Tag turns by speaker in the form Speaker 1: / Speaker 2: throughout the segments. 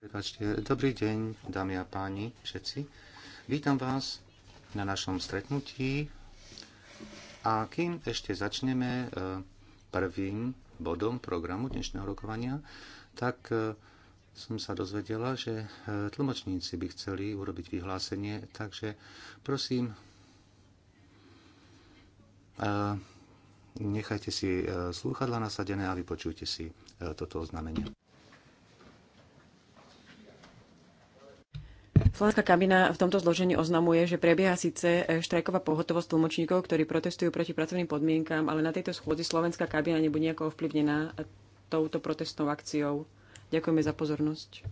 Speaker 1: Prepačte, dobrý deň, dámy a páni, všetci. Vítam vás na našom stretnutí. A kým ešte začneme eh, prvým bodom programu dnešného rokovania, tak eh, som sa dozvedela, že eh, tlmočníci by chceli urobiť vyhlásenie, takže prosím, Nechajte si e, slúchadla nasadené a vypočujte si e, toto oznámenie.
Speaker 2: Slovenská kabina v tomto zložení oznamuje, že prebieha síce e, štrajková pohotovosť tlmočníkov, ktorí protestujú proti pracovným podmienkam, ale na tejto schôdzi slovenská kabina nebude nejako ovplyvnená touto protestnou akciou. Ďakujeme za pozornosť.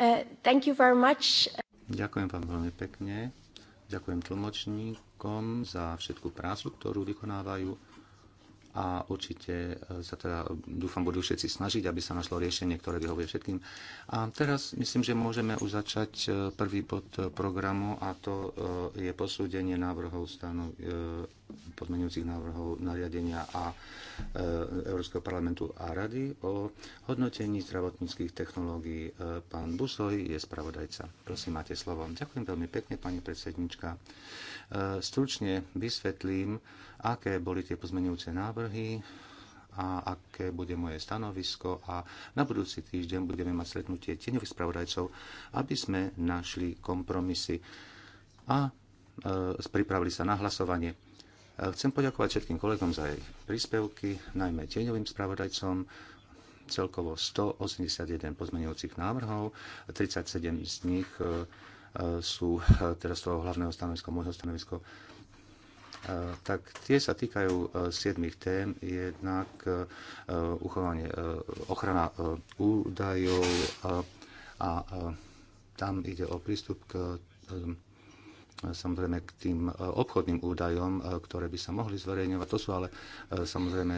Speaker 3: Uh, thank you very much.
Speaker 1: Ďakujem vám veľmi pekne. Ďakujem tlmočníkom za všetku prácu, ktorú vykonávajú a určite uh, sa teda, uh, dúfam, budú všetci snažiť, aby sa našlo riešenie, ktoré vyhovuje všetkým. A teraz myslím, že môžeme už začať prvý bod programu a to je posúdenie návrhov stanov podmenujúcich návrhov nariadenia a e, Európskeho parlamentu a rady o hodnotení zdravotníckých technológií. E, pán Busoj je spravodajca. Prosím, máte slovo. Ďakujem veľmi pekne, pani predsednička. E, stručne vysvetlím, aké boli tie pozmenujúce návrhy a aké bude moje stanovisko a na budúci týždeň budeme mať stretnutie tieňových spravodajcov, aby sme našli kompromisy a e, pripravili sa na hlasovanie. Chcem poďakovať všetkým kolegom za ich príspevky, najmä tieňovým spravodajcom, celkovo 181 pozmeňujúcich návrhov, 37 z nich e, e, sú e, teraz toho hlavného stanoviska, môjho stanovisko, tak tie sa týkajú siedmých tém. Jednak uchovanie, ochrana údajov a, a tam ide o prístup k samozrejme k tým e, obchodným údajom, e, ktoré by sa mohli zverejňovať. To sú ale e, samozrejme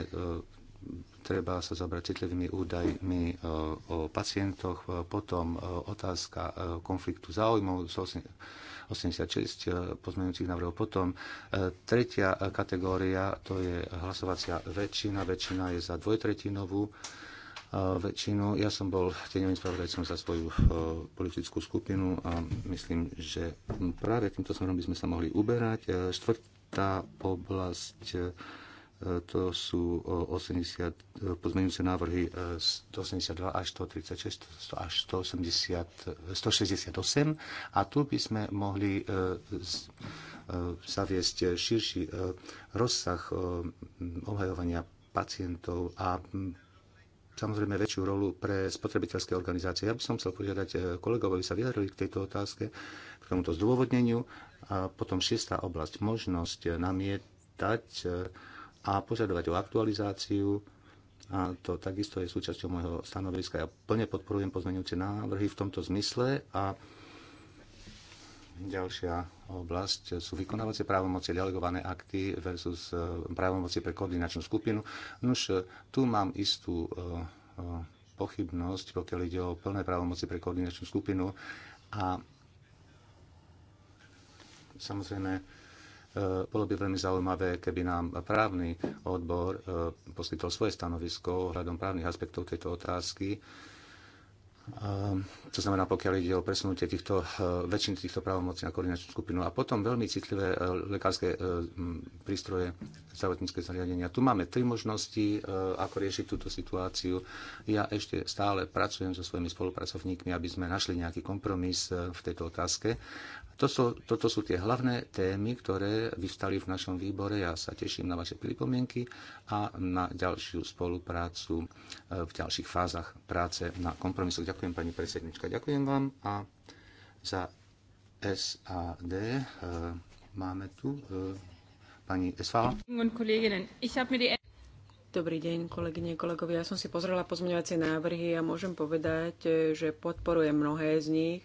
Speaker 1: treba sa zabrať citlivými údajmi o pacientoch, potom otázka konfliktu záujmov z 86 pozmeňujúcich návrhov. Potom tretia kategória, to je hlasovacia väčšina. Väčšina je za dvojtretinovú väčšinu. Ja som bol tieňovým spravodajcom za svoju e, politickú skupinu a myslím, že práve týmto smerom by sme sa mohli uberať. E, štvrtá oblasť e, to sú 80, pozmeňujúce návrhy 182 až 136 až 180, 168 a tu by sme mohli zaviesť širší rozsah obhajovania pacientov a samozrejme väčšiu rolu pre spotrebiteľské organizácie. Ja by som chcel požiadať eh, kolegov, aby sa vyjadrili k tejto otázke, k tomuto zdôvodneniu. A potom šiestá oblasť, možnosť namietať eh, a požadovať o aktualizáciu. A to takisto je súčasťou môjho stanoviska. Ja plne podporujem pozmeňujúce návrhy v tomto zmysle a Ďalšia oblasť sú vykonávacie právomoci, delegované akty versus e, právomoci pre koordinačnú skupinu. Nož, e, tu mám istú e, pochybnosť, pokiaľ ide o plné právomoci pre koordinačnú skupinu a samozrejme bolo by veľmi zaujímavé, keby nám právny odbor poskytol svoje stanovisko ohľadom právnych aspektov tejto otázky Ehm, to znamená, pokiaľ ide o presunutie týchto, eh, väčšiny týchto právomocí na koordinačnú skupinu. A potom veľmi citlivé eh, lekárske eh, prístroje, zdravotnícke zariadenia. Tu máme tri možnosti, ako riešiť túto situáciu. Ja ešte stále pracujem so svojimi spolupracovníkmi, aby sme našli nejaký kompromis v tejto otázke. To sú, toto sú tie hlavné témy, ktoré vyvstali v našom výbore. Ja sa teším na vaše pripomienky a na ďalšiu spoluprácu v ďalších fázach práce na kompromisoch. Ďakujem, pani predsednička. Ďakujem vám a za SAD e, máme tu e, pani Esfala.
Speaker 3: Dobrý deň,
Speaker 2: kolegyne, kolegovia. Ja som si pozrela pozmeňovacie návrhy a môžem povedať, e, že podporujem mnohé z nich.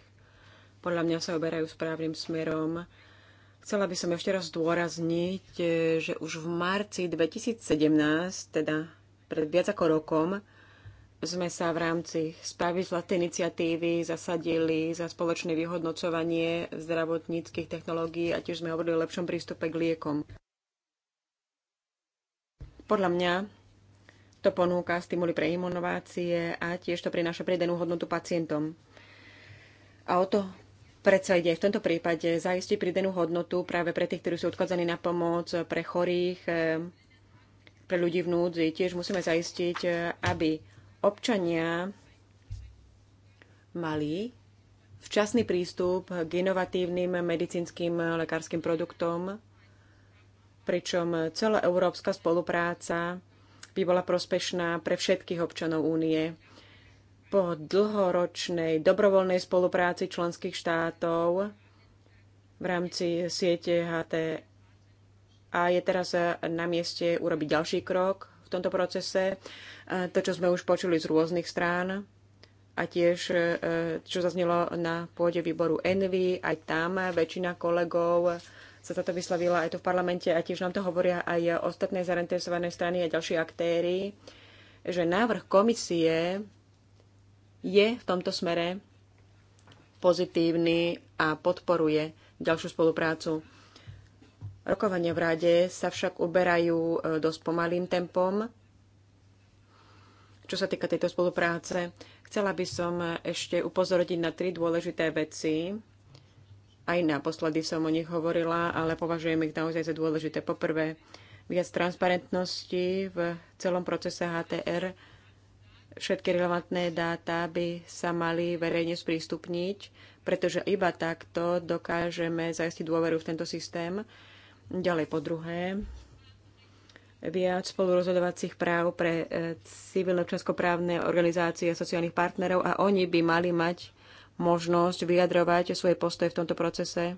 Speaker 2: Podľa mňa sa oberajú správnym smerom. Chcela by som ešte raz zdôrazniť, že už v marci 2017, teda pred viac ako rokom, sme sa v rámci správy zlaté iniciatívy zasadili za spoločné vyhodnocovanie zdravotníckých technológií a tiež sme hovorili o lepšom prístupe k liekom. Podľa mňa to ponúka stimuly pre imunovácie a tiež to prináša pridanú hodnotu pacientom. A o to predsa ide aj v tomto prípade zaistiť pridanú hodnotu práve pre tých, ktorí sú odkladzaní na pomoc, pre chorých, eh, pre ľudí v núdzi. Tiež musíme zaistiť, eh, aby občania mali včasný prístup k inovatívnym medicínskym lekárskym produktom, pričom celá európska spolupráca by bola prospešná pre všetkých občanov únie. Po dlhoročnej dobrovoľnej spolupráci členských štátov v rámci siete HT a je teraz na mieste urobiť ďalší krok v tomto procese. E, to, čo sme už počuli z rôznych strán a tiež, e, čo zaznelo na pôde výboru Envy, aj tam väčšina kolegov sa toto vyslovila aj tu v parlamente a tiež nám to hovoria aj ostatné zainteresované strany a ďalší aktéry, že návrh komisie je v tomto smere pozitívny a podporuje ďalšiu spoluprácu. Rokovania v rade sa však uberajú e, dosť pomalým tempom. Čo sa týka tejto spolupráce, chcela by som ešte upozorniť na tri dôležité veci. Aj naposledy som o nich hovorila, ale považujem ich naozaj za dôležité. Poprvé, viac transparentnosti v celom procese HTR. Všetky relevantné dáta by sa mali verejne sprístupniť, pretože iba takto dokážeme zajistiť dôveru v tento systém Ďalej po druhé, viac spolurozhodovacích práv pre e, civilné občanskoprávne organizácie a sociálnych partnerov a oni by mali mať možnosť vyjadrovať svoje postoje v tomto procese.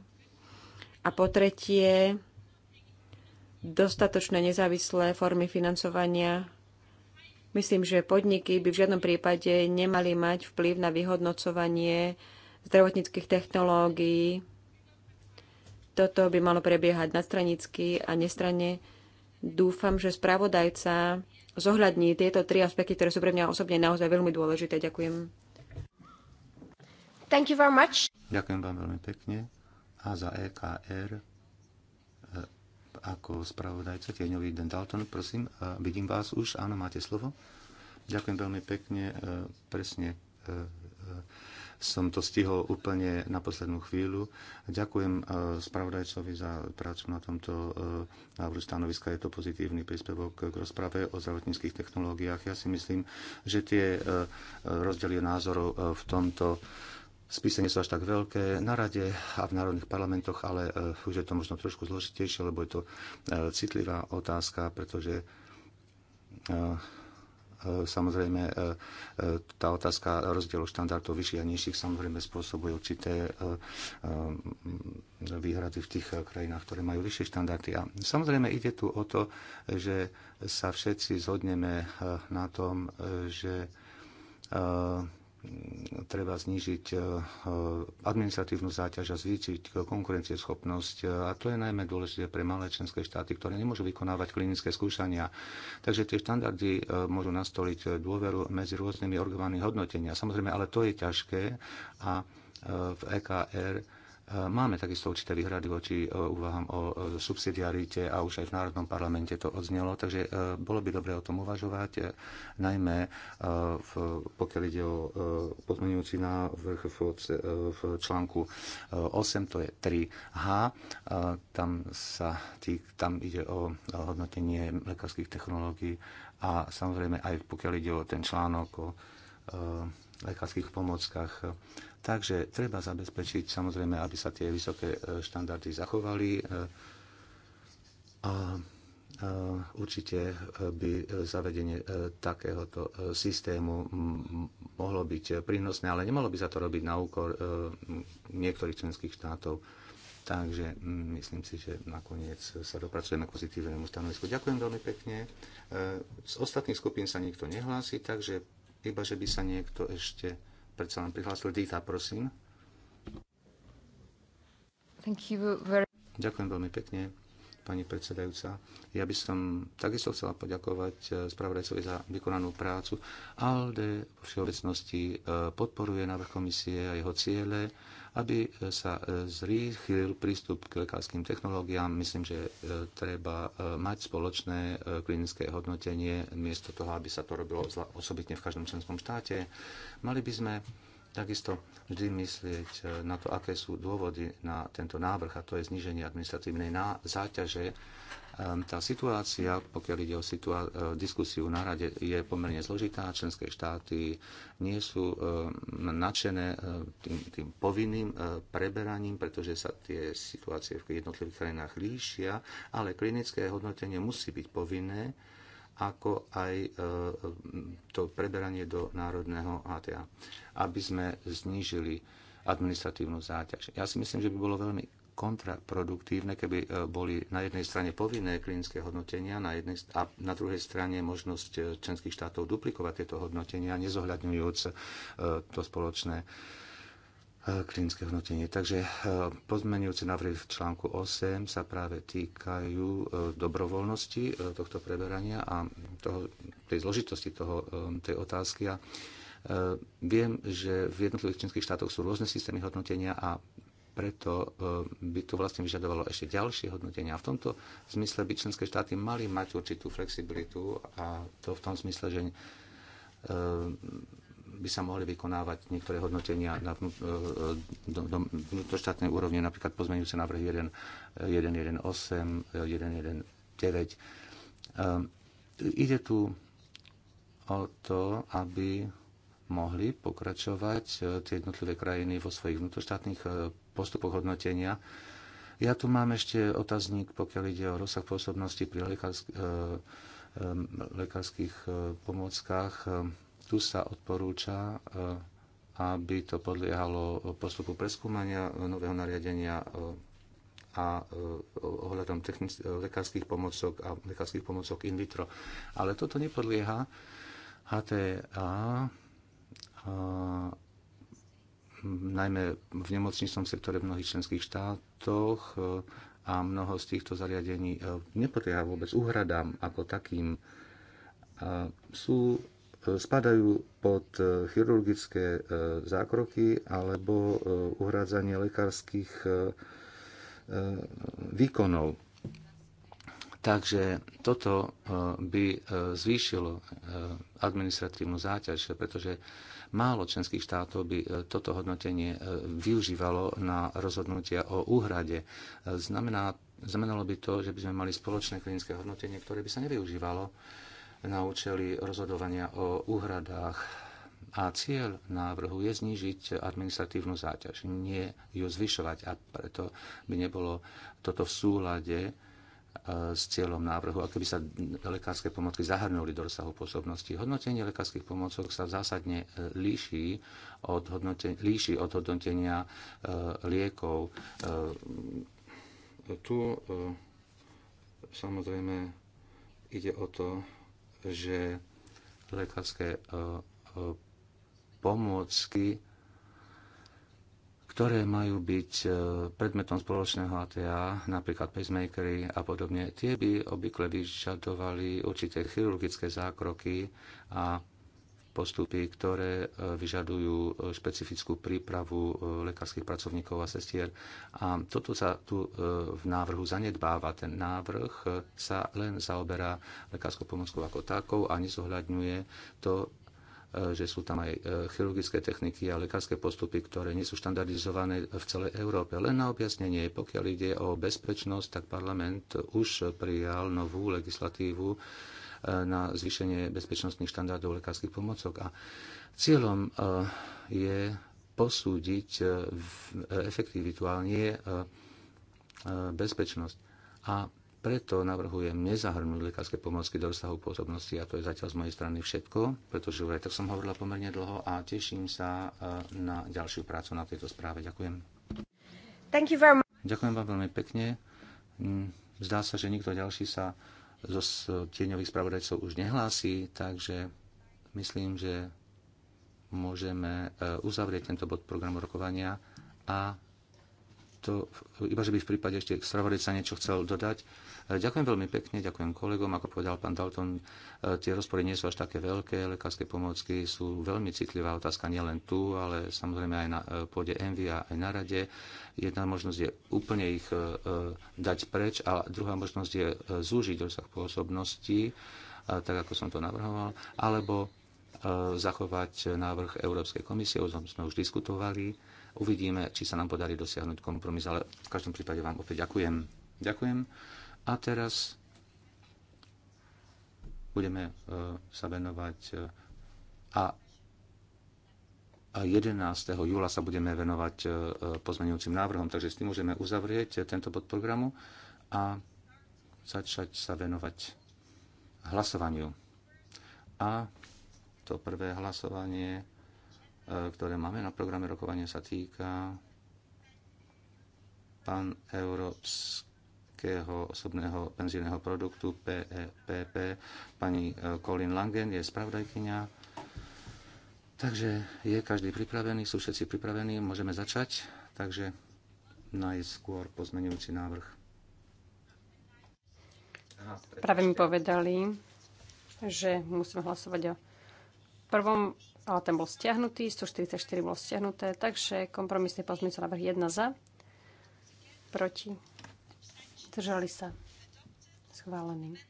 Speaker 2: A po tretie, dostatočné nezávislé formy financovania. Myslím, že podniky by v žiadnom prípade nemali mať vplyv na vyhodnocovanie zdravotníckých technológií toto by malo prebiehať nadstranicky a nestranne. Dúfam, že spravodajca zohľadní tieto tri aspekty, ktoré sú pre mňa osobne naozaj veľmi dôležité. Ďakujem.
Speaker 3: Thank you very much.
Speaker 1: Ďakujem vám veľmi pekne. A za EKR e, ako spravodajca tieňový Den Dalton, prosím, e, vidím vás už, áno, máte slovo. Ďakujem veľmi pekne, e, presne som to stihol úplne na poslednú chvíľu. Ďakujem e, spravodajcovi za prácu na tomto e, návrhu stanoviska. Je to pozitívny príspevok k rozprave o zdravotníckých technológiách. Ja si myslím, že tie e, rozdiely názorov v tomto spise nie sú až tak veľké na rade a v národných parlamentoch, ale už je to možno trošku zložitejšie, lebo je to citlivá otázka, pretože E, samozrejme e, e, tá otázka rozdielu štandardov vyšších a nižších samozrejme spôsobuje určité výhrady v tých krajinách, ktoré majú vyššie štandardy. A samozrejme ide tu o to, že sa všetci zhodneme na tom, že treba znížiť e, e, administratívnu záťaž a zvýšiť konkurencieschopnosť. E, a to je najmä dôležité pre malé členské štáty, ktoré nemôžu vykonávať klinické skúšania. Takže tie štandardy môžu nastoliť dôveru medzi rôznymi orgánmi hodnotenia. Samozrejme, ale to je ťažké a v EKR Máme takisto určité výhrady voči e, úvahám o e, subsidiarite a už aj v Národnom parlamente to odznelo, takže e, bolo by dobre o tom uvažovať, najmä v, pokiaľ ide o pozmenujúci návrh v, v článku 8, to je 3H, tam, sa, tam ide o hodnotenie lekárskych technológií a samozrejme aj pokiaľ ide o ten článok o lekárskych pomockách, Takže treba zabezpečiť samozrejme, aby sa tie vysoké e, štandardy zachovali e, a e, určite by zavedenie takéhoto systému mohlo byť prínosné, ale nemalo by sa to robiť na úkor niektorých členských štátov. Takže myslím si, že nakoniec sa dopracujeme k pozitívnemu stanovisku. Ďakujem veľmi pekne. Z ostatných skupín sa nikto nehlási, takže iba, že by sa niekto ešte predsa len prihlásil. Dita, prosím. Very... Ďakujem veľmi pekne, pani predsedajúca. Ja by som takisto chcela poďakovať eh, spravodajcovi za vykonanú prácu. ALDE vo všeobecnosti eh, podporuje návrh komisie a jeho ciele aby e, sa e, zrýchlil prístup k lekárským technológiám. Myslím, že e, treba mať spoločné klinické hodnotenie, miesto toho, aby sa to robilo osobitne v každom členskom štáte. Mali by sme takisto vždy myslieť na to, aké sú dôvody na tento návrh, a to je zníženie administratívnej záťaže Ehm, tá situácia, pokiaľ ide o e, diskusiu na rade, je pomerne zložitá. Členské štáty nie sú ehm, nadšené e, tým, tým povinným e, preberaním, pretože sa tie situácie v jednotlivých krajinách líšia, ale klinické hodnotenie musí byť povinné, ako aj to preberanie do národného ATA, aby sme znížili administratívnu záťaž. Ja si myslím, že by bolo veľmi kontraproduktívne, keby e, boli na jednej strane povinné klinické hodnotenia na jednej, a na druhej strane možnosť e, členských štátov duplikovať tieto hodnotenia, nezohľadňujúc e, to spoločné klinické hodnotenie. Takže pozmenujúce návrhy v článku 8 sa práve týkajú dobrovoľnosti tohto preberania a toho, tej zložitosti toho, tej otázky. A viem, že v jednotlivých členských štátoch sú rôzne systémy hodnotenia a preto e, by to vlastne vyžadovalo ešte ďalšie hodnotenia. A v tomto zmysle by členské štáty mali mať určitú flexibilitu a to v tom zmysle, že e, by sa mohli vykonávať niektoré hodnotenia na e, vnútroštátnej úrovni, napríklad pozmeňujúce návrhy 1,18, 1, Ide tu o to, aby mohli pokračovať tie jednotlivé krajiny vo svojich vnútroštátnych postupoch hodnotenia. Ja tu mám ešte otazník, pokiaľ ide o rozsah pôsobnosti pri e, e, lekárskych, lekárskych pomockách. E, tu sa odporúča, aby to podliehalo postupu preskúmania nového nariadenia a ohľadom technic- lekárskych pomocok a lekárskych pomocok in vitro. Ale toto nepodlieha HTA a najmä v nemocničnom sektore v mnohých členských štátoch e, a mnoho z týchto zariadení e, nepodlieha vôbec úhradám ako takým. E, sú, spadajú pod chirurgické zákroky alebo uhrádzanie lekárskych výkonov. Takže toto by zvýšilo administratívnu záťaž, pretože Málo členských štátov by e, toto hodnotenie e, využívalo na rozhodnutia o úhrade. E, znamená, znamenalo by to, že by sme mali spoločné klinické hodnotenie, ktoré by sa nevyužívalo na účely rozhodovania o úhradách a cieľ návrhu je znížiť administratívnu záťaž, nie ju zvyšovať a preto by nebolo toto v súlade E, s cieľom návrhu, ako by sa lekárske pomocky zahrnuli do rozsahu pôsobnosti. Hodnotenie lekárskych pomocok sa zásadne e, líši od, hodnoten- líši od hodnotenia e, liekov. Tu samozrejme ide o to, že lekárske pomôcky ktoré majú byť e, predmetom spoločného ATA, napríklad pacemakery a podobne, tie by obvykle vyžadovali určité chirurgické zákroky a postupy, ktoré e, vyžadujú e, špecifickú prípravu lekárskych pracovníkov a sestier. A toto sa tu v návrhu zanedbáva. Ten návrh sa len zaoberá lekárskou pomockou ako takou a nezohľadňuje to, E, že sú tam aj e, chirurgické techniky a lekárske postupy, ktoré nie sú štandardizované v celej Európe. Len na objasnenie, pokiaľ ide o bezpečnosť, tak parlament už prijal novú legislatívu e, na zvýšenie bezpečnostných štandardov lekárskych pomocok. A cieľom je posúdiť efektivitu, ale nie bezpečnosť. A preto navrhujem nezahrnúť lekárske pomôcky do rozsahu pôsobnosti a to je zatiaľ z mojej strany všetko, pretože už aj tak som hovorila pomerne dlho a teším sa e, na ďalšiu prácu na tejto správe. Ďakujem. Thank you very much. Ďakujem vám veľmi pekne. Mm, zdá sa, že nikto ďalší sa zo tieňových spravodajcov už nehlási, takže myslím, že môžeme e, uzavrieť tento bod programu rokovania a to, iba že by v prípade ešte sa niečo chcel dodať. E, ďakujem veľmi pekne, ďakujem kolegom. Ako povedal pán Dalton, e, tie rozpory nie sú až také veľké. Lekárske pomôcky sú veľmi citlivá otázka nielen tu, ale samozrejme aj na e, pôde Envy a aj na rade. Jedna možnosť je úplne ich dať preč a druhá možnosť je zúžiť rozsah pôsobnosti, tak ako som to navrhoval, alebo zachovať návrh Európskej komisie, o tom sme už diskutovali Uvidíme, či sa nám podarí dosiahnuť kompromis, ale v každom prípade vám opäť ďakujem. Ďakujem. A teraz budeme e, sa venovať e, a 11. júla sa budeme venovať e, pozmeňujúcim návrhom, takže s tým môžeme uzavrieť tento bod programu a začať sa venovať hlasovaniu. A to prvé hlasovanie Eh, ktoré máme na programe rokovania, sa týka pan európskeho osobného penzijného produktu PEPP. E Pani eh, Colin Langen je spravodajkynia. Takže je každý pripravený, sú všetci pripravení, môžeme začať. Takže najskôr pozmenujúci návrh.
Speaker 3: Práve mi povedali, že musíme hlasovať o prvom ale ten bol stiahnutý, 144 bol stiahnuté, takže kompromisný pozmeňujúci návrh 1 za, proti, zdržali sa, schválený.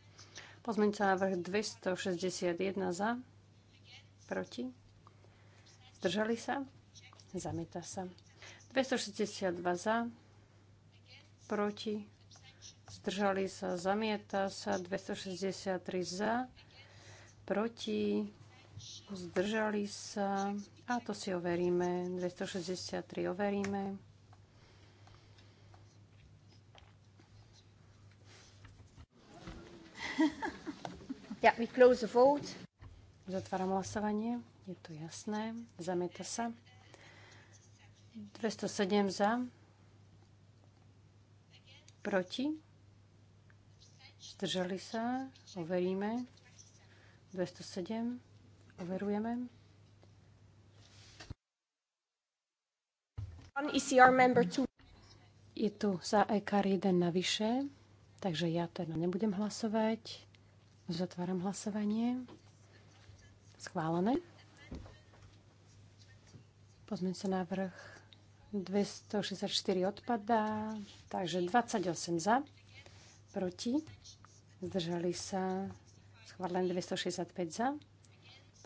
Speaker 3: Pozmeňujúci návrh 261 za, proti, zdržali sa, zamieta sa. 262 za, proti, zdržali sa, zamieta sa, 263 za, proti, zdržali sa a to si overíme. 263 overíme. Yeah, we close the vote. Zatváram hlasovanie. Je to jasné. Zamieta sa. 207 za. Proti. Zdržali sa. Overíme. 207. Overujeme. E Je tu za EKR 1 navyše, takže ja teda nebudem hlasovať. Zatváram hlasovanie. Schválené. Pozmeň sa návrh 264 odpadá, takže 28 za, proti, zdržali sa, schválené 265 za,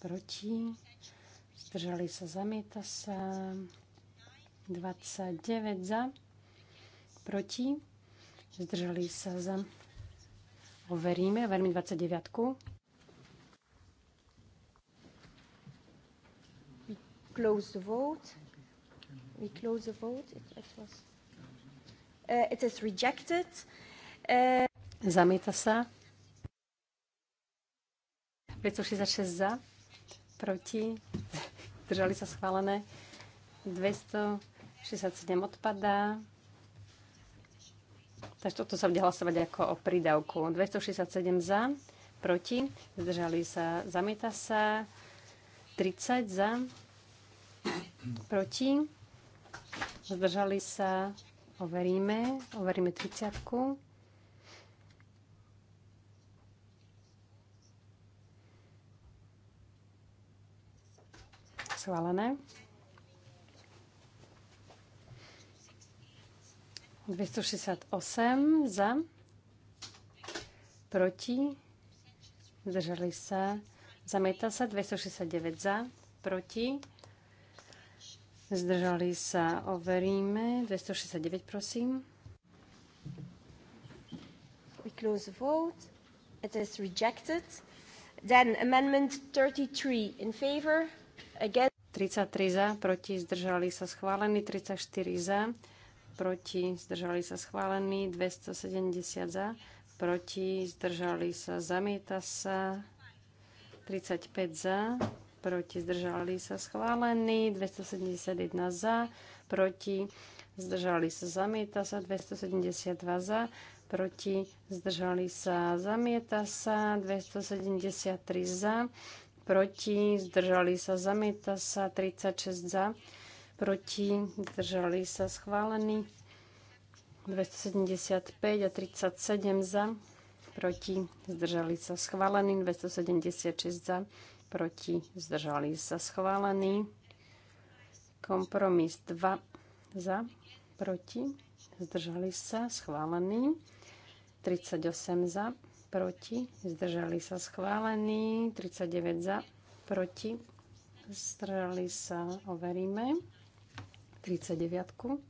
Speaker 3: proti, zdržali sa, zamieta sa, 29 za, proti, zdržali sa za. Overíme, overíme 29. We close the vote.
Speaker 2: We close the vote. It, it was... Uh, it is rejected.
Speaker 3: Uh... Zamieta sa. 566 za proti, zdržali sa schválené. 267 odpadá. Takže toto sa bude hlasovať ako o prídavku. 267 za, proti, zdržali sa, zamieta sa. 30 za, proti, zdržali sa, overíme, overíme 30. -ku. Schválené. 268 za, proti, zdržali sa, zamieta sa, 269 za, proti, zdržali sa, overíme, 269 prosím. We close the vote. It is rejected. Then amendment 33 in favor, against. 33 za, proti, zdržali sa schválení. 34 za, proti, zdržali sa schválení. 270 za, proti, zdržali sa, zamieta sa. 35 za, proti, zdržali sa schválení, 271 za, proti, zdržali sa, zamieta sa, 272 za, proti, zdržali sa, zamieta sa, 273 za, proti, zdržali sa, zamieta sa, 36 za, proti, zdržali sa, schválený, 275 a 37 za, proti, zdržali sa, schválený, 276 za, proti, zdržali sa, schválený, kompromis 2 za, proti, zdržali sa, schválený, 38 za, proti, zdržali sa schválení, 39 za, proti, zdržali sa, overíme, 39.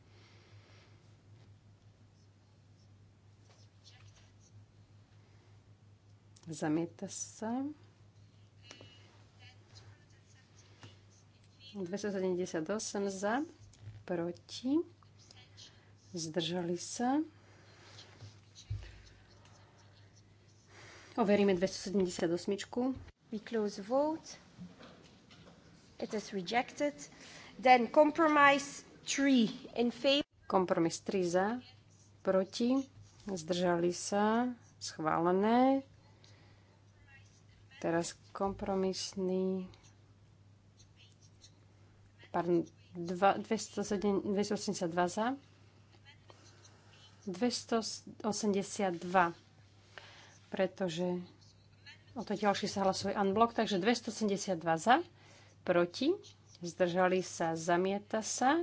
Speaker 3: Zamieta sa. 278 za, proti, zdržali sa. Overíme 278. We close the vote. It is rejected. Then compromise 3 in favor. Kompromis 3 za, proti, zdržali sa, schválené. Teraz kompromisný pardon, 282 za. 282 pretože o to ďalší sa hlasuje unblock, takže 272 za, proti, zdržali sa, zamieta sa,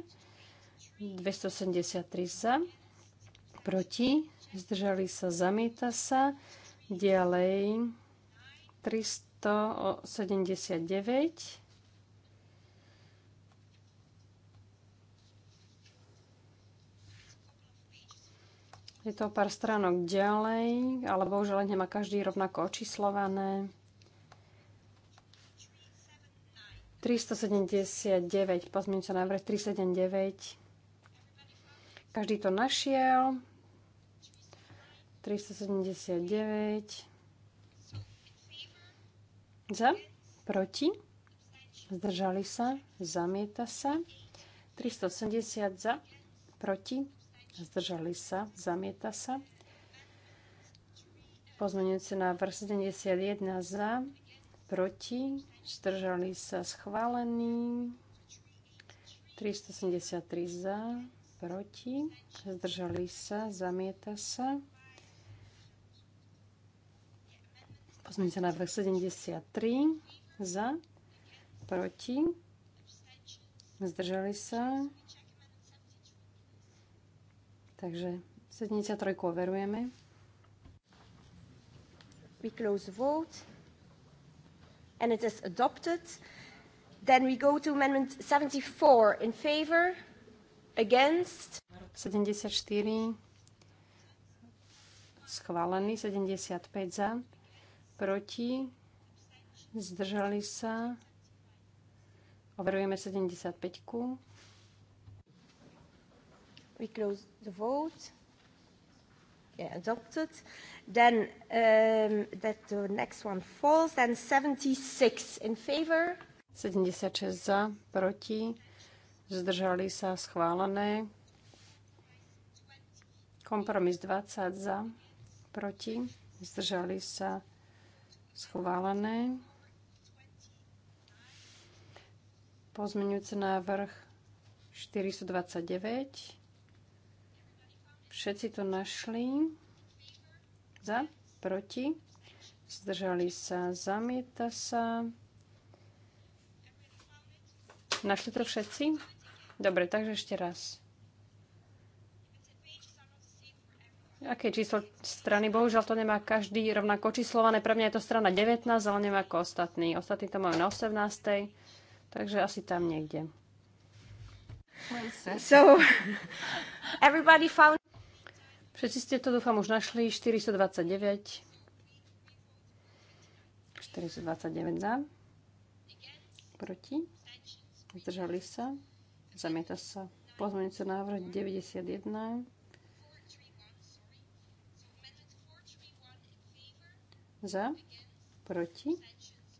Speaker 3: 273 za, proti, zdržali sa, zamieta sa, ďalej 379 Je to pár stránok ďalej, ale bohužiaľ nemá každý rovnako očíslované. 379, pozmeňujúca návrh 379. Každý to našiel. 379. Za, proti, zdržali sa, zamieta sa. 370 za, proti, zdržali sa, zamieta sa. Pozmeňujúci návrh 71 za, proti, zdržali sa, schválený. 373 za, proti, zdržali sa, zamieta sa. Pozmeňujúci návrh 73 za, proti, zdržali sa, Takže 73 overujeme. We close the vote. And it is
Speaker 2: adopted. Then we go to amendment 74 in favor,
Speaker 3: against. 74 schválený, 75 za, proti, zdržali sa. Overujeme 75. -ku. We close the vote. Yeah, adopted.
Speaker 2: Then um, that the next one falls. Then 76 in
Speaker 3: favor. 76 za, proti. Zdržali sa schválené. Kompromis 20 za, proti. Zdržali sa schválené. Pozmeňujúci návrh 429 Všetci to našli. Za, proti. Zdržali sa, zamieta sa. Našli to všetci? Dobre, takže ešte raz. Aké číslo strany? Bohužiaľ to nemá každý rovnako číslované. Pre mňa je to strana 19, ale nemá ako ostatní. Ostatní to majú na 18. Takže asi tam niekde. So, everybody found... Všetci ste to, dúfam, už našli. 429. 429 za. Proti. Zdržali sa. Zamieta sa. Pozmeňujúci návrh 91. Za. Proti.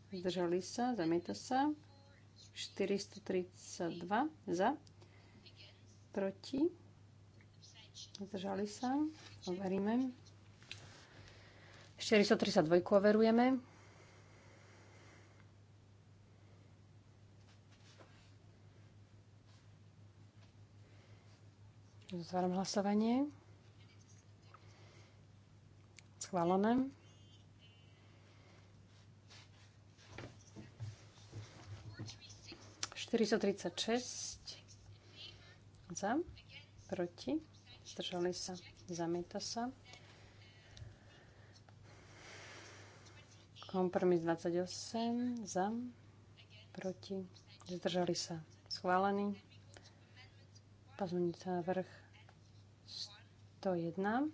Speaker 3: Zdržali sa. Zamieta sa. 432 za. Proti Zdržali sa. Overíme. 432 overujeme. Zatváram hlasovanie. Schválené. Štyristo tridsať šesť za, proti zdržali sa, zamieta sa. Kompromis 28 za, proti, zdržali sa, schválený. na návrh 101.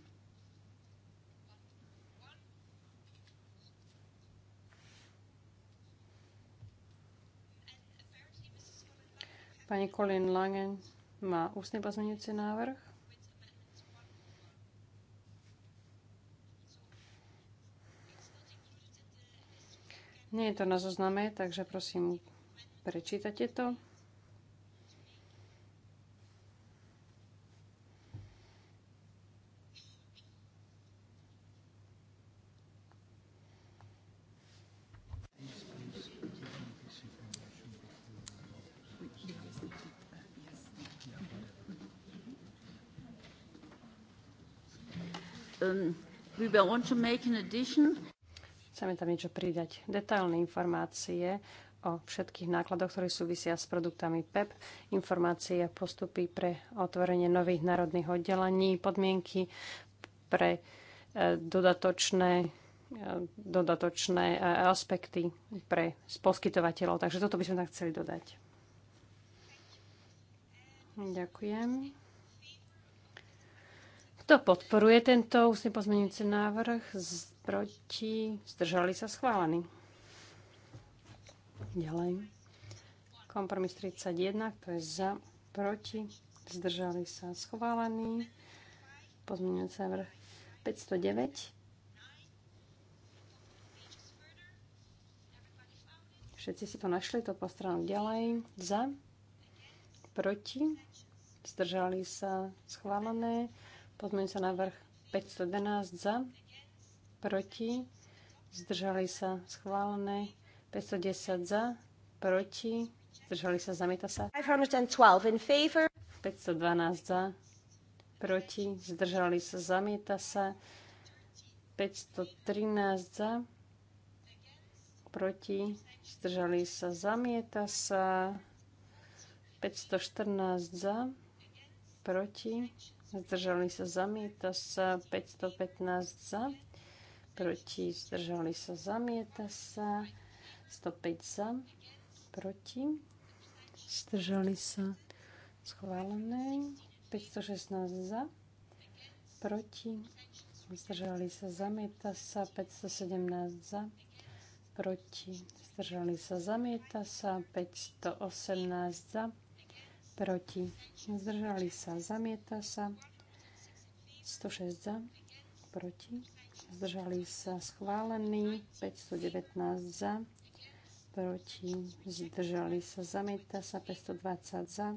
Speaker 3: Pani Colin Langen má ústny pozmeňujúci návrh. Nie je to na zozname, takže prosím, prečítate to. Um, we want to make an addition. Chceme tam niečo pridať. Detailné informácie o všetkých nákladoch, ktoré súvisia s produktami PEP, informácie a postupy pre otvorenie nových národných oddelení, podmienky pre e, dodatočné, e, dodatočné e, aspekty pre poskytovateľov. Takže toto by sme tam chceli dodať. Ďakujem. Kto podporuje tento ústny pozmeňujúci návrh? proti, zdržali sa schválení. Ďalej. Kompromis 31, kto je za, proti, zdržali sa schválení. Pozmeňujúci vrch 509. Všetci si to našli, to postranu ďalej. Za, proti, zdržali sa schválené. Pozmeňujúci návrh 511 za, proti, zdržali sa schválené, 510 za, proti, zdržali sa, zamieta sa. 512 in favor. 512 za, proti, zdržali sa, zamieta sa. 513 za, proti, zdržali sa, zamieta sa. 514 za, proti, zdržali sa, zamieta sa. 515 za, proti, zdržali sa, zamieta sa. 105 za, proti, zdržali sa, schválené. 516 za, proti, zdržali sa, zamieta sa. 517 za, proti, zdržali sa, zamieta sa. 518 za, proti, zdržali sa, zamieta sa. 106 za, proti, zdržali sa schválení, 519 za, proti, zdržali sa, zamieta sa, 520 za,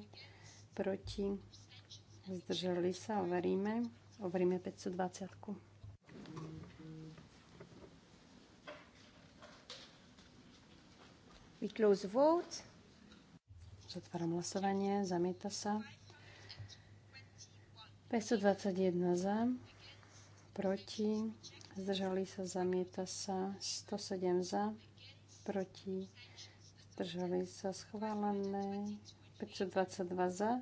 Speaker 3: proti, zdržali sa, overíme, overíme 520. We close vote. Zatváram hlasovanie, zamieta sa. 521 za, proti, zdržali sa, zamieta sa, 107 za, proti, zdržali sa, schválené, 522 za,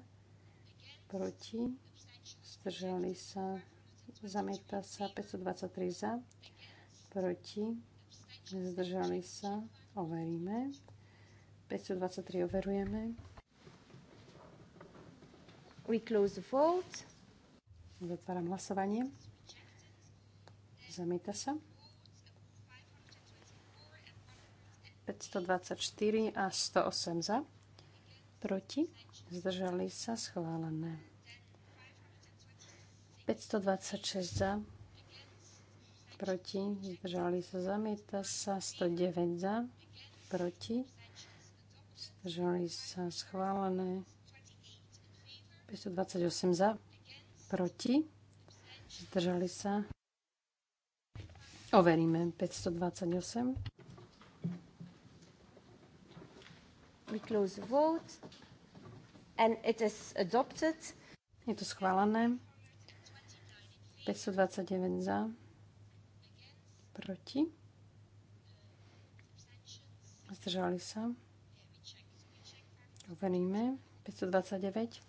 Speaker 3: proti, zdržali sa, zamieta sa, 523 za, proti, zdržali sa, overíme, 523 overujeme. We close the vote. Zatváram hlasovanie. Zamieta sa. 524 a 108 za. Proti. Zdržali sa. Schválené. 526 za. Proti. Zdržali sa. Zamieta sa. 109 za. Proti. Zdržali sa. Schválené. 528 za. Proti. Zdržali sa. Overíme 528. We close the vote and it is adopted. Je to schválené. 529 za. Proti. Zdržali sa. Overíme. 529.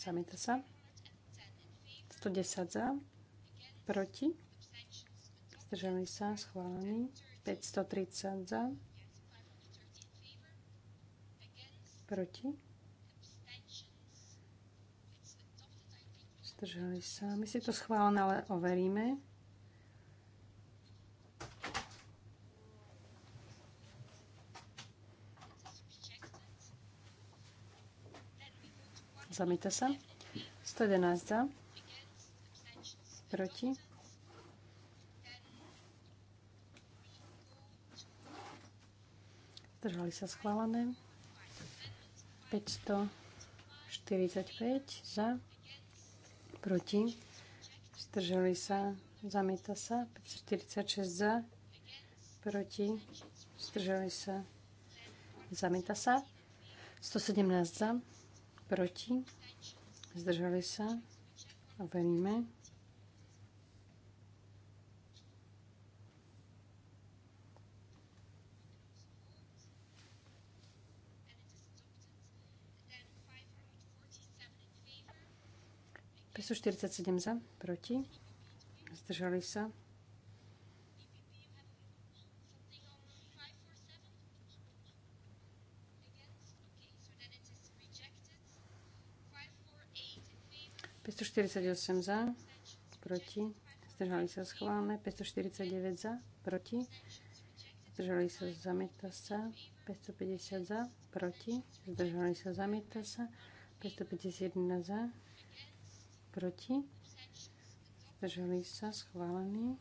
Speaker 3: Zamieta sa. 110 za. Proti. Zdržali sa. Schválený. 530 za. Proti. Zdržali sa. si to schválené, ale overíme. zamýta sa. 111 za, proti. Zdržali sa schválené. 545 za, proti. Zdržali sa, zamieta sa. 546 za, proti. Zdržali sa, zamieta sa. 117 za, Proti? Zdržali sa? Overíme. Pesu 47 za, proti. Zdržali sa. 548 za, proti, zdržali sa schválne, 549 za, proti, zdržali sa, zamieta sa, 550 za, proti, zdržali sa, zamieta sa, 551 za, proti, zdržali sa, schválený.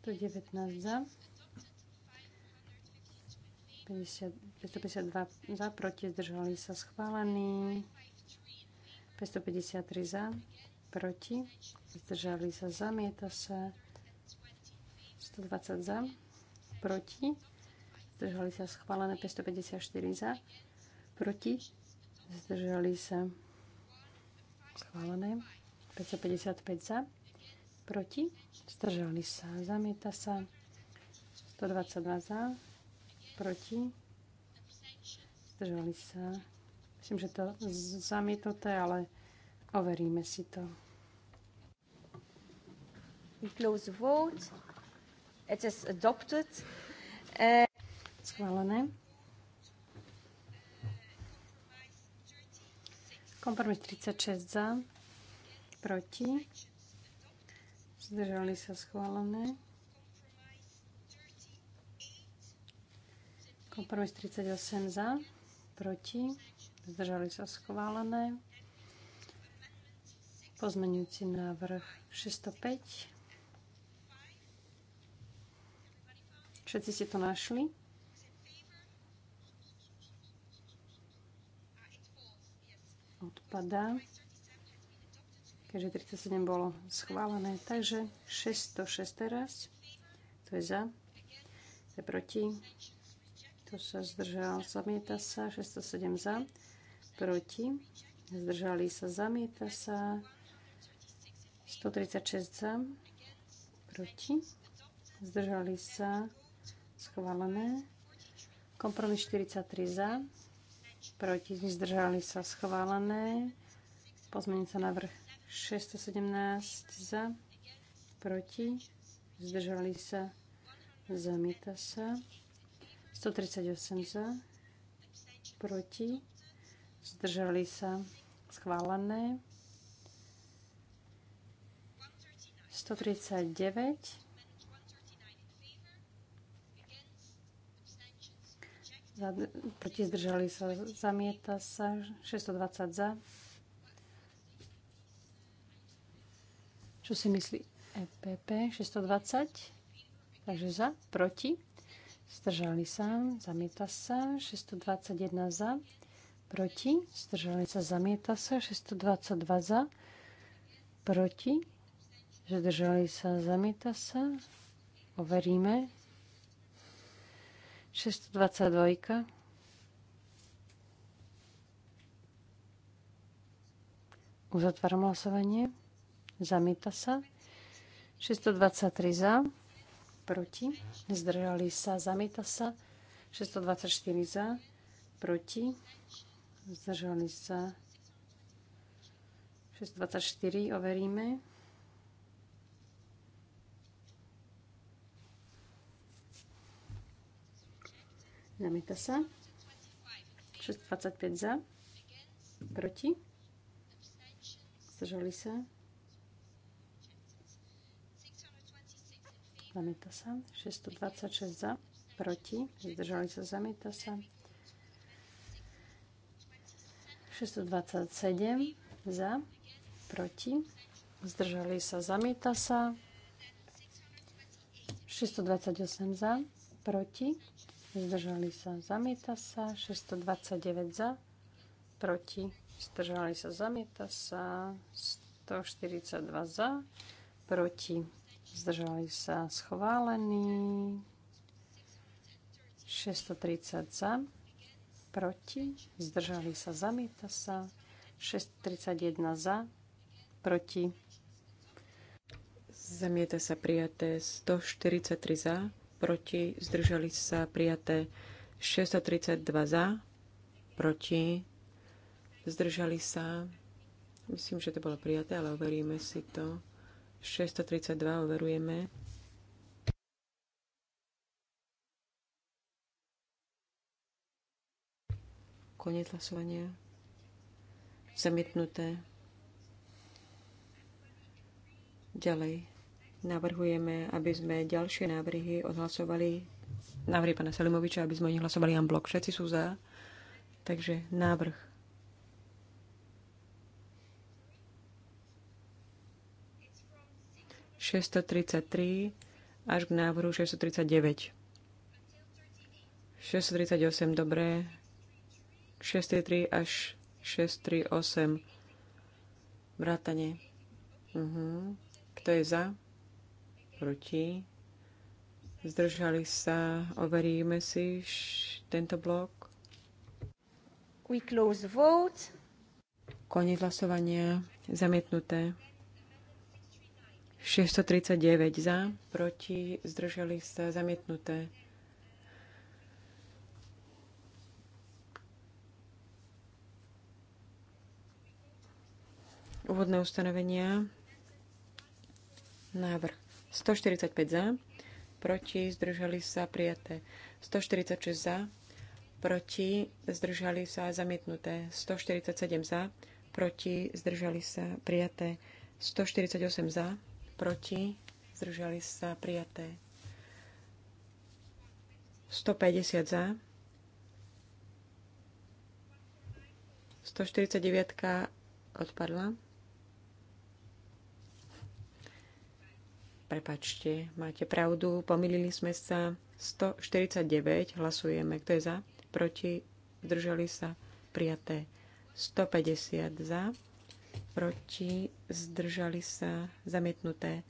Speaker 3: 119 za, 552 za, proti, zdržali sa schválení. 553 za, proti, zdržali sa, zamieta sa. 120 za, proti, zdržali sa schválené 554 za, proti, zdržali sa schválené 555 za, proti, zdržali sa, zamieta sa 122 za, proti, zdržali sa. Myslím, že to zamietnuté, ale overíme si to. We close the vote. It is adopted. Schválené. Kompromis 36 za, proti. Zdržali sa schválené. Kompromis 38 za, proti, zdržali sa schválené. Pozmenujúci návrh 605. Všetci ste to našli? Odpadá. Keďže 37 bolo schválené, takže 606 teraz. To je za, to je proti kto sa zdržal? Zamieta sa. 607 za. Proti. Zdržali sa. Zamieta sa. 136 za. Proti. Zdržali sa. Schválené. Kompromis 43 za. Proti. Zdržali sa. Schválené. Pozmenica vrch 617 za. Proti. Zdržali sa. Zamieta sa. 138 za, proti, zdržali sa, schválené. 139 za, proti zdržali sa, zamieta sa, 620 za. Čo si myslí EPP? 620? Takže za, proti. Zdržali sa, zamieta sa. 621 za, proti. Zdržali sa, zamieta sa. 622 za, proti. Zdržali sa, zamieta sa. Overíme. 622. Uzatváram hlasovanie. Zamieta sa. 623 za proti, zdržali sa, zamieta sa. 624 za, proti, zdržali sa. 624 overíme. Zamieta sa. 625 za, proti, zdržali sa. Zamieta sa. 626 za. Proti. Zdržali sa. Zamieta sa. 627 za. Proti. Zdržali sa. Zamieta sa. 628 za. Proti. Zdržali sa. Zamieta sa. 629 za. Proti. Zdržali sa. Zamieta sa. 142 za. Proti zdržali sa schválení. 630 za, proti, zdržali sa, zamieta sa. 631 za, proti. Zamieta sa prijaté
Speaker 2: 143 za, proti, zdržali sa prijaté 632 za, proti, zdržali sa. Myslím, že to bolo prijaté, ale overíme si to. 632 overujeme. Koniec hlasovania. Zamietnuté. Ďalej. Navrhujeme, aby sme ďalšie návrhy odhlasovali. Návrhy pana Selimoviča, aby sme o nich hlasovali en blok. Všetci sú za. Takže návrh 633 až k návrhu 639. 638, dobré. 633 až 638. Vrátanie. Uh-huh. Kto je za? Proti. Zdržali sa. Overíme si tento
Speaker 3: blok. We close vote.
Speaker 2: Konec hlasovania. Zamietnuté. 639 za, proti, zdržali sa zamietnuté. Úvodné ustanovenia. Návrh 145 za, proti, zdržali sa prijaté. 146 za, proti, zdržali sa zamietnuté. 147 za, proti, zdržali sa prijaté. 148 za, proti, zdržali sa prijaté. 150 za, 149 odpadla. Prepačte, máte pravdu, pomýlili sme sa. 149, hlasujeme. Kto je za? Proti? Zdržali sa? Prijaté. 150 za proti, zdržali sa, zamietnuté.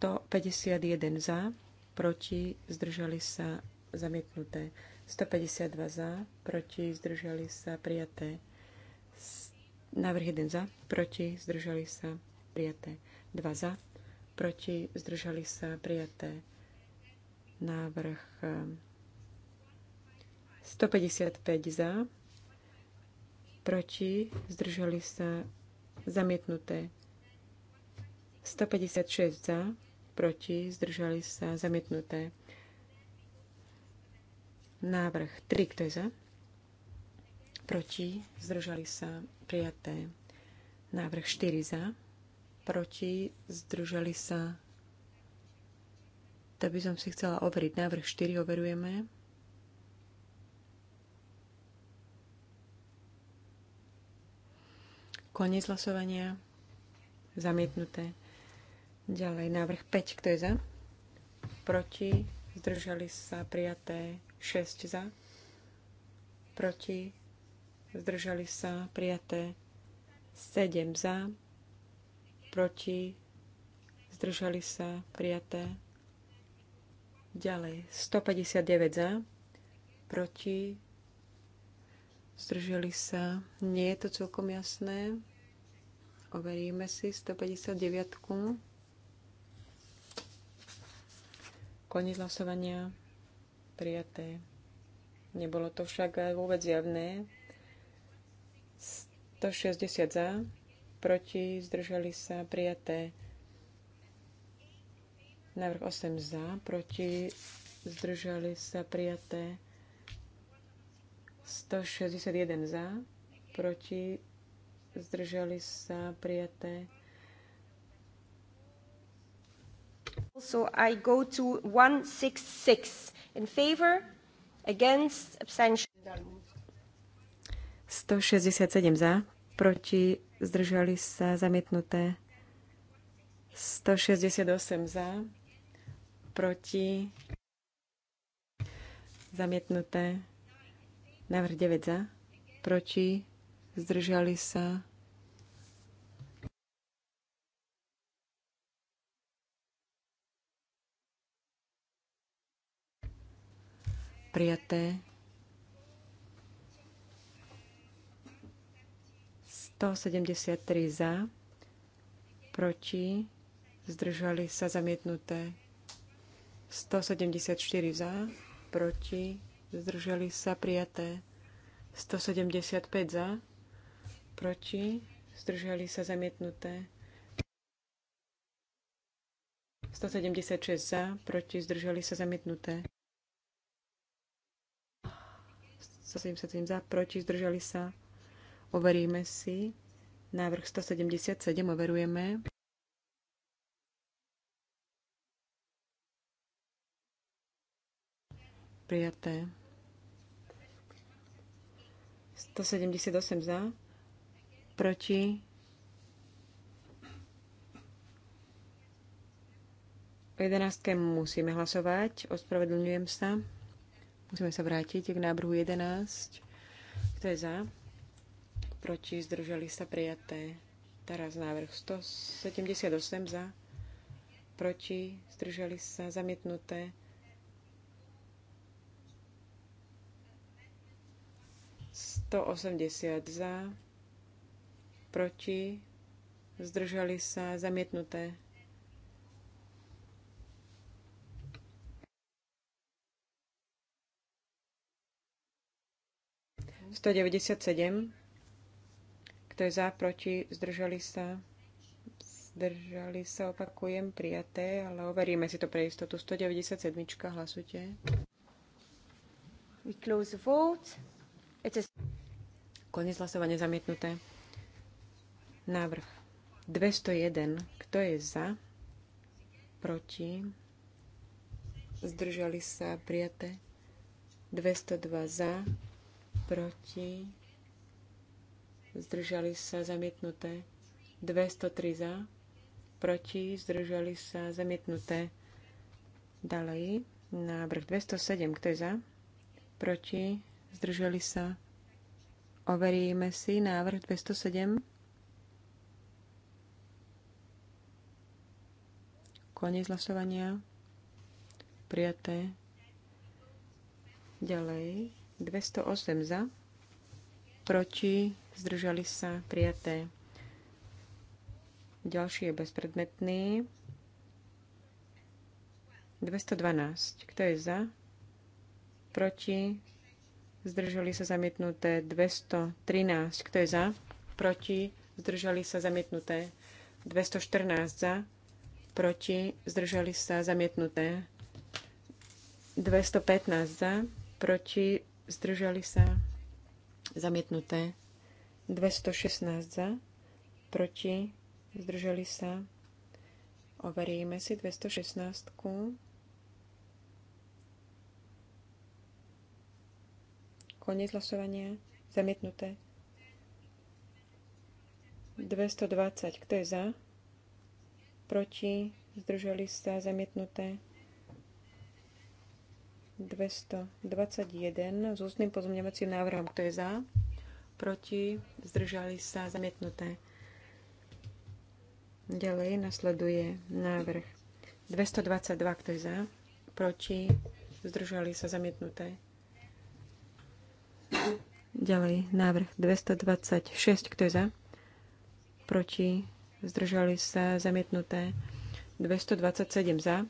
Speaker 2: 151 za, proti, zdržali sa, zamietnuté. 152 za, proti, zdržali sa, prijaté. Návrh 1 za, proti, zdržali sa, prijaté. 2 za, proti, zdržali sa, prijaté. Návrh 155 eh, za, proti, zdržali sa zamietnuté. 156 za, proti, zdržali sa zamietnuté. Návrh 3, kto je za? Proti, zdržali sa prijaté. Návrh 4 za, proti, zdržali sa. To by som si chcela overiť. Návrh 4 overujeme. Koniec hlasovania. Zamietnuté. Ďalej návrh 5. Kto je za? Proti. Zdržali sa prijaté 6 za. Proti. Zdržali sa prijaté 7 za. Proti. Zdržali sa prijaté. Ďalej 159 za. Proti. Zdržali sa. Nie je to celkom jasné. Overíme si 159. Koniec hlasovania. Prijaté. Nebolo to však vôbec javné. 160 za, proti, zdržali sa, prijaté. Návrh 8 za, proti, zdržali sa, prijaté. 161 za, proti, zdržali sa prijaté. So I go to 166 in favor, against, abstention. 167 za, proti, zdržali sa zamietnuté. 168 za, proti, zamietnuté. Návrh 9 za, proti, zdržali sa. Prijaté. 173 za, proti, zdržali sa zamietnuté. 174 za, proti, zdržali sa prijaté. 175 za, proti, zdržali sa zamietnuté. 176 za, proti, zdržali sa zamietnuté. 177 za, proti, zdržali sa. Overíme si. Návrh 177 overujeme. Prijaté. 178 za, proti O 11. musíme hlasovať, ospravedlňujem sa. Musíme sa vrátiť k návrhu 11. Kto je za? Proti zdržali sa prijaté. Teraz návrh 178 za. Proti zdržali sa zamietnuté. 180 za, proti, zdržali sa, zamietnuté. Sto deväťdesiat sedem. Kto je za, proti, zdržali sa? Zdržali sa, opakujem, prijaté, ale overíme si to pre istotu. 197. Hlasujte. We close the vote. Konec hlasovania zamietnuté. Návrh 201. Kto je za? Proti? Zdržali sa prijaté. 202 za, proti, zdržali sa zamietnuté. 203 za, proti, zdržali sa zamietnuté. Ďalej, návrh 207, kto je za? Proti, zdržali sa. Overíme si návrh 207. Koniec hlasovania. Prijaté. Ďalej. 208 za. Proti. Zdržali sa. Prijaté. Ďalší je bezpredmetný. 212. Kto je za? Proti? zdržali sa zamietnuté 213, kto je za, proti, zdržali sa zamietnuté 214 za, proti, zdržali sa zamietnuté 215 za, proti, zdržali sa zamietnuté 216 za, proti, zdržali sa. Overíme si 216. Koniec hlasovania. Zamietnuté. 220. Kto je za? Proti? Zdržali sa? Zamietnuté. 221 s ústnym pozmeňovacím návrhom. Kto je za? Proti? Zdržali sa? Zamietnuté. Ďalej nasleduje návrh 222. Kto je za? Proti? Zdržali sa? Zamietnuté. Ďalej návrh 226, kto je za? Proti? Zdržali sa zamietnuté. 227 za.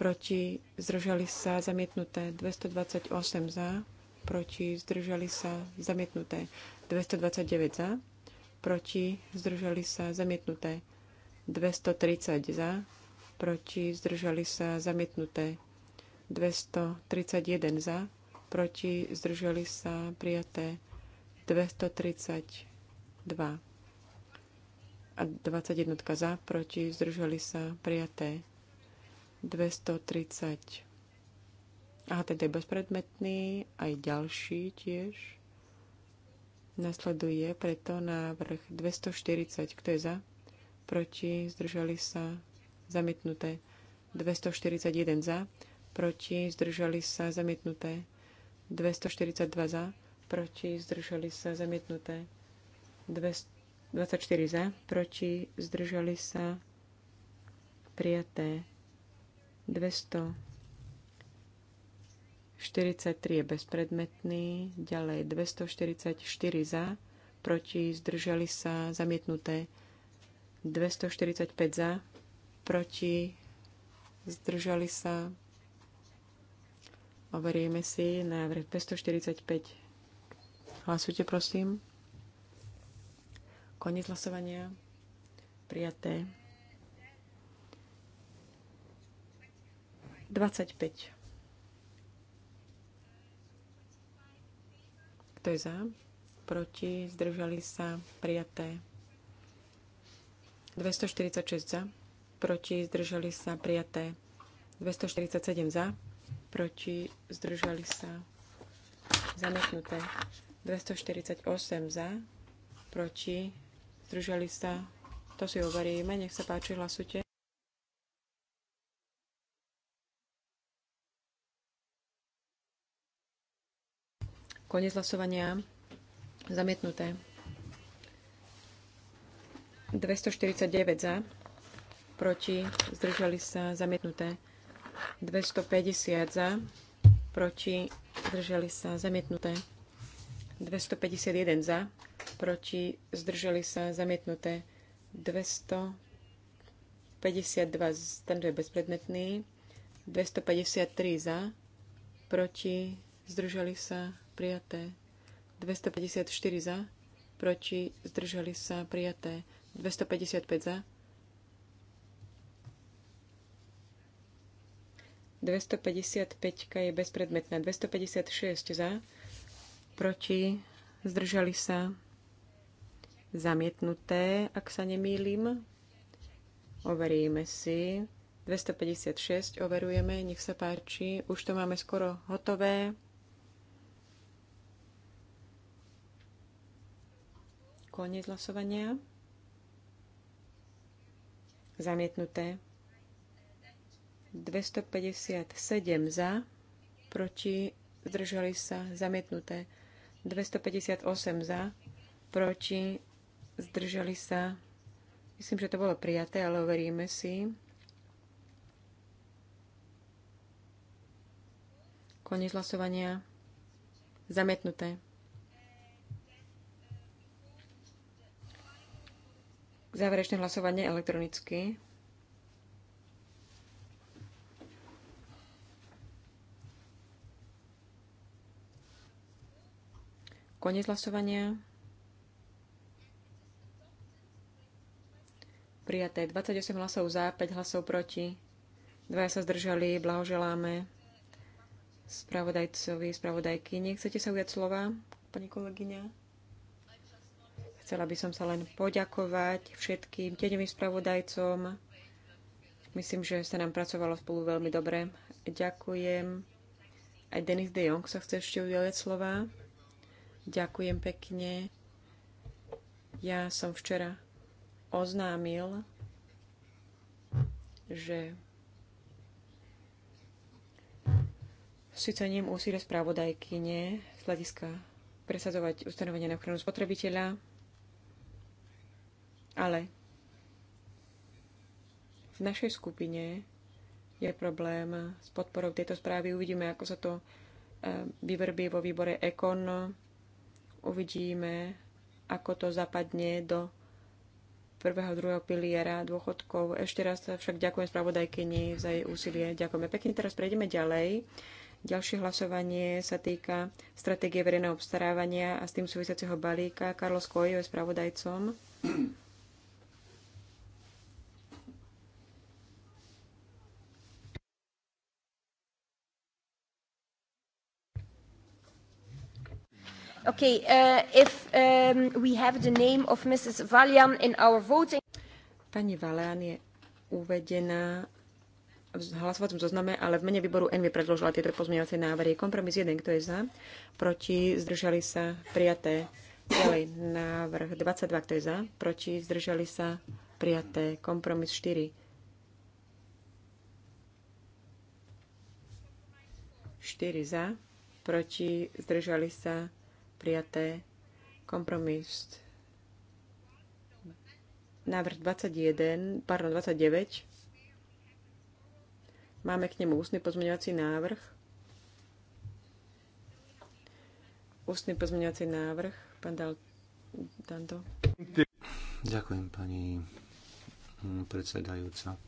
Speaker 2: Proti? Zdržali sa zamietnuté. 228 za. Proti? Zdržali sa zamietnuté. 229 za. Proti? Zdržali sa zamietnuté. 230 za. Proti? Zdržali sa zamietnuté. 231 za proti, zdržali sa prijaté 232 a 21 za, proti, zdržali sa prijaté 230. Aha, teda je bezpredmetný, aj ďalší tiež. Nasleduje preto návrh 240. Kto je za? Proti, zdržali sa zamietnuté 241 za, proti, zdržali sa zamietnuté 242 za, proti zdržali sa zamietnuté. 24 za, proti zdržali sa prijaté. 243 je bezpredmetný, ďalej 244 za, proti zdržali sa zamietnuté. 245 za, proti zdržali sa Overíme si návrh 245. Hlasujte, prosím. Koniec hlasovania. Prijaté. 25. Kto je za? Proti? Zdržali sa? Prijaté. 246 za. Proti? Zdržali sa? Prijaté. 247 za proti, zdržali sa, zamietnuté. 248 za, proti, zdržali sa, to si overíme, nech sa páči, hlasujte. Konec hlasovania, zamietnuté. 249 za, proti, zdržali sa, zamietnuté. 250 za, proti, zdržali sa, zamietnuté. 251 za, proti, zdržali sa, zamietnuté. 252, ten je bezpredmetný. 253 za, proti, zdržali sa, prijaté. 254 za, proti, zdržali sa, prijaté. 255 za, 255 je bezpredmetná. 256 za, proti, zdržali sa, zamietnuté, ak sa nemýlim. Overíme si. 256 overujeme, nech sa páči. Už to máme skoro hotové. Koniec hlasovania. Zamietnuté. 257 za, proti, zdržali sa, zamietnuté. 258 za, proti, zdržali sa. Myslím, že to bolo prijaté, ale overíme si. Koniec hlasovania. Zamietnuté. Záverečné hlasovanie elektronicky. Konec hlasovania. Prijaté 28 hlasov za, 5 hlasov proti. Dvaja sa zdržali, blahoželáme spravodajcovi, spravodajky. Nechcete sa ujať slova, pani kolegyňa? Chcela by som sa len poďakovať všetkým tieňovým spravodajcom. Myslím, že sa nám pracovalo spolu veľmi dobre. Ďakujem. Aj Denis de Jong sa chce ešte ujať slova. Ďakujem pekne. Ja som včera oznámil, že si cením úsilie správodajkyne z hľadiska presadzovať ustanovenie na ochranu spotrebiteľa, ale v našej skupine je problém s podporou tejto správy. Uvidíme, ako sa to eh, vyvrbí vo výbore EKON Uvidíme, ako to zapadne do prvého, druhého piliera dôchodkov. Ešte raz však ďakujem spravodajkyni za jej úsilie. Ďakujeme pekne. Teraz prejdeme ďalej. Ďalšie hlasovanie sa týka stratégie verejného obstarávania a s tým súvisiaceho balíka. Karlo Skojo je spravodajcom.
Speaker 1: Okay, uh, if um, we have the name
Speaker 2: of Mrs. Valian in our voting... Pani Valian je uvedená v hlasovacom zozname, ale v mene výboru NV predložila tieto pozmeňovacie návrhy. Kompromis 1, kto je za? Proti, zdržali sa, prijaté. Ďalej, návrh 22, kto je za? Proti, zdržali sa, prijaté. Kompromis 4. 4 za, proti, zdržali sa, prijaté. Kompromis. Návrh 21, pardon, 29. Máme k nemu ústny pozmeňovací návrh. Ústny pozmeňovací návrh. Pán Dal, Danto.
Speaker 1: Ďakujem, pani predsedajúca.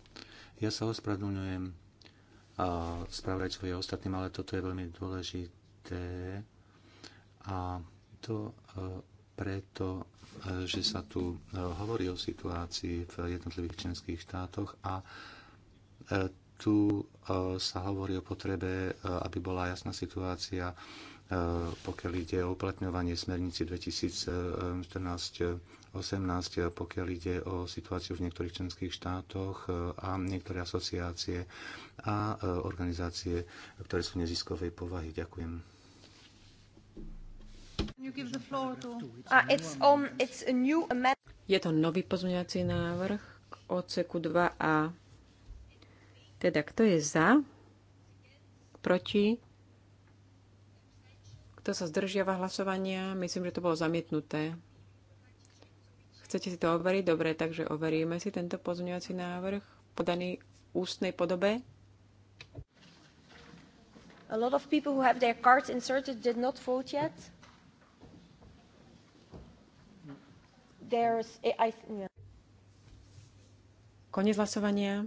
Speaker 1: Ja sa ospravedlňujem a spravodajcovi svoje ostatným, ale toto je veľmi dôležité a to e, preto, e, že sa tu e, hovorí o situácii v jednotlivých členských štátoch a tu sa hovorí o potrebe, aby bola jasná situácia, pokiaľ ide o uplatňovanie smernici 2014-18, pokiaľ ide o situáciu v niektorých členských štátoch a niektoré asociácie a organizácie, ktoré sú neziskovej povahy. Ďakujem.
Speaker 2: Je to nový pozmeňovací návrh k odseku 2a. Teda kto je za? Proti? Kto sa zdržiava hlasovania? Myslím, že to bolo zamietnuté. Chcete si to overiť? Dobre, takže overíme si tento pozmeňovací návrh podaný ústnej podobe.
Speaker 3: A lot of people who have their cards
Speaker 2: inserted did not vote yet. There's, I, yeah. Konec hlasovania.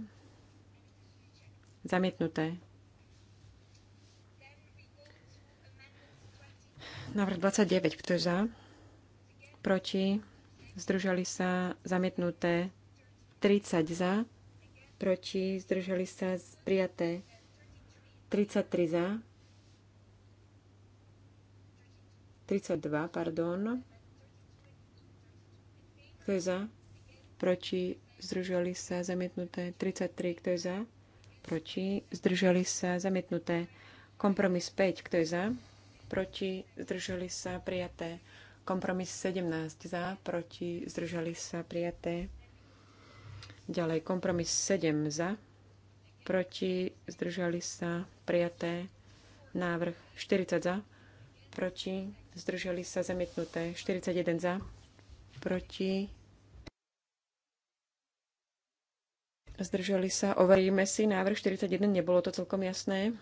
Speaker 2: Zamietnuté. Návrh 29. Kto je za? Proti? Zdržali sa zamietnuté 30 za. Proti? Zdržali sa prijaté 33 za. 32, pardon. Kto je za? Proti? Zdržali sa zamietnuté. 33. Kto je za? Proti? Zdržali sa zamietnuté. Kompromis 5. Kto je za? Proti? Zdržali sa prijaté. Kompromis 17. Za? Proti? Zdržali sa prijaté. Ďalej kompromis 7 za, proti zdržali sa prijaté návrh 40 za, proti zdržali sa zamietnuté 41 za, proti, zdržali sa, overíme si, návrh 41, nebolo to celkom jasné.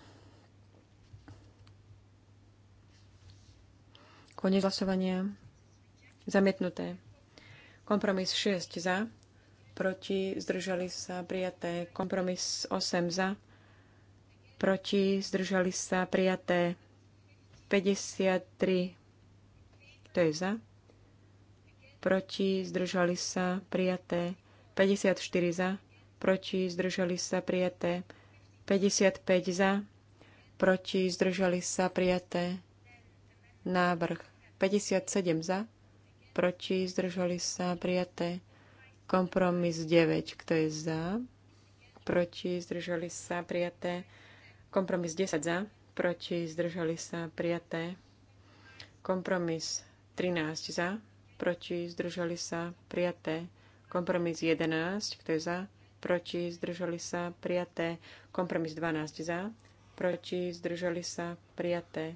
Speaker 2: Konec hlasovania. Zamietnuté. Kompromis 6 za, proti zdržali sa prijaté. Kompromis 8 za, proti zdržali sa prijaté. 53. Kto je za? proti, zdržali sa, prijaté. 54 za, proti, zdržali sa, prijaté. 55 za, proti, zdržali sa, prijaté. Návrh 57 za, proti, zdržali sa, prijaté. Kompromis 9, kto je za, proti, zdržali sa, prijaté. Kompromis 10 za, proti, zdržali sa, prijaté. Kompromis 13 za, proti, zdržali sa, prijaté. Kompromis 11, kto je za, proti, zdržali sa, prijaté. Kompromis 12 za, proti, zdržali sa, prijaté.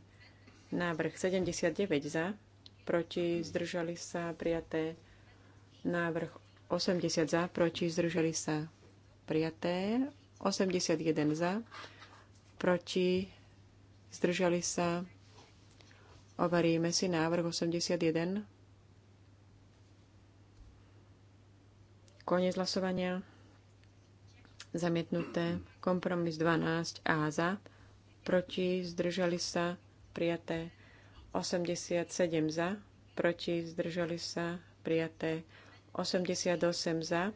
Speaker 2: Návrh 79 za, proti, zdržali sa, prijaté. Návrh 80 za, proti, zdržali sa, prijaté. 81 za, proti, zdržali sa. Overíme si návrh 81. Koniec hlasovania. Zamietnuté. Kompromis 12 a za. Proti zdržali sa prijaté 87 za. Proti zdržali sa prijaté 88 za.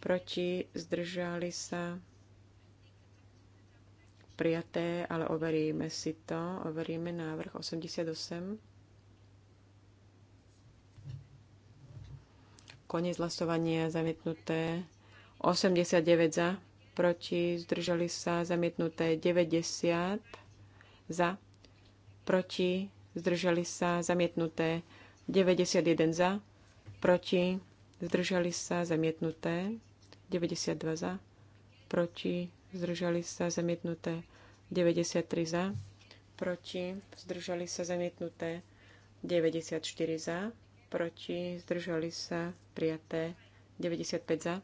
Speaker 2: Proti zdržali sa prijaté, ale overíme si to. Overíme návrh 88. Koniec hlasovania zamietnuté. 89 za, proti, zdržali sa zamietnuté 90 za, proti, zdržali sa zamietnuté 91 za, proti, zdržali sa zamietnuté 92 za, proti, zdržali sa zamietnuté 93 za, proti, zdržali sa zamietnuté 94 za, proti, zdržali sa, prijaté 95 za,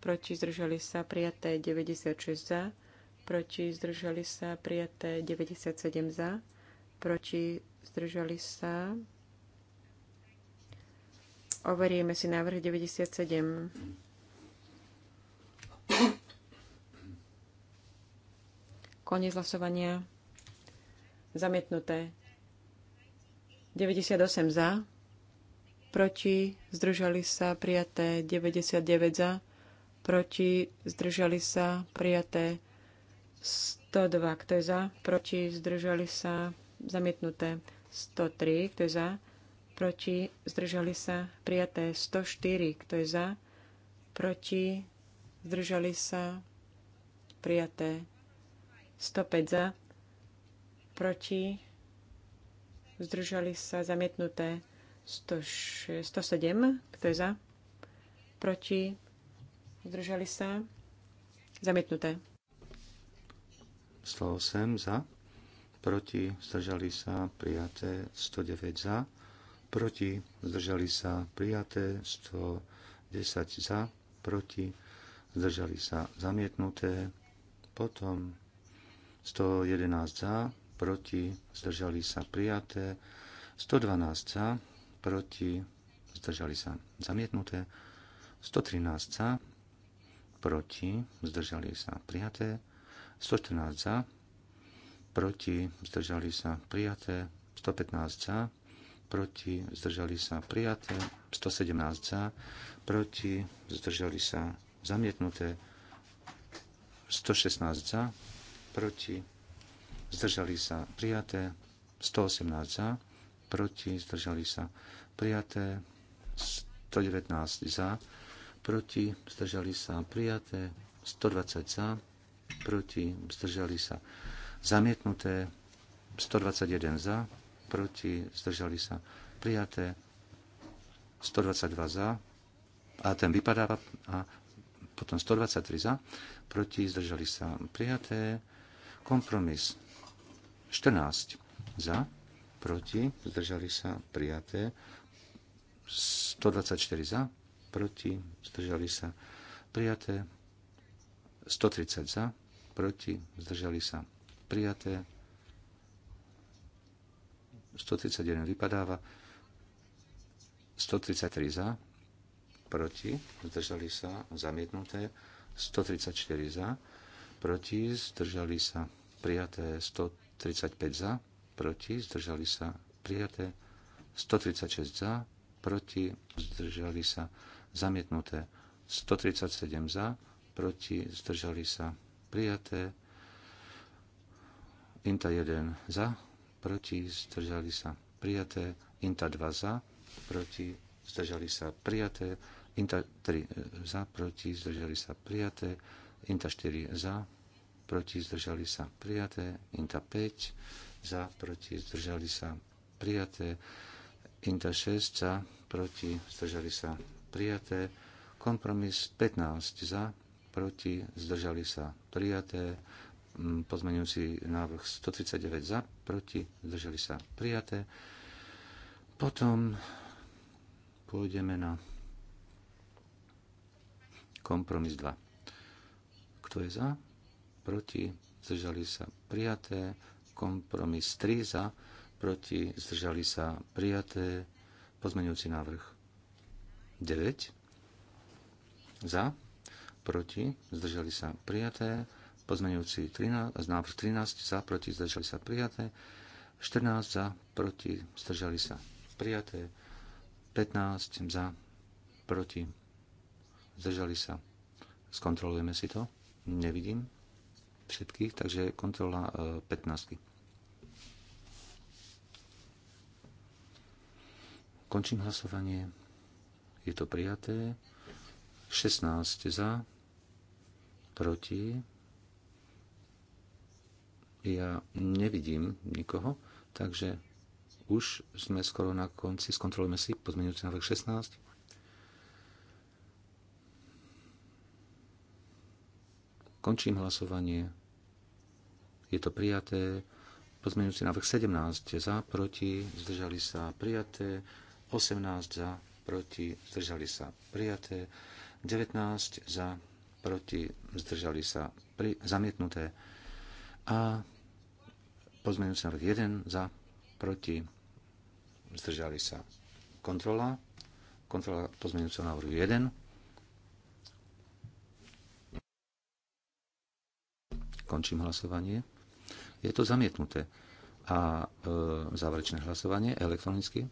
Speaker 2: proti, zdržali sa, prijaté 96 za, proti, zdržali sa, prijaté 97 za, proti, zdržali sa. Overíme si návrh 97. Koniec hlasovania. Zamietnuté. 98 za proti, zdržali sa prijaté 99 za, proti, zdržali sa prijaté 102, kto je za, proti, zdržali sa zamietnuté 103, kto je za, proti, zdržali sa prijaté 104, kto je za, proti, zdržali sa prijaté 105 za, proti, zdržali sa zamietnuté 106, 107, kto je za? Proti? Zdržali sa? Zamietnuté.
Speaker 1: 108 za, proti, zdržali sa, prijaté, 109 za, proti, zdržali sa, prijaté, 110 za, proti, zdržali sa, zamietnuté, potom 111 za, proti, zdržali sa, prijaté, 112 za, proti, zdržali sa zamietnuté, 113 za, proti, zdržali sa prijaté, 114 za, proti, zdržali sa prijaté, 115 za, proti, zdržali sa prijaté, 117 za, proti, zdržali sa zamietnuté, 116 za, proti, zdržali sa prijaté, 118 za, proti, zdržali sa prijaté, 119 za, proti, zdržali sa prijaté, 120 za, proti, zdržali sa zamietnuté, 121 za, proti, zdržali sa prijaté, 122 za, a ten vypadáva, a potom 123 za, proti, zdržali sa prijaté, kompromis 14 za, proti, zdržali sa, prijaté. 124 za, proti, zdržali sa, prijaté. 130 za, proti, zdržali sa, prijaté. 131 vypadáva. 133 za, proti, zdržali sa, zamietnuté. 134 za, proti, zdržali sa, prijaté. 135 za, proti, zdržali sa prijaté, 136 za, proti, zdržali sa zamietnuté, 137 za, proti, zdržali sa prijaté, Inta 1 za, proti, zdržali sa prijaté, Inta 2 za, proti, zdržali sa prijaté, Inta 3 e, za, proti, zdržali sa prijaté, Inta 4 za, proti, zdržali sa prijaté, Inta 5 za, proti, zdržali sa prijaté. Inta 6 za, proti, zdržali sa prijaté. Kompromis 15 za, proti, zdržali sa prijaté. Mm, pozmeňujúci návrh 139 za, proti, zdržali sa prijaté. Potom pôjdeme na kompromis 2. Kto je za? Proti? Zdržali sa prijaté. Kompromis 3 za, proti, zdržali sa prijaté. Pozmeňujúci návrh 9 za, proti, zdržali sa prijaté. Pozmeňujúci 13, návrh 13 za, proti, zdržali sa prijaté. 14 za, proti, zdržali sa prijaté. 15 za, proti, zdržali sa. Skontrolujeme si to. Nevidím všetkých, takže kontrola 15. E, Končím hlasovanie. Je to prijaté. 16 za, proti. Ja nevidím nikoho, takže už sme skoro na konci. Skontrolujeme si pozmeňujúci návrh 16. Končím hlasovanie. Je to prijaté. Pozmeňujúci návrh 17 za, proti, zdržali sa prijaté. 18 za, proti, zdržali sa prijaté, 19 za, proti, zdržali sa pri, zamietnuté a pozmeňujúci návrh 1 za, proti, zdržali sa kontrola, kontrola pozmeňujúceho návrhu 1. Končím hlasovanie. Je to zamietnuté. A e, záverečné hlasovanie elektronicky.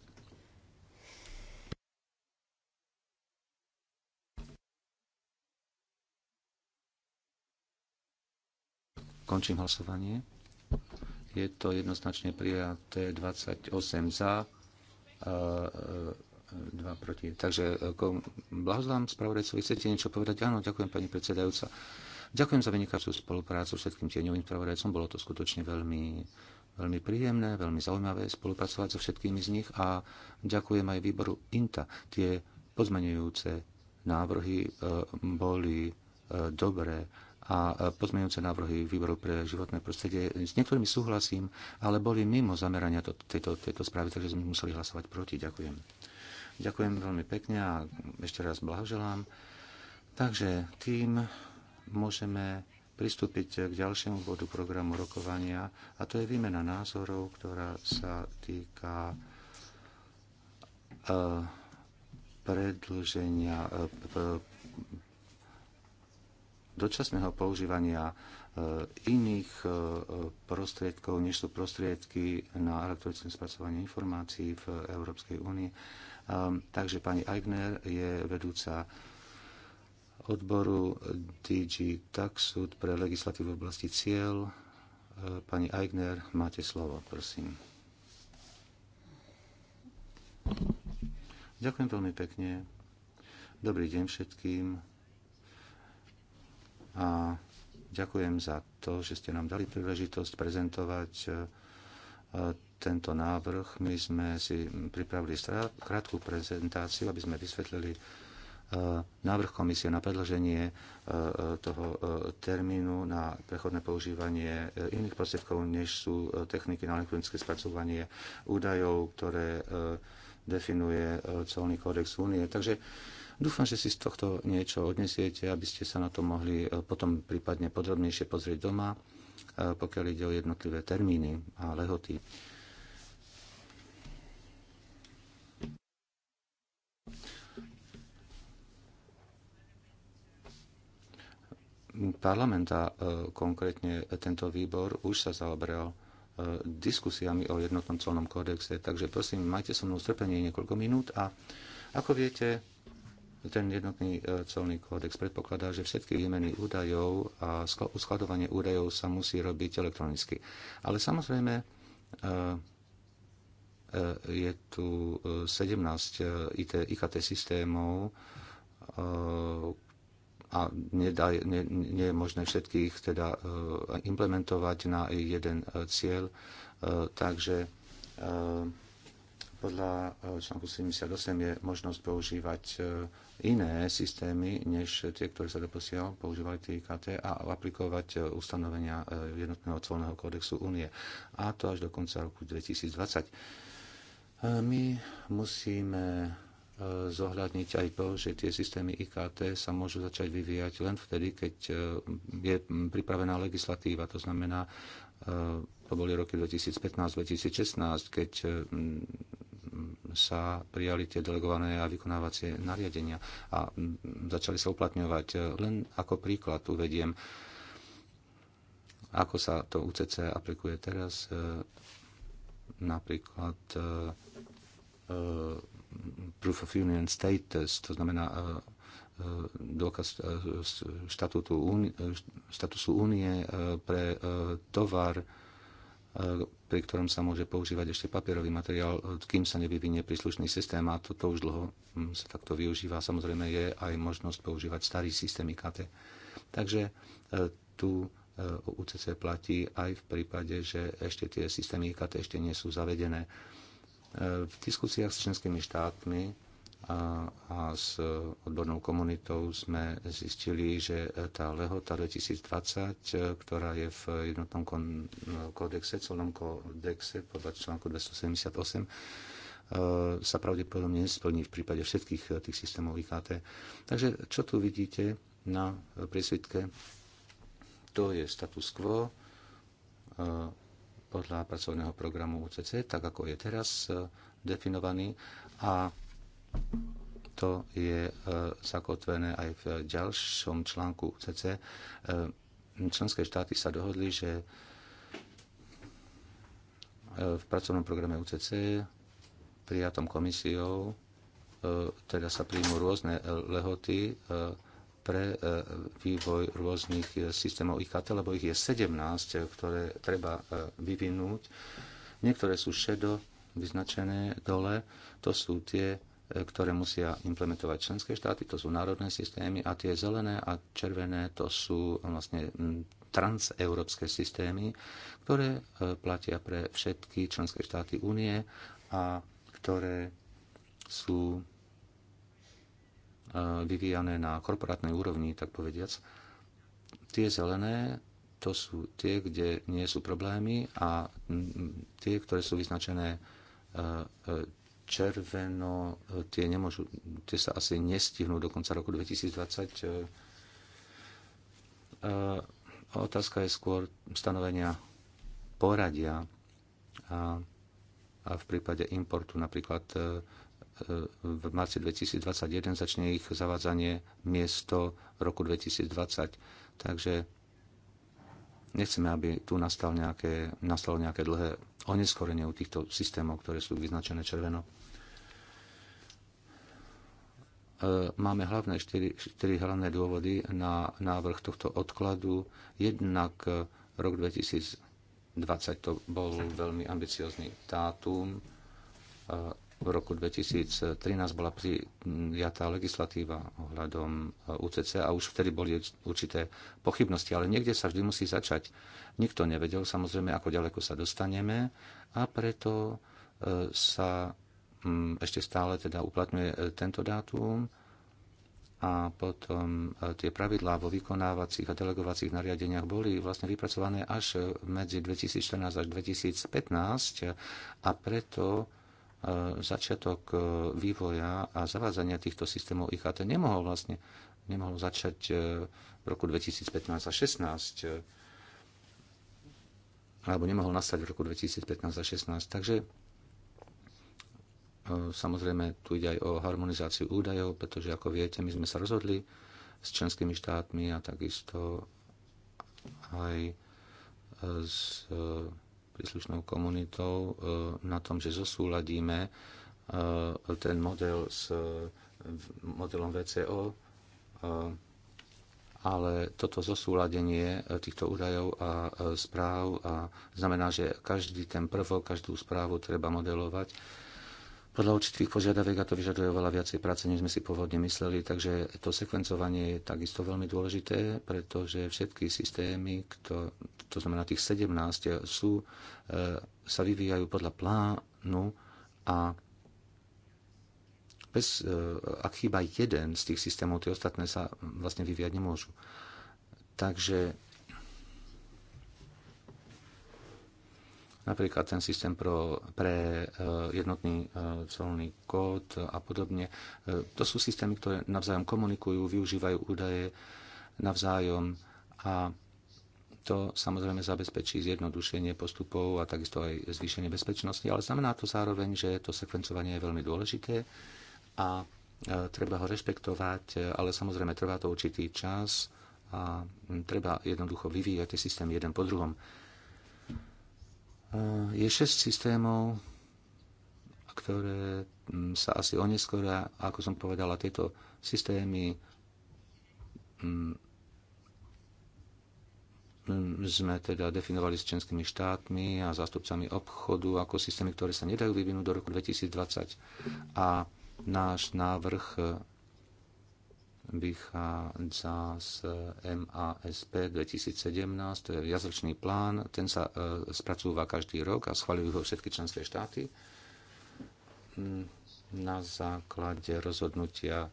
Speaker 1: Končím hlasovanie. Je to jednoznačne prijaté 28 za, 2 e, e, proti. Takže e, blahoželám spravodajcovi. Chcete niečo povedať? Áno, ďakujem pani predsedajúca. Ďakujem za vynikajúcu spoluprácu všetkým tieňovým spravodajcom. Bolo to skutočne veľmi veľmi príjemné, veľmi zaujímavé spolupracovať so všetkými z nich a ďakujem aj výboru INTA. Tie pozmenujúce návrhy boli dobré a e, pozmeňujúce návrhy výboru pre životné prostredie. S niektorými súhlasím, ale boli mimo zamerania to, tejto, tejto správy, takže sme museli hlasovať proti. Ďakujem. Ďakujem veľmi pekne a ešte raz blahoželám. Takže tým môžeme pristúpiť k ďalšiemu bodu programu rokovania a to je výmena názorov, ktorá sa týka e, predlženia e, dočasného používania e, iných e, prostriedkov, než sú prostriedky na elektronické spracovanie informácií v Európskej únii. Ehm, takže pani Eigner je vedúca odboru DG Taxud pre legislatívu v oblasti cieľ. E, pani Eigner, máte slovo, prosím. Ďakujem veľmi pekne. Dobrý deň všetkým a ďakujem za to, že ste nám dali príležitosť prezentovať e, e, tento návrh. My sme si pripravili krátku prezentáciu, aby sme vysvetlili e, návrh komisie na predloženie toho termínu na prechodné používanie iných prostriedkov, než sú techniky na elektronické spracovanie údajov, ktoré definuje celný kódex únie. Takže Dúfam, že si z tohto niečo odnesiete, aby ste sa na to mohli e, potom prípadne podrobnejšie pozrieť doma, e, pokiaľ ide o jednotlivé termíny a lehoty. parlamenta, e, konkrétne tento výbor, už sa zaoberal diskusiami o jednotnom colnom kódexe, takže prosím, majte so mnou strpenie niekoľko minút a ako viete, ten jednotný e, celný kódex predpokladá, že všetky výmeny údajov a uskladovanie údajov sa musí robiť elektronicky. Ale samozrejme e, e, je tu 17 IT, IKT systémov a nedá, nie, nie je možné všetkých teda implementovať na jeden cieľ. Takže podľa eh, článku 78 je možnosť používať eh, iné systémy, než tie, ktoré sa doposiaľ používali TIKT a aplikovať eh, ustanovenia jednotného colného kódexu únie. A to až do konca roku 2020. My musíme zohľadniť aj to, že tie systémy IKT sa môžu začať vyvíjať len vtedy, keď je pripravená legislatíva. To znamená, to boli roky 2015-2016, keď sa prijali tie delegované a vykonávacie nariadenia a začali sa uplatňovať. Len ako príklad uvediem, ako sa to UCC aplikuje teraz, e, napríklad e, e, proof of union status, to znamená dôkaz štatútu, statusu únie pre tovar, E, pri ktorom sa môže používať ešte papierový materiál, e, kým sa nevyvinie príslušný systém a toto už dlho mm, sa takto využíva. Samozrejme je aj možnosť používať starý systém IKT. Takže e, tu UCC platí aj v prípade, že ešte tie systémy IKT ešte nie sú zavedené. V diskusiách s členskými štátmi a s odbornou komunitou sme zistili, že tá lehota 2020, e, ktorá je v jednotnom kódexe, celnom kódexe podľa článku 278, e, sa pravdepodobne nesplní v prípade všetkých e, tých systémov IKT. Takže čo tu vidíte na prísvitke? To je status quo podľa pracovného programu UCC, tak ako je teraz definovaný. A to je e, zakotvené aj v ďalšom článku CC. E, členské štáty sa dohodli, že e, v pracovnom programe UCC prijatom komisiou teda sa príjmú rôzne lehoty pre vývoj rôznych systémov IKT, lebo ich je 17, ktoré treba vyvinúť. Niektoré sú šedo vyznačené dole, to sú tie ktoré musia implementovať členské štáty, to sú národné systémy a tie zelené a červené to sú vlastne transeurópske systémy, ktoré e, platia pre všetky členské štáty únie a ktoré sú e, vyvíjané na korporátnej úrovni, tak povediac. Tie zelené to sú tie, kde nie sú problémy a tie, ktoré sú vyznačené e, červeno, e, tie, nemôžu, tie sa asi nestihnú do konca roku 2020. E, e, otázka je skôr stanovenia poradia a, a v prípade importu napríklad v marci 2021 začne ich zavádzanie miesto roku 2020. Takže Nechceme, aby tu nastal nejaké, nastalo nejaké dlhé oneskorenie u týchto systémov, ktoré sú vyznačené červeno. E, máme hlavné 4, 4 hlavné dôvody na návrh tohto odkladu. Jednak e, rok 2020 to bol veľmi ambiciozný dátum e, v roku 2013 bola prijatá legislatíva ohľadom e, UCC a už vtedy boli určité pochybnosti, ale niekde sa vždy musí začať. Nikto nevedel samozrejme, ako ďaleko sa dostaneme a preto e, sa mm, ešte stále teda uplatňuje e, tento dátum a potom tie pravidlá vo vykonávacích a delegovacích nariadeniach boli vlastne vypracované až medzi 2014 až 2015 a preto začiatok e, vývoja a zavádzania týchto systémov IKT nemohol vlastne nemohol začať e, v roku 2015 a 16 e, alebo nemohol nastať v roku 2015 a 16. Takže samozrejme tu ide aj o harmonizáciu údajov, pretože ako viete, my sme sa rozhodli s členskými štátmi a takisto aj s príslušnou komunitou e, na tom, že zosúladíme e, ten model s e, modelom VCO, ale toto zosúladenie týchto údajov a správ a znamená, že každý ten prvok, každú správu treba modelovať podľa určitých požiadaviek a to vyžaduje oveľa viacej práce, než sme si pôvodne mysleli, takže to sekvencovanie je takisto veľmi dôležité, pretože všetky systémy, kto, to znamená tých 17, sú, e, sa vyvíjajú podľa plánu a bez, e, ak chýba jeden z tých systémov, tie ostatné sa vlastne vyvíjať nemôžu. Takže napríklad ten systém pro, pre e, jednotný e, celný kód a podobne. E, to sú systémy, ktoré navzájom komunikujú, využívajú údaje navzájom a to samozrejme zabezpečí zjednodušenie postupov a takisto aj zvýšenie bezpečnosti, ale znamená to zároveň, že to sekvencovanie je veľmi dôležité a treba ho rešpektovať, ale samozrejme trvá to určitý čas a treba jednoducho vyvíjať tie systémy jeden po druhom. Eh, je 6 systémov, ktoré mm, sa asi oneskoria, ako som povedala, tieto systémy mm, mm, sme teda definovali s členskými štátmi a zástupcami obchodu ako systémy, ktoré sa nedajú vyvinúť do roku 2020 a náš návrh eh, vychádza z MASP 2017, to je jazyčný plán, ten sa e, spracúva každý rok a schvaľujú ho všetky členské štáty na základe rozhodnutia e,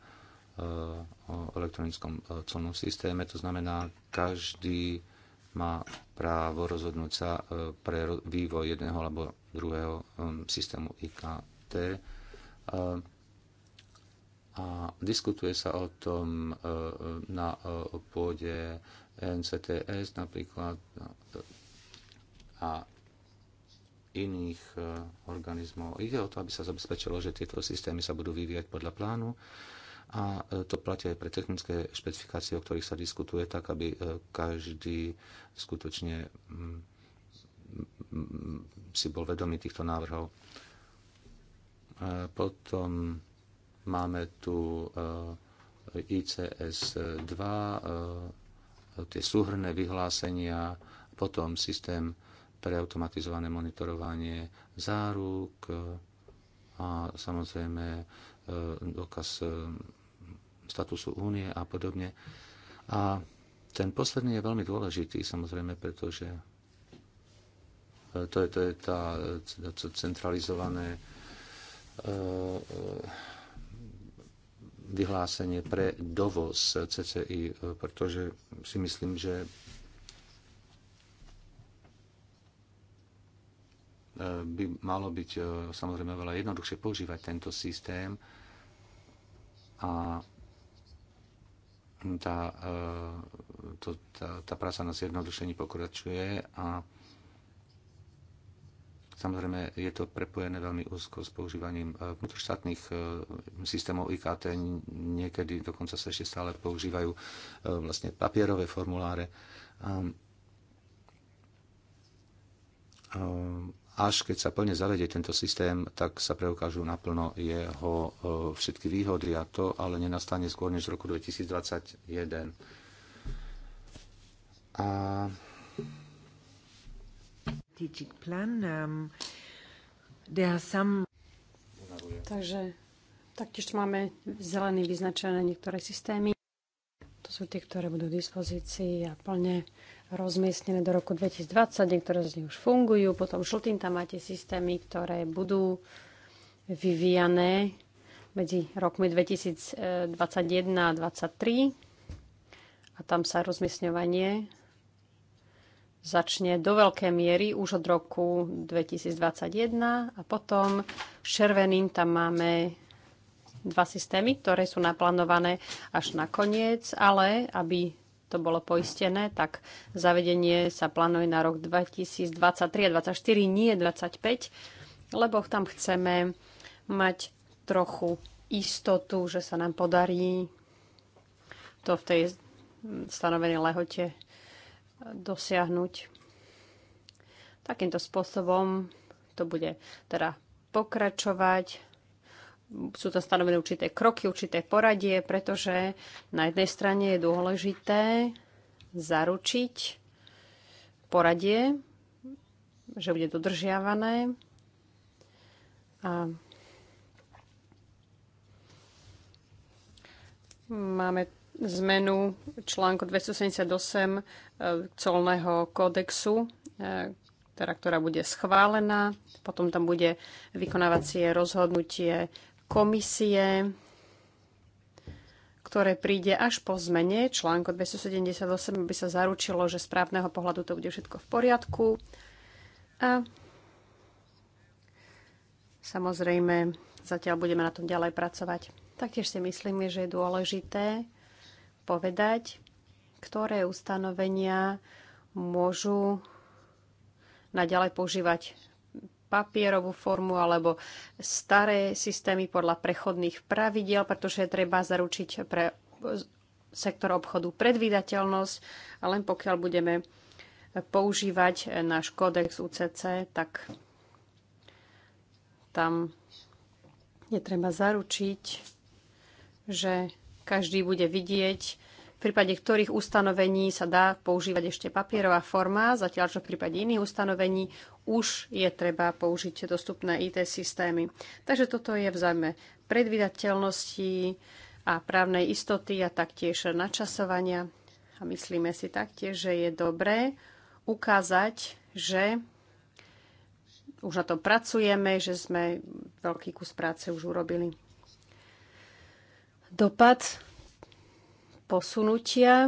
Speaker 1: o elektronickom e, colnom systéme. To znamená, každý má právo rozhodnúť sa pre vývoj jedného alebo druhého systému IKT a diskutuje sa o tom e, e, na e, pôde NCTS napríklad a iných organizmov. Ide o to, aby sa zabezpečilo, že tieto systémy sa budú vyvíjať podľa plánu a to platí aj pre technické špecifikácie, o ktorých sa diskutuje, tak aby každý skutočne si bol vedomý týchto návrhov. Potom Máme tu eh, ICS 2, eh, tie súhrné vyhlásenia, potom systém pre automatizované monitorovanie záruk eh, a samozrejme dokaz statusu únie a podobne. A ten posledný je veľmi dôležitý, samozrejme, pretože to je, to je tá centralizované vyhlásenie pre dovoz CCI, pretože si myslím, že e, by malo byť e, samozrejme veľa jednoduchšie používať tento systém a tá, e, tá, tá práca na zjednodušení pokračuje a Samozrejme, je to prepojené veľmi úzko s používaním e, vnútroštátnych e, systémov IKT. Niekedy dokonca sa ešte stále používajú e, vlastne papierové formuláre. Až keď sa plne zavedie tento systém, tak sa preukážu naplno jeho všetky výhody a to ale nenastane skôr než v roku 2021. A
Speaker 3: strategic plan. Um, there are some... Takže taktiež máme zelený vyznačené niektoré systémy. To sú tie, ktoré budú v dispozícii a plne rozmiestnené do roku 2020. Niektoré z nich už fungujú. Potom žltým tam máte systémy, ktoré budú vyvíjané medzi rokmi 2021 a 2023. A tam sa rozmiestňovanie začne do veľkej miery už od roku 2021 a potom v červeným tam máme dva systémy, ktoré sú naplánované až na koniec, ale aby to bolo poistené, tak zavedenie sa plánuje na rok 2023 a 2024, nie 2025, lebo tam chceme mať trochu istotu, že sa nám podarí to v tej stanovenej lehote dosiahnuť. Takýmto spôsobom to bude teda pokračovať. Sú tam stanovené určité kroky, určité poradie, pretože na jednej strane je dôležité zaručiť poradie, že bude dodržiavané. A máme zmenu článku 278 e, colného kódexu, e, teda, ktorá bude schválená. Potom tam bude vykonávacie rozhodnutie komisie, ktoré príde až po zmene článku 278, aby sa zaručilo, že z právneho pohľadu to bude všetko v poriadku. A samozrejme, zatiaľ budeme na tom ďalej pracovať. Taktiež si myslíme, že je dôležité povedať, ktoré ustanovenia môžu naďalej používať papierovú formu alebo staré systémy podľa prechodných pravidiel, pretože treba zaručiť pre sektor obchodu predvídateľnosť a len pokiaľ budeme používať náš kódex UCC, tak tam je treba zaručiť, že každý bude vidieť, v prípade ktorých ustanovení sa dá používať ešte papierová forma, zatiaľ čo v prípade iných ustanovení už je treba použiť dostupné IT systémy. Takže toto je v zájme predvydateľnosti a právnej istoty a taktiež načasovania. A myslíme si taktiež, že je dobré ukázať, že už na tom pracujeme, že sme veľký kus práce už urobili. Dopad posunutia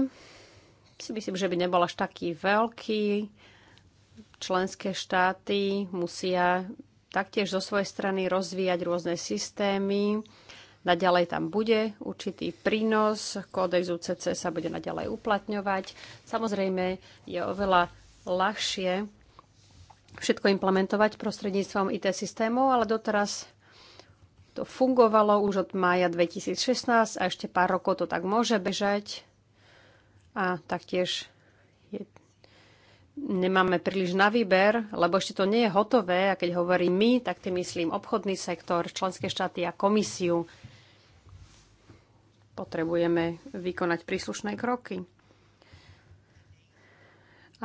Speaker 3: si myslím, že by nebol až taký veľký. Členské štáty musia taktiež zo svojej strany rozvíjať rôzne systémy. Naďalej tam bude určitý prínos, kódex UCC sa bude naďalej uplatňovať. Samozrejme je oveľa ľahšie všetko implementovať prostredníctvom IT systémov, ale doteraz to fungovalo už od mája 2016 a ešte pár rokov to tak môže bežať. A taktiež je, nemáme príliš na výber, lebo ešte to nie je hotové. A keď hovorím my, tak tým myslím obchodný sektor, členské štáty a komisiu. Potrebujeme vykonať príslušné kroky.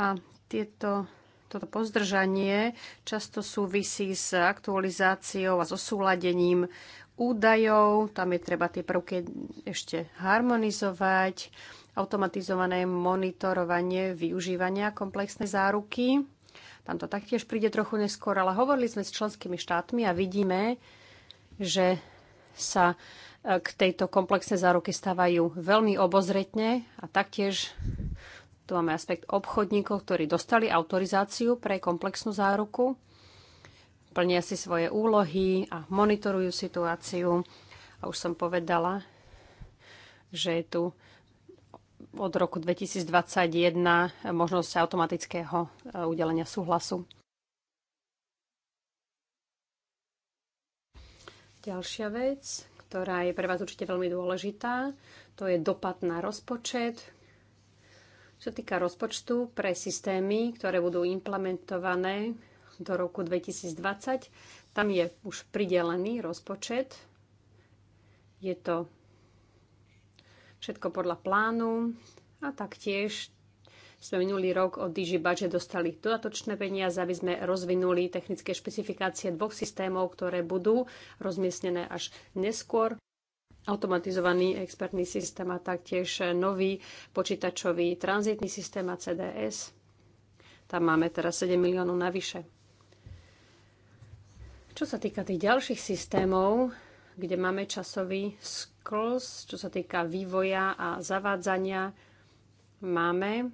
Speaker 3: A tieto toto pozdržanie často súvisí s aktualizáciou a so súladením údajov. Tam je treba tie prvky ešte harmonizovať, automatizované monitorovanie využívania komplexnej záruky. Tam to taktiež príde trochu neskôr, ale hovorili sme s členskými štátmi a vidíme, že sa e, k tejto komplexnej záruke stávajú veľmi obozretne a taktiež tu máme aspekt obchodníkov, ktorí dostali autorizáciu pre komplexnú záruku, plnia si svoje úlohy a monitorujú situáciu. A už som povedala, že je tu od roku 2021 možnosť automatického e, udelenia súhlasu. Ďalšia vec, ktorá je pre vás určite veľmi dôležitá, to je dopad na rozpočet, čo týka rozpočtu pre systémy, ktoré budú implementované do roku 2020, tam je už pridelený rozpočet. Je to všetko podľa plánu a taktiež sme minulý rok od DigiBudget dostali dodatočné peniaze, aby sme rozvinuli technické špecifikácie dvoch systémov, ktoré budú rozmiestnené až neskôr automatizovaný expertný systém a taktiež nový počítačový tranzitný systém a CDS. Tam máme teraz 7 miliónov navyše. Čo sa týka tých ďalších systémov, kde máme časový sklos, čo sa týka vývoja a zavádzania, máme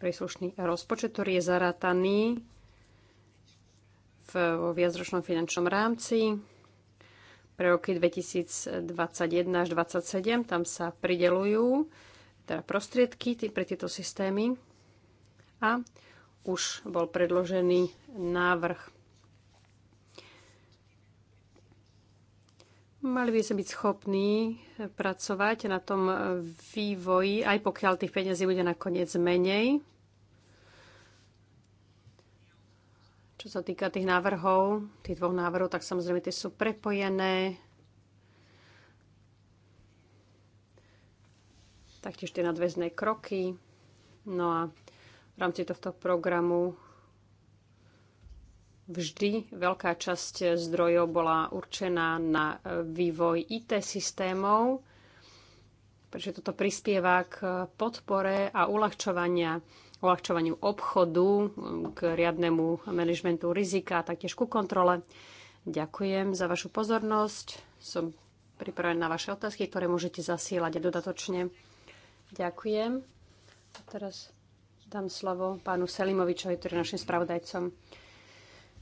Speaker 3: príslušný rozpočet, ktorý je zarataný v viacročnom finančnom rámci pre roky 2021 až 2027. Tam sa pridelujú teda prostriedky pre tieto systémy. A už bol predložený návrh. Mali by sa byť schopní pracovať na tom vývoji, aj pokiaľ tých peniazí bude nakoniec menej. Čo sa týka tých návrhov, tých dvoch návrhov, tak samozrejme tie sú prepojené. Taktiež tie nadväzné kroky. No a v rámci tohto programu vždy veľká časť zdrojov bola určená na vývoj IT systémov, pretože toto prispieva k podpore a uľahčovania uľahčovaniu obchodu, mm, k riadnemu manažmentu rizika a taktiež ku kontrole. Ďakujem za vašu pozornosť. Som pripravená na vaše otázky, ktoré môžete zasielať dodatočne. Ďakujem. A teraz dám slovo pánu Selimovičovi, ktorý je našim spravodajcom.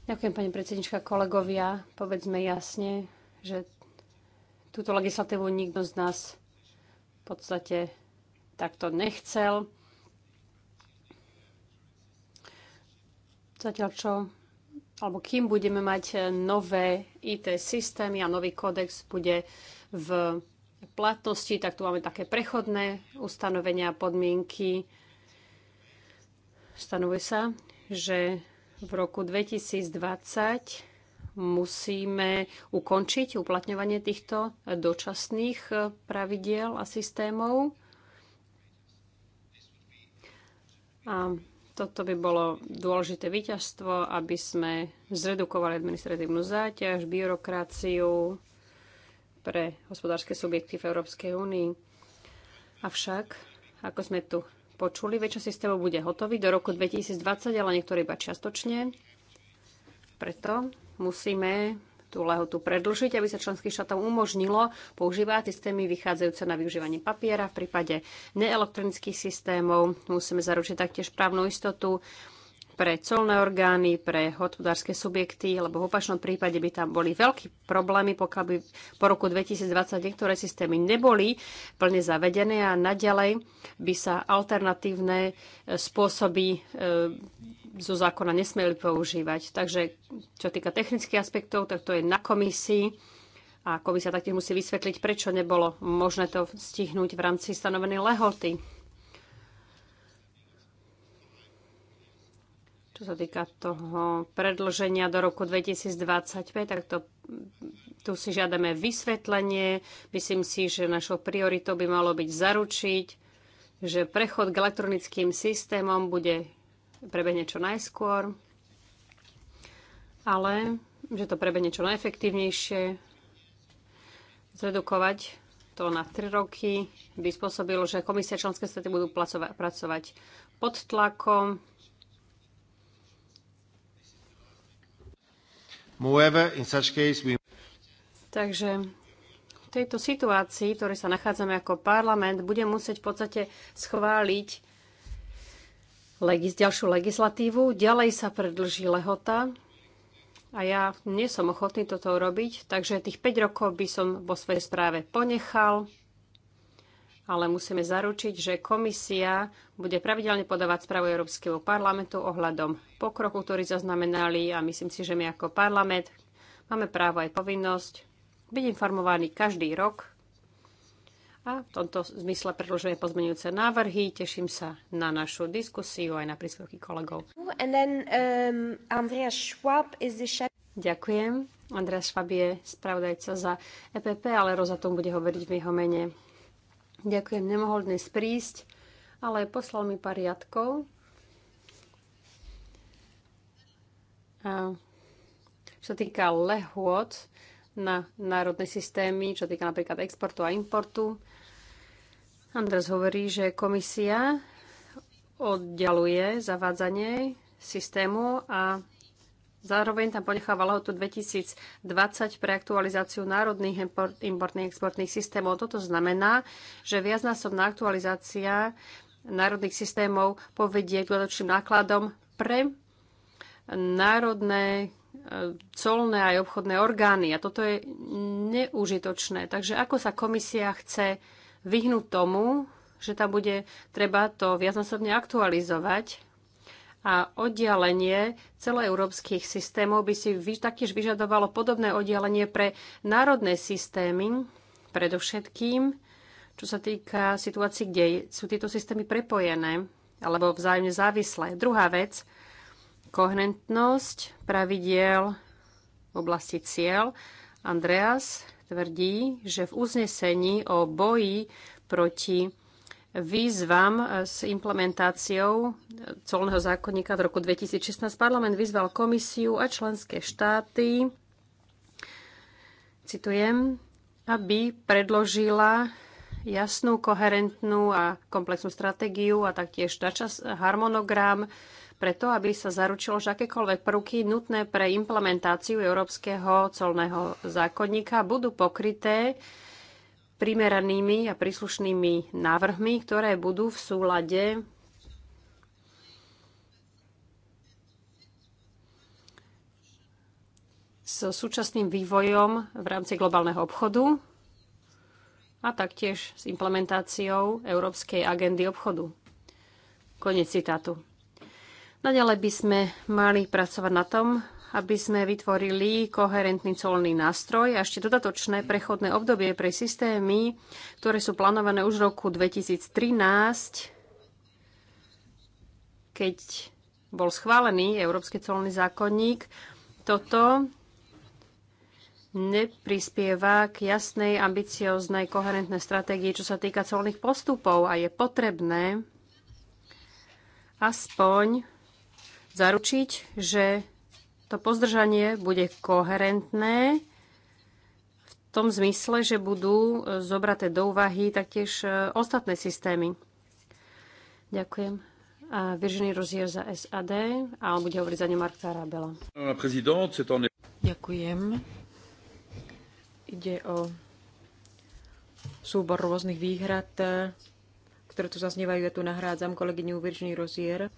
Speaker 3: Ďakujem, pani predsednička, kolegovia. Povedzme jasne, že túto legislatívu nikto z nás v podstate takto nechcel. Zatiaľ čo, alebo kým budeme mať e, nové IT systémy a nový kódex bude v platnosti, tak tu máme také prechodné ustanovenia a podmienky. Stanovuje sa, že v roku 2020 musíme ukončiť uplatňovanie týchto dočasných e, pravidiel a systémov. A toto by bolo dôležité víťazstvo, aby sme zredukovali administratívnu záťaž, byrokraciu pre hospodárske subjekty v Európskej únii. Avšak, ako sme tu počuli, väčšia systému bude hotový do roku 2020, ale niektorý iba čiastočne. Preto musíme tú lehotu predlžiť, aby sa členským štátom umožnilo používať systémy vychádzajúce na využívanie papiera. V prípade neelektronických systémov musíme zaručiť taktiež právnu istotu pre colné orgány, pre hospodárske subjekty, lebo v opačnom prípade by tam boli veľké problémy, pokiaľ by po roku 2020 niektoré systémy neboli plne zavedené a naďalej by sa alternatívne e, spôsoby e, zo zákona nesmeli používať. Takže čo týka technických aspektov, tak to je na komisii a komisia taktiež musí vysvetliť, prečo nebolo možné to stihnúť v rámci stanovenej lehoty. Čo sa týka toho predlženia do roku 2025, tak to, tu si žiadame vysvetlenie. Myslím si, že našou prioritou by malo byť zaručiť, že prechod k elektronickým systémom bude prebehne čo najskôr, ale že to prebehne čo najefektívnejšie. Zredukovať to na 3 roky by spôsobilo, že komisia členské státy budú pracovať pod tlakom.
Speaker 1: in such case we...
Speaker 3: Takže v tejto situácii, v ktorej sa nachádzame ako parlament, bude musieť v podstate schváliť legis, ďalšiu legislatívu. Ďalej sa predlží lehota a ja nie som ochotný toto urobiť, takže tých 5 rokov by som vo svojej správe ponechal, ale musíme zaručiť, že komisia bude pravidelne podávať správu Európskeho parlamentu ohľadom pokroku, ktorý zaznamenali a myslím si, že my ako parlament máme právo aj povinnosť byť informovaní každý rok a v tomto zmysle predložujem pozmeňujúce návrhy. Teším sa na našu diskusiu aj na príspevky kolegov. Then, um, the... Ďakujem. Andreas Schwab je spravodajca za EPP, ale Roza tomu bude hovoriť v jeho mene. Ďakujem, nemohol dnes prísť, ale poslal mi pár riadkov. A čo sa týka lehôd na národné systémy, čo týka napríklad exportu a importu, Andres hovorí, že komisia oddialuje zavádzanie systému a zároveň tam ponecháva tu 2020 pre aktualizáciu národných importných exportných systémov. Toto znamená, že viacnásobná aktualizácia národných systémov povedie k dodatočným nákladom pre národné e, colné aj obchodné orgány. A toto je neužitočné. Takže ako sa komisia chce vyhnúť tomu, že tam bude treba to viacnásobne aktualizovať a oddialenie celoeurópskych systémov by si taktiež vyžadovalo podobné oddialenie pre národné systémy, predovšetkým, čo sa týka situácií, kde sú tieto systémy prepojené alebo vzájomne závislé. Druhá vec, kohentnosť pravidiel v oblasti cieľ. Andreas, tvrdí, že v uznesení o boji proti výzvam s implementáciou colného zákonníka v roku 2016 parlament vyzval komisiu a členské štáty, citujem, aby predložila jasnú, koherentnú a komplexnú stratégiu a taktiež načas harmonogram preto, aby sa zaručilo, že akékoľvek prvky nutné pre implementáciu Európskeho colného zákonníka budú pokryté primeranými a príslušnými návrhmi, ktoré budú v súlade so súčasným vývojom v rámci globálneho obchodu a taktiež s implementáciou Európskej agendy obchodu. Konec citátu. Naďalej by sme mali pracovať na tom, aby sme vytvorili koherentný colný nástroj a ešte dodatočné prechodné obdobie pre systémy, ktoré sú plánované už v roku 2013, keď bol schválený Európsky colný zákonník. Toto neprispieva k jasnej, ambicioznej, koherentnej stratégii, čo sa týka colných postupov a je potrebné aspoň zaručiť, že to pozdržanie bude koherentné v tom zmysle, že budú e, zobraté do úvahy taktiež e, ostatné systémy. Ďakujem. A Virginie Rozier za SAD a on bude hovoriť za ňu Mark Tarabela. Ďakujem.
Speaker 2: Ide o súbor rôznych výhrad, e, ktoré tu zaznievajú. Ja tu nahrádzam kolegyňu Virginie Rozier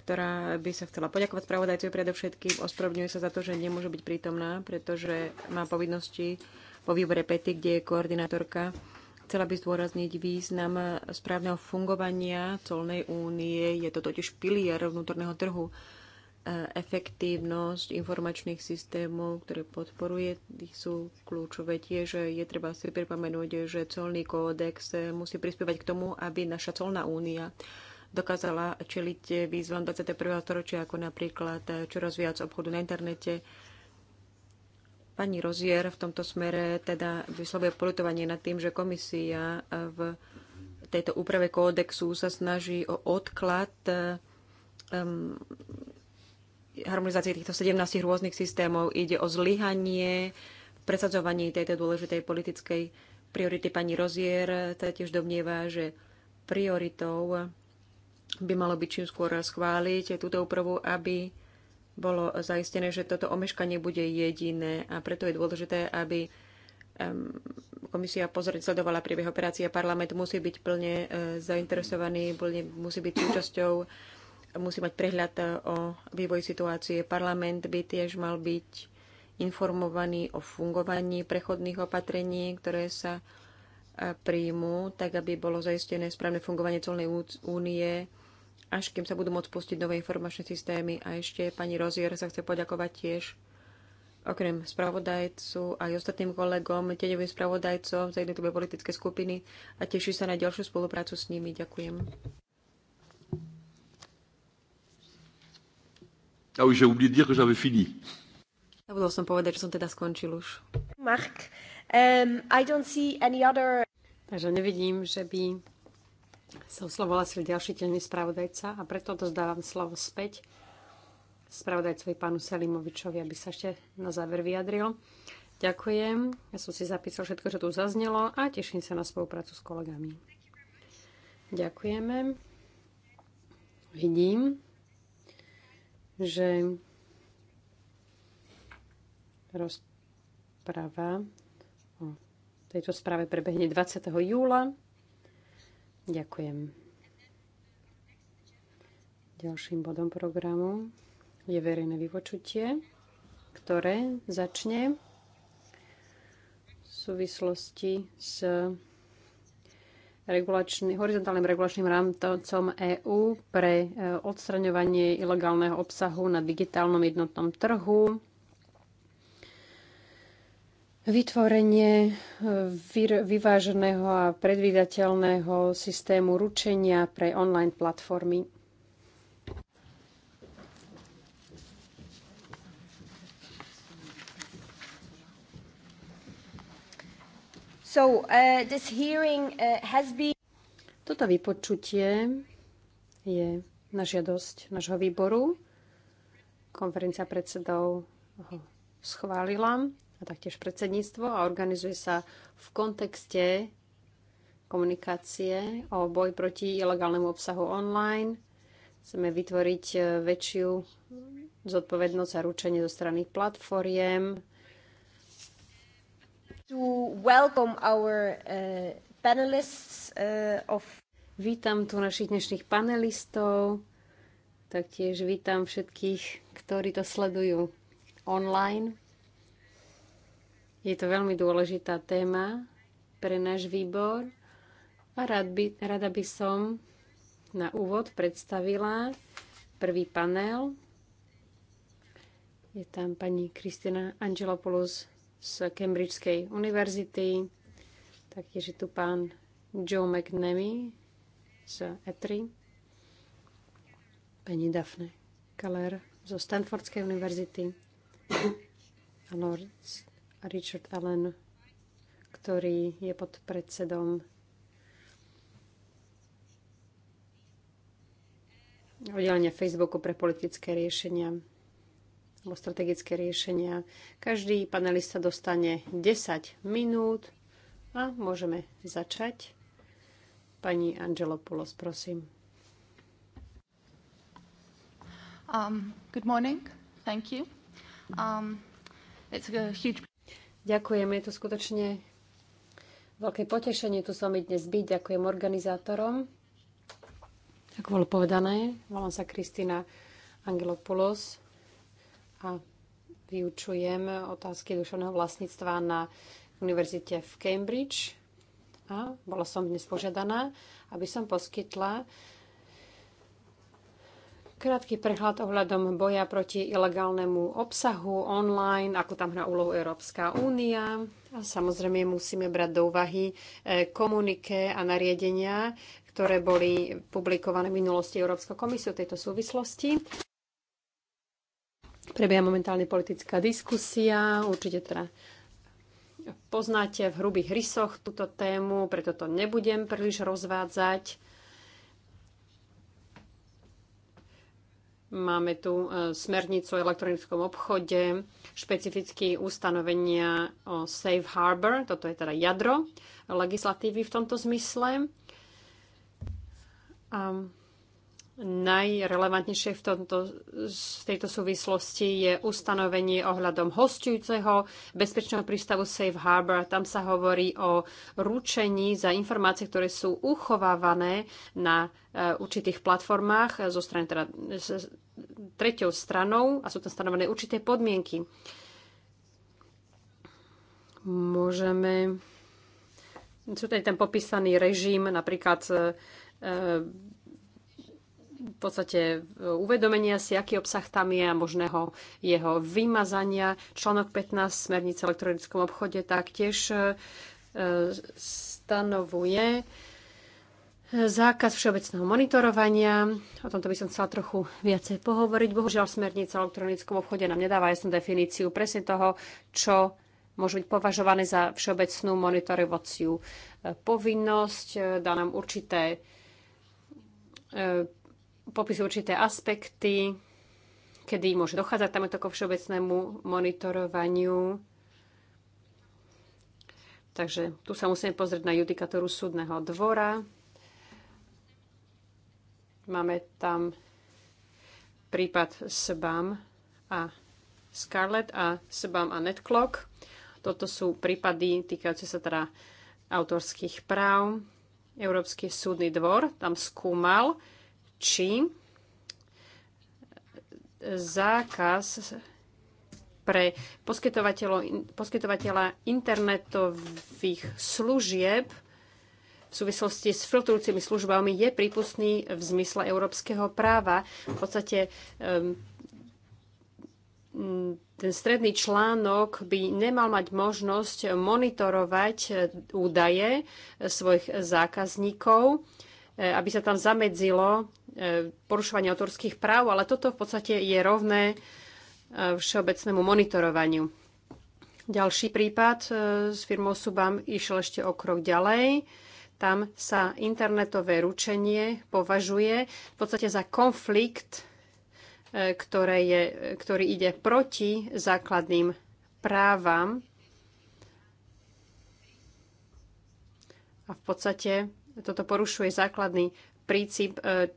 Speaker 2: ktorá by sa chcela poďakovať spravodajcovi predovšetkým. Ospravedlňuje sa za to, že nemôže byť prítomná, pretože má povinnosti vo výbore PETI, kde je koordinátorka. Chcela by zdôrazniť význam správneho fungovania colnej únie. Je to totiž pilier vnútorného trhu e, efektívnosť informačných systémov, ktoré podporuje, sú kľúčové tiež. Je treba si pripomenúť, že colný kódex musí prispievať k tomu, aby naša colná únia dokázala čeliť výzvam 21. storočia, ako napríklad čoraz viac obchodu na internete. Pani Rozier v tomto smere teda vyslovuje polutovanie nad tým, že komisia v tejto úprave kódexu sa snaží o odklad um, harmonizácie týchto 17 rôznych systémov. Ide o zlyhanie v presadzovaní tejto dôležitej politickej priority. Pani Rozier sa tiež domnieva, že prioritou by malo byť čím skôr schváliť túto úpravu, aby bolo zaistené, že toto omeškanie bude jediné a preto je dôležité, aby komisia pozorne sledovala priebeh operácie a parlament musí byť plne e, zainteresovaný, plne musí byť súčasťou, musí mať prehľad e, o vývoji situácie. Parlament by tiež mal byť informovaný o fungovaní prechodných opatrení, ktoré sa e, príjmu, tak aby bolo zaistené správne fungovanie celnej únie až kým sa budú môcť pustiť nové informačné systémy. A ešte pani Rozier sa chce poďakovať tiež okrem spravodajcu aj ostatným kolegom, tieňovým spravodajcom za jednotlivé politické skupiny a teší sa na ďalšiu spoluprácu s nimi. Ďakujem.
Speaker 3: A ah už j'ai oublié de dire que j'avais fini. Zabudol som povedať, že som teda skončil už. Mark, um, I don't see any other... Takže nevidím, že by sa slovo si ďalší tený spravodajca a preto dozdávam slovo späť spravodajcovi pánu Selimovičovi, aby sa ešte na záver vyjadril. Ďakujem. Ja som si zapísal všetko, čo tu zaznelo a teším sa na spoluprácu s kolegami. Ďakujeme. Vidím, že rozpráva o tejto správe prebehne 20. júla Ďakujem. Ďalším bodom programu je verejné vypočutie, ktoré začne v súvislosti s regulačný, horizontálnym regulačným rámcom EÚ pre e, odstraňovanie ilegálneho obsahu na digitálnom jednotnom trhu. Vytvorenie e, vyváženého a predvídateľného systému ručenia pre online platformy. So, uh, this hearing, uh, has been... Toto vypočutie je na žiadosť nášho výboru. Konferencia predsedov ho schválila a taktiež predsedníctvo a organizuje sa v kontexte komunikácie o boj proti ilegálnemu obsahu online. Chceme vytvoriť e, väčšiu zodpovednosť a ručenie zo strany platformiem. E, e, vítam tu našich dnešných panelistov, taktiež vítam všetkých, ktorí to sledujú online. Je to veľmi dôležitá téma pre náš výbor a rad by, rada by som na úvod predstavila prvý panel. Je tam pani Kristina Angelopoulos z Cambridgeskej univerzity, taktiež je tu pán Joe McNamee z ETRI, pani Daphne Keller zo Stanfordskej univerzity a Lord Richard Allen, ktorý je pod predsedom oddelenia Facebooku pre politické riešenia alebo strategické riešenia. Každý panelista dostane 10 minút a môžeme začať. Pani Angelopoulos, prosím. Um, good morning. Thank you. Um, it's a huge... Ďakujem, je to skutočne veľké potešenie tu s vami dnes byť. Ďakujem organizátorom. Ako bolo povedané, volám sa Kristina Angelopoulos a vyučujem otázky duševného vlastníctva na univerzite v Cambridge. A bola som dnes požiadaná, aby som poskytla Krátky prehľad ohľadom boja proti ilegálnemu obsahu online, ako tam hrá úlohu Európska únia. A samozrejme musíme brať do úvahy e, komunike a nariadenia, ktoré boli publikované v minulosti Európskou komisiou tejto súvislosti. Prebieha momentálne politická diskusia, určite teda poznáte v hrubých rysoch túto tému, preto to nebudem príliš rozvádzať. Máme tu e, smernicu o elektronickom obchode, špecifické ustanovenia o Safe Harbor, toto je teda jadro legislatívy v tomto zmysle. Najrelevantnejšie v, tomto, v tejto súvislosti je ustanovenie ohľadom hostujúceho bezpečného prístavu Safe Harbor. Tam sa hovorí o ručení za informácie, ktoré sú uchovávané na eh, určitých platformách zo strany teda, s treťou stranou a sú tam stanovené určité podmienky. Môžeme... Sú tady tam popísaný režim napríklad eh, eh, v podstate e, uvedomenia si, aký obsah tam je a možného jeho vymazania. Článok 15 smernice elektronickom obchode taktiež e, e, stanovuje zákaz všeobecného monitorovania. O tomto by som chcela trochu viacej pohovoriť. Bohužiaľ, smernica v elektronickom obchode nám nedáva jasnú definíciu presne toho, čo môže byť považované za všeobecnú monitorovaciu povinnosť. Dá nám určité popisuje určité aspekty, kedy môže dochádzať tam k všeobecnému monitorovaniu. Takže tu sa musíme pozrieť na judikatúru súdneho dvora. Máme tam prípad SBAM a Scarlett a SBAM a Netclock. Toto sú prípady týkajúce sa teda autorských práv. Európsky súdny dvor tam skúmal či zákaz pre poskytovateľa internetových služieb v súvislosti s filtrujúcimi službami je prípustný v zmysle európskeho práva. V podstate ten stredný článok by nemal mať možnosť monitorovať údaje svojich zákazníkov E, aby sa tam zamedzilo e, porušovanie autorských práv, ale toto v podstate je rovné e, všeobecnému monitorovaniu. Ďalší prípad s firmou Subam išiel ešte o krok ďalej. Tam sa internetové ručenie považuje v podstate za konflikt, ktoré je, ktorý ide proti základným právam. A v podstate toto porušuje základný princíp e,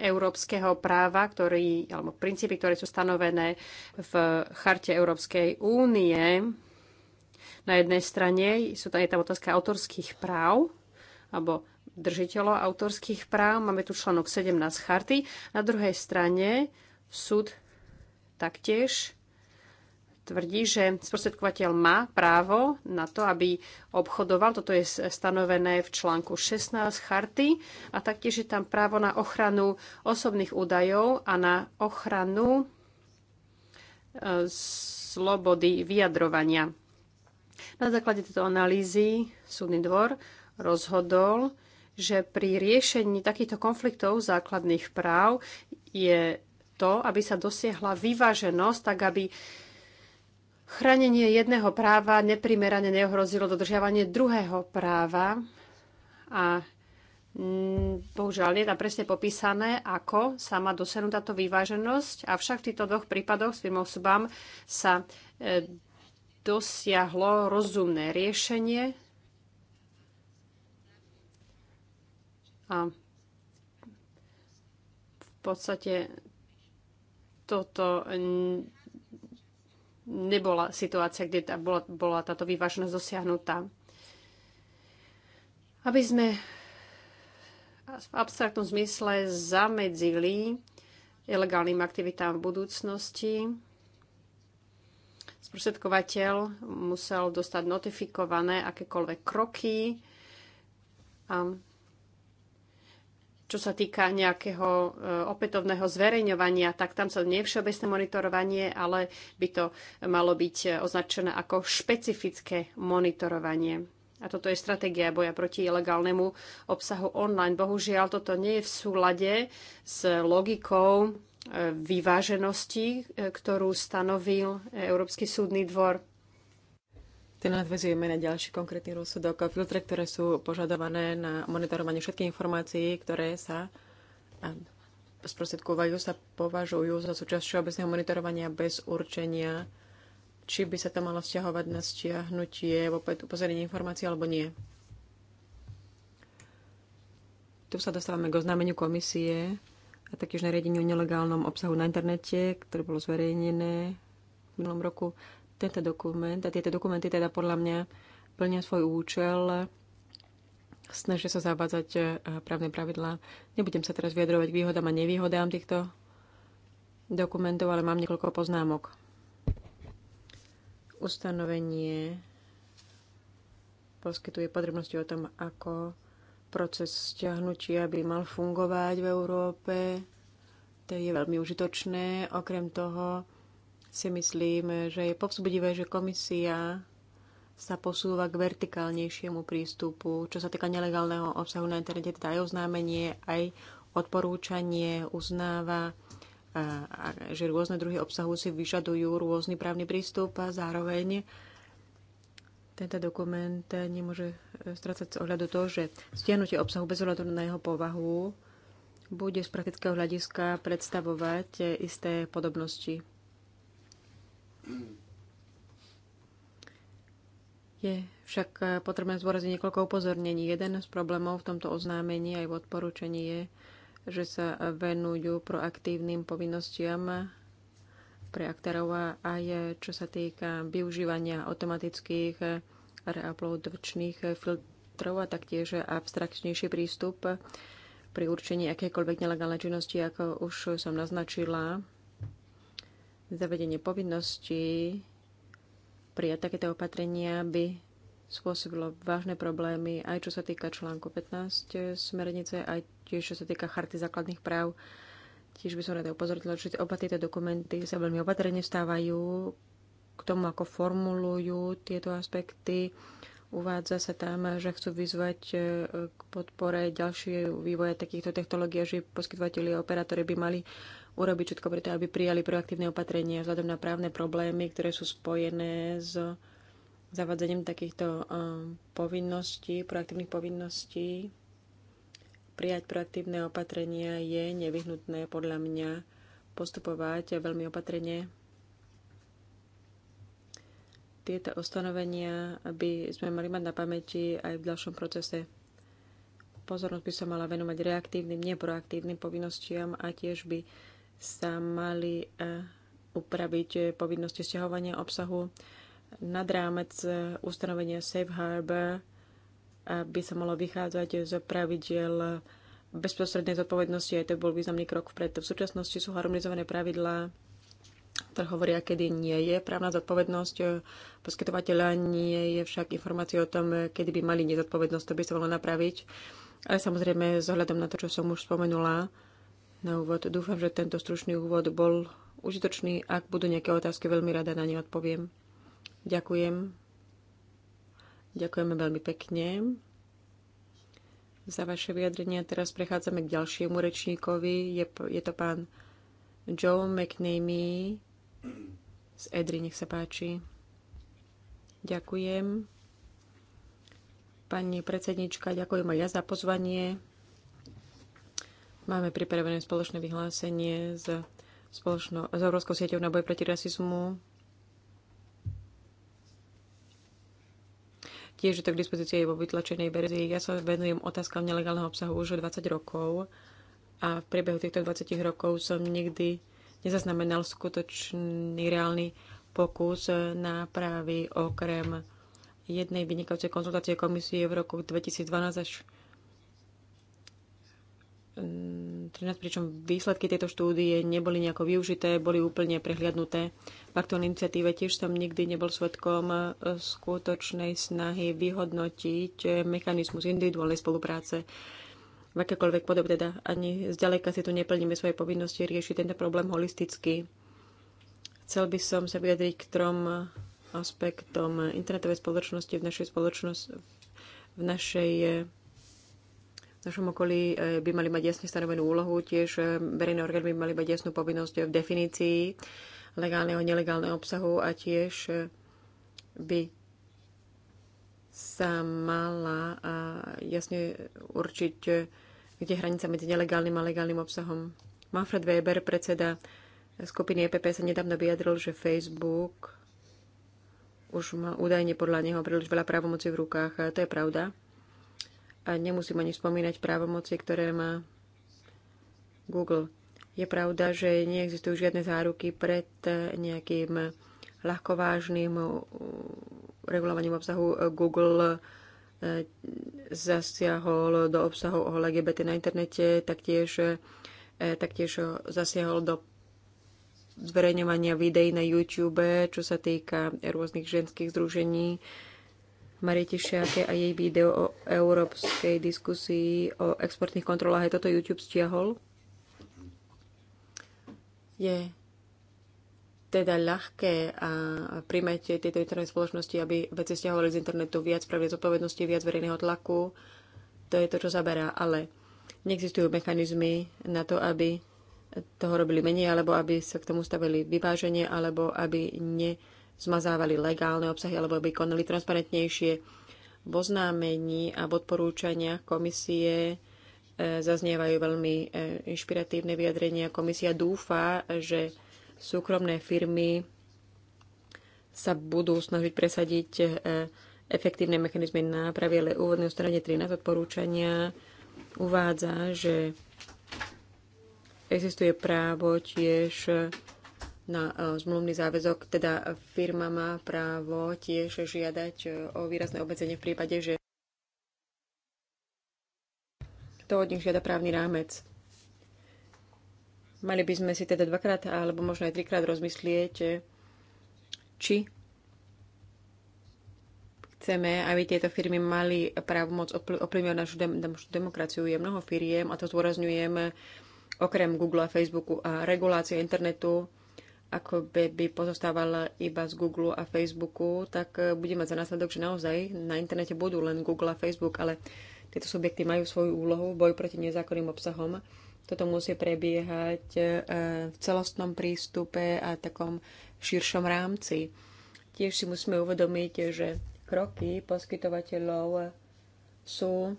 Speaker 3: európskeho práva, ktorý, alebo princípy, ktoré sú stanovené v charte Európskej únie. Na jednej strane sú tam, je tam otázka autorských práv, alebo držiteľov autorských práv. Máme tu článok 17 charty. Na druhej strane súd taktiež tvrdí, že sprostredkovateľ má právo na to, aby obchodoval. Toto je stanovené v článku 16 charty a taktiež je tam právo na ochranu osobných údajov a na ochranu e, slobody vyjadrovania. Na základe tejto analýzy súdny dvor rozhodol, že pri riešení takýchto konfliktov základných práv je to, aby sa dosiahla vyváženosť, tak aby Chránenie jedného práva neprimerane neohrozilo dodržiavanie druhého práva a mm, bohužiaľ nie je tam presne popísané, ako sa má dosiahnuť táto vyváženosť, avšak v týchto dvoch prípadoch s tým osobám sa e, dosiahlo rozumné riešenie a v podstate toto nebola situácia, kde tá, bola, bola táto vyváženosť dosiahnutá. Aby sme v abstraktnom zmysle zamedzili ilegálnym aktivitám v budúcnosti, sprostredkovateľ musel dostať notifikované akékoľvek kroky a čo sa týka nejakého e, opätovného zverejňovania, tak tam sa nie je všeobecné monitorovanie, ale by to malo byť e, označené ako špecifické monitorovanie. A toto je stratégia boja proti ilegálnemu obsahu online. Bohužiaľ, toto nie je v súlade s logikou e, vyváženosti, ktorú stanovil Európsky súdny dvor. Ten nadvezujeme
Speaker 2: na ďalší konkrétny rozsudok. Filtre, ktoré sú požadované na monitorovanie všetkých informácií, ktoré sa sprostredkovajú, sa považujú za súčasť všeobecného monitorovania bez určenia, či by sa to malo vzťahovať na stiahnutie, opäť upozorenie informácií alebo nie. Tu sa dostávame k oznámeniu komisie a taktiež nariadeniu o nelegálnom obsahu na internete, ktoré bolo zverejnené v minulom roku. Tento dokument a tieto dokumenty teda podľa mňa plnia svoj účel, snažia sa zavádzať e, právne pravidlá. Nebudem sa teraz vyjadrovať k výhodám a nevýhodám týchto dokumentov, ale mám niekoľko poznámok. Ustanovenie poskytuje podrobnosti o tom, ako proces stiahnutia by mal fungovať v Európe. To je veľmi užitočné. Okrem toho, si myslím, že je povzbudivé, že komisia sa posúva k vertikálnejšiemu prístupu, čo sa týka nelegálneho obsahu na internete, teda aj oznámenie, aj odporúčanie uznáva, že rôzne druhy obsahu si vyžadujú rôzny právny prístup a zároveň tento dokument nemôže e, strácať z ohľadu to, že stiahnutie obsahu bez ohľadu na jeho povahu bude z praktického hľadiska predstavovať e, isté podobnosti je však eh, potrebné zvoraziť niekoľko upozornení. Jeden z problémov v tomto oznámení aj v odporúčaní je, že sa venujú proaktívnym povinnostiam pre aktérov aj eh, čo sa týka využívania automatických eh, reuploadovčných filtrov a taktiež abstraktnejší prístup pri určení akékoľvek nelegálnej činnosti, ako už som naznačila zavedenie povinností prijať takéto opatrenia by spôsobilo vážne problémy aj čo sa týka článku 15 smernice, aj tiež čo sa týka charty základných práv. Tiež by som rada upozornila, že oba tieto dokumenty sa veľmi opatrne stávajú k tomu, ako formulujú tieto aspekty. Uvádza sa tam, že chcú vyzvať e, k podpore ďalšieho vývoja takýchto technológií, že poskytovateľi a operátori by mali urobiť všetko preto, aby prijali proaktívne opatrenia vzhľadom na právne problémy, ktoré sú spojené s zavadzením takýchto um, povinností, proaktívnych povinností. Prijať proaktívne opatrenia je nevyhnutné podľa mňa postupovať veľmi opatrne. Tieto ustanovenia by sme mali mať na pamäti aj v ďalšom procese pozornosť by sa mala venovať reaktívnym, neproaktívnym povinnostiam a tiež by sa mali e, upraviť povinnosti stiahovania obsahu nad rámec e, ustanovenia Safe Harbor, aby sa malo vychádzať z pravidel bezprostrednej zodpovednosti, aj to bol významný krok vpred. V súčasnosti sú harmonizované pravidlá, ktoré hovoria, kedy nie je právna zodpovednosť poskytovateľa, nie je však informácie o tom, kedy by mali nezodpovednosť, to by sa malo napraviť. Ale samozrejme, zohľadom na to, čo som už spomenula, na úvod. Dúfam, že tento stručný úvod bol užitočný. Ak budú nejaké otázky, veľmi rada na ne odpoviem. Ďakujem. Ďakujeme veľmi pekne za vaše vyjadrenia. Teraz prechádzame k ďalšiemu rečníkovi. Je, je to pán Joe McNamee z Edry. Nech sa páči. Ďakujem. Pani predsednička, ďakujem aj ja za pozvanie. Máme pripravené spoločné vyhlásenie s, spoločno, s Európskou sieťou na boj proti rasizmu. Tiež je to k dispozícii vo vytlačenej verzii. Ja sa venujem otázkam nelegálneho obsahu už 20 rokov a v priebehu týchto 20 rokov som nikdy nezaznamenal skutočný reálny pokus nápravy okrem jednej vynikajúcej konzultácie komisie v roku 2012 až pričom výsledky tejto štúdie neboli nejako využité, boli úplne prehliadnuté. V aktuálnej iniciatíve tiež som nikdy nebol svetkom e, skutočnej snahy vyhodnotiť e, mechanizmus individuálnej spolupráce v akékoľvek podobe. Teda ani zďaleka si tu neplníme svoje povinnosti riešiť tento problém holisticky. Chcel by som sa vyjadriť k trom aspektom internetovej spoločnosti v našej spoločnosti, v našej e, v našom okolí e, by mali mať jasne stanovenú úlohu, tiež e, verejné orgány by mali mať jasnú povinnosť v definícii legálneho a nelegálneho obsahu a tiež e, by sa mala jasne určiť, kde je hranica medzi nelegálnym a legálnym obsahom. Manfred Weber, predseda skupiny EPP, sa nedávno vyjadril, že Facebook už má údajne podľa neho príliš veľa právomocí v rukách. To je pravda. A nemusím ani spomínať právomoci, ktoré má Google. Je pravda, že neexistujú žiadne záruky pred nejakým ľahkovážnym regulovaním obsahu. Google eh, zasiahol do obsahu o LGBT na internete, taktiež, eh, taktiež zasiahol do zverejňovania videí na YouTube, čo sa týka rôznych ženských združení. Mariete Šiake a jej video o európskej diskusii o exportných kontrolách. Aj toto YouTube stiahol. Je teda ľahké a príjmete tieto internet spoločnosti, aby veci stiahovali z internetu viac pravde zodpovednosti, viac verejného tlaku. To je to, čo zaberá. Ale neexistujú mechanizmy na to, aby toho robili menej, alebo aby sa k tomu stavili vyváženie, alebo aby ne zmazávali legálne obsahy alebo aby konali transparentnejšie. V oznámení a v odporúčaniach komisie e, zaznievajú veľmi e, inšpiratívne vyjadrenia. Komisia dúfa, že súkromné firmy sa budú snažiť presadiť e, efektívne mechanizmy nápravy, ale úvodné strane 13 odporúčania uvádza, že existuje právo tiež na e, zmluvný záväzok, teda firma má právo tiež žiadať e, o výrazné obmedzenie v prípade, že to od nich žiada právny rámec. Mali by sme si teda dvakrát alebo možno aj trikrát rozmyslieť, e, či chceme, aby tieto firmy mali moc ovplyvňovať našu, dem- demokraciu. Je mnoho firiem, a to zdôrazňujem, okrem Google a Facebooku a regulácia internetu ako by, by pozostával iba z Google a Facebooku, tak eh, bude mať za následok, že naozaj na internete budú len Google a Facebook, ale tieto subjekty majú svoju úlohu v boju proti nezákonným obsahom. Toto musí prebiehať eh, v celostnom prístupe a takom širšom rámci. Tiež si musíme uvedomiť, že kroky poskytovateľov sú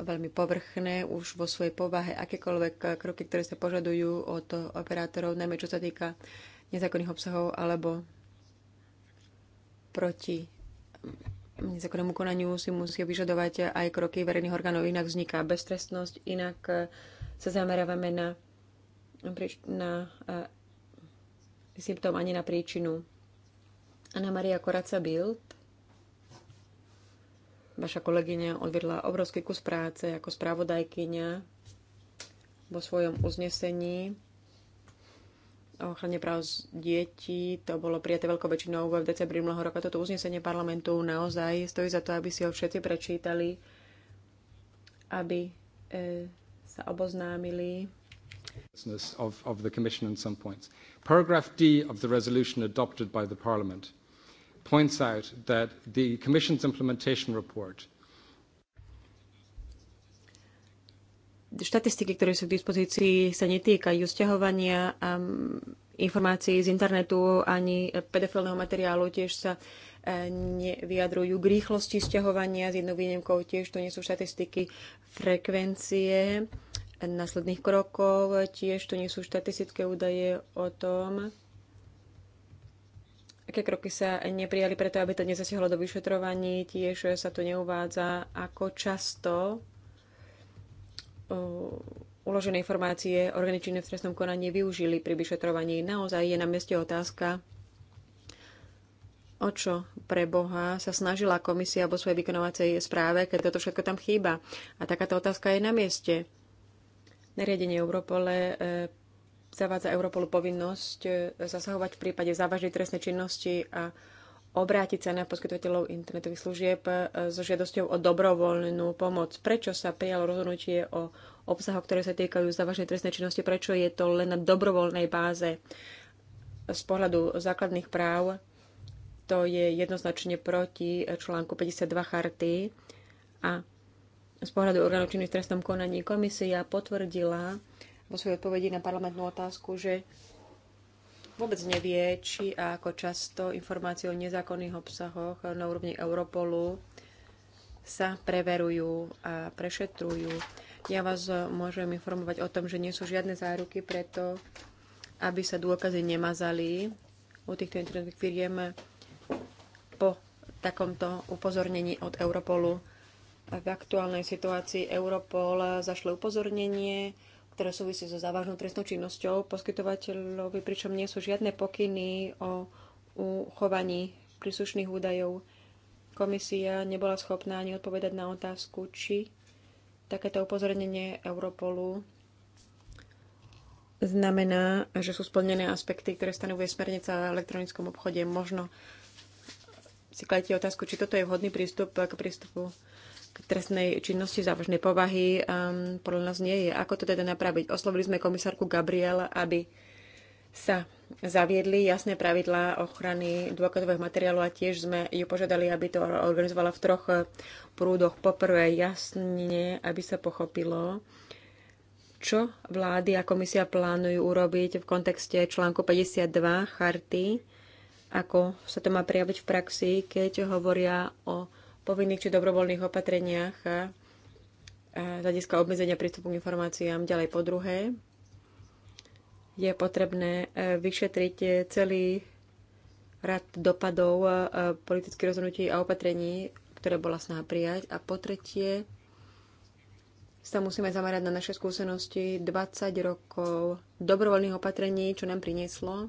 Speaker 2: veľmi povrchné už vo svojej povahe. Akékoľvek kroky, ktoré sa požadujú od operátorov, najmä čo sa týka nezákonných obsahov alebo proti nezákonnému konaniu si musia vyžadovať aj kroky verejných orgánov, inak vzniká beztrestnosť, inak eh, sa zamerávame na, na eh, symptóm ani na príčinu. Anna Maria Koraca Bild, vaša kolegyňa, odvedla obrovský kus práce ako správodajkyňa vo svojom uznesení o ochrane práv detí. To bolo prijaté veľkou väčšinou v decembri mnoho roka. Toto uznesenie parlamentu naozaj stojí za to, aby si ho všetci prečítali, aby e, sa oboznámili.
Speaker 1: Of, of the Commission on some points. Paragraph D
Speaker 2: of the resolution adopted by the Parliament points out that the Commission's
Speaker 1: implementation report –
Speaker 2: štatistiky, ktoré sú k dispozícii, sa netýkajú stiahovania um, informácií z internetu ani pedofilného materiálu. Tiež sa e, nevyjadrujú k rýchlosti stiahovania s jednou výnimkou. Tiež to nie sú štatistiky frekvencie následných krokov. Tiež to nie sú štatistické údaje o tom, aké kroky sa neprijali preto, aby to nezasiahlo do vyšetrovaní, tiež sa tu neuvádza, ako často uložené informácie orgány činné v trestnom konaní využili pri vyšetrovaní. Naozaj je na mieste otázka, o čo pre Boha sa snažila komisia vo svojej vykonovacej správe, keď toto všetko tam chýba. A takáto otázka je na mieste. Nariadenie Europole e, zavádza Europolu povinnosť e, zasahovať v prípade závažnej trestnej činnosti a obrátiť sa na poskytovateľov internetových služieb e, so žiadosťou o dobrovoľnú pomoc. Prečo sa prijalo rozhodnutie o obsahoch, ktoré sa týkajú závažnej trestnej činnosti? Prečo je to len na dobrovoľnej báze? Z pohľadu základných práv to je jednoznačne proti článku 52 charty a z pohľadu orgánov činných v trestnom konaní komisia potvrdila vo svojej odpovedi na parlamentnú otázku, že vôbec nevie, či a ako často informácie o nezákonných obsahoch na úrovni Europolu sa preverujú a prešetrujú. Ja vás môžem informovať o tom, že nie sú žiadne záruky preto, aby sa dôkazy nemazali u týchto internetových firiem po takomto upozornení od Europolu. V aktuálnej situácii Europol zašle upozornenie, ktoré súvisí so závažnou trestnou činnosťou poskytovateľovi, pričom nie sú žiadne pokyny o uchovaní príslušných údajov. Komisia nebola schopná ani odpovedať na otázku, či takéto upozornenie Europolu znamená, že sú splnené aspekty, ktoré stanovuje smernica v elektronickom obchode. Možno si kladete otázku, či toto je vhodný prístup k prístupu trestnej činnosti závažnej povahy um, podľa nás nie je. Ako to teda napraviť? Oslovili sme komisárku Gabriel, aby sa zaviedli jasné pravidlá ochrany dôkazových materiálov a tiež sme ju požiadali, aby to organizovala v troch prúdoch. Poprvé jasne, aby sa pochopilo, čo vlády a komisia plánujú urobiť v kontexte článku 52 charty, ako sa to má prijaviť v praxi, keď hovoria o povinných či dobrovoľných opatreniach z hľadiska obmedzenia prístupu k informáciám. Ďalej po druhé, je potrebné e, vyšetriť e, celý rad dopadov e, politických rozhodnutí a opatrení, ktoré bola snaha prijať. A po tretie, sa musíme zamerať na naše skúsenosti 20 rokov dobrovoľných opatrení, čo nám prinieslo,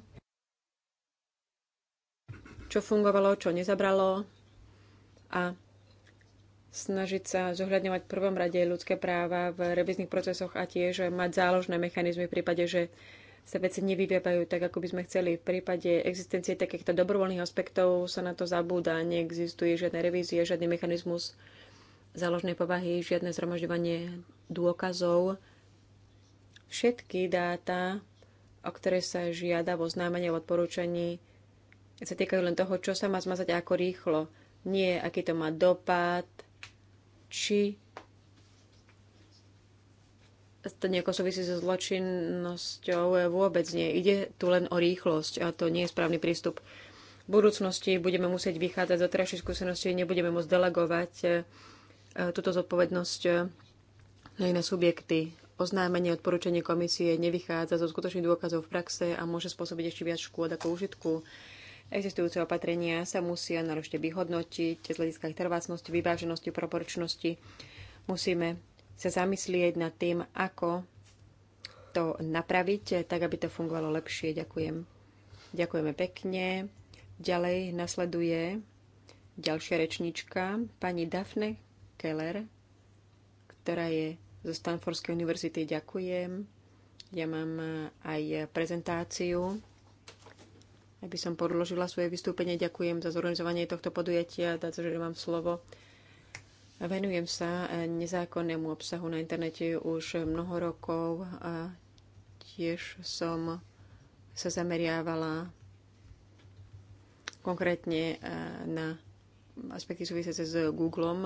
Speaker 2: čo fungovalo, čo nezabralo, a snažiť sa zohľadňovať v prvom rade ľudské práva v revizných procesoch a tiež mať záložné mechanizmy v prípade, že sa veci nevyvievajú tak, ako by sme chceli. V prípade existencie takýchto dobrovoľných aspektov sa na to zabúda, neexistuje žiadne revízia, žiadny mechanizmus záložnej povahy, žiadne zhromažďovanie dôkazov. Všetky dáta, o ktoré sa žiada vo oznámení a odporúčaní, sa týkajú len toho, čo sa má zmazať a ako rýchlo nie aký to má dopad, či to nejako súvisí so zločinnosťou, e, vôbec nie. Ide tu len o rýchlosť a to nie je správny prístup. V budúcnosti budeme musieť vychádzať zo doterajšej skúsenosti, nebudeme môcť delegovať e, e, túto zodpovednosť na iné subjekty. Oznámenie odporúčanie komisie nevychádza zo skutočných dôkazov v praxe a môže spôsobiť ešte viac škôd ako užitku. Existujúce opatrenia sa musia naročne vyhodnotiť z hľadiska ich trvácnosti, vyváženosti, proporčnosti. Musíme sa zamyslieť nad tým, ako to napraviť, tak aby to fungovalo lepšie. Ďakujem. Ďakujeme pekne. Ďalej nasleduje ďalšia rečníčka, pani Daphne Keller, ktorá je zo Stanfordskej univerzity. Ďakujem. Ja mám aj prezentáciu aby som podložila svoje vystúpenie. Ďakujem za zorganizovanie tohto podujatia, za to, že mám slovo. Venujem sa eh, nezákonnému obsahu na internete už mnoho rokov a tiež som sa zameriavala konkrétne eh, na aspekty súvisiace s Googlem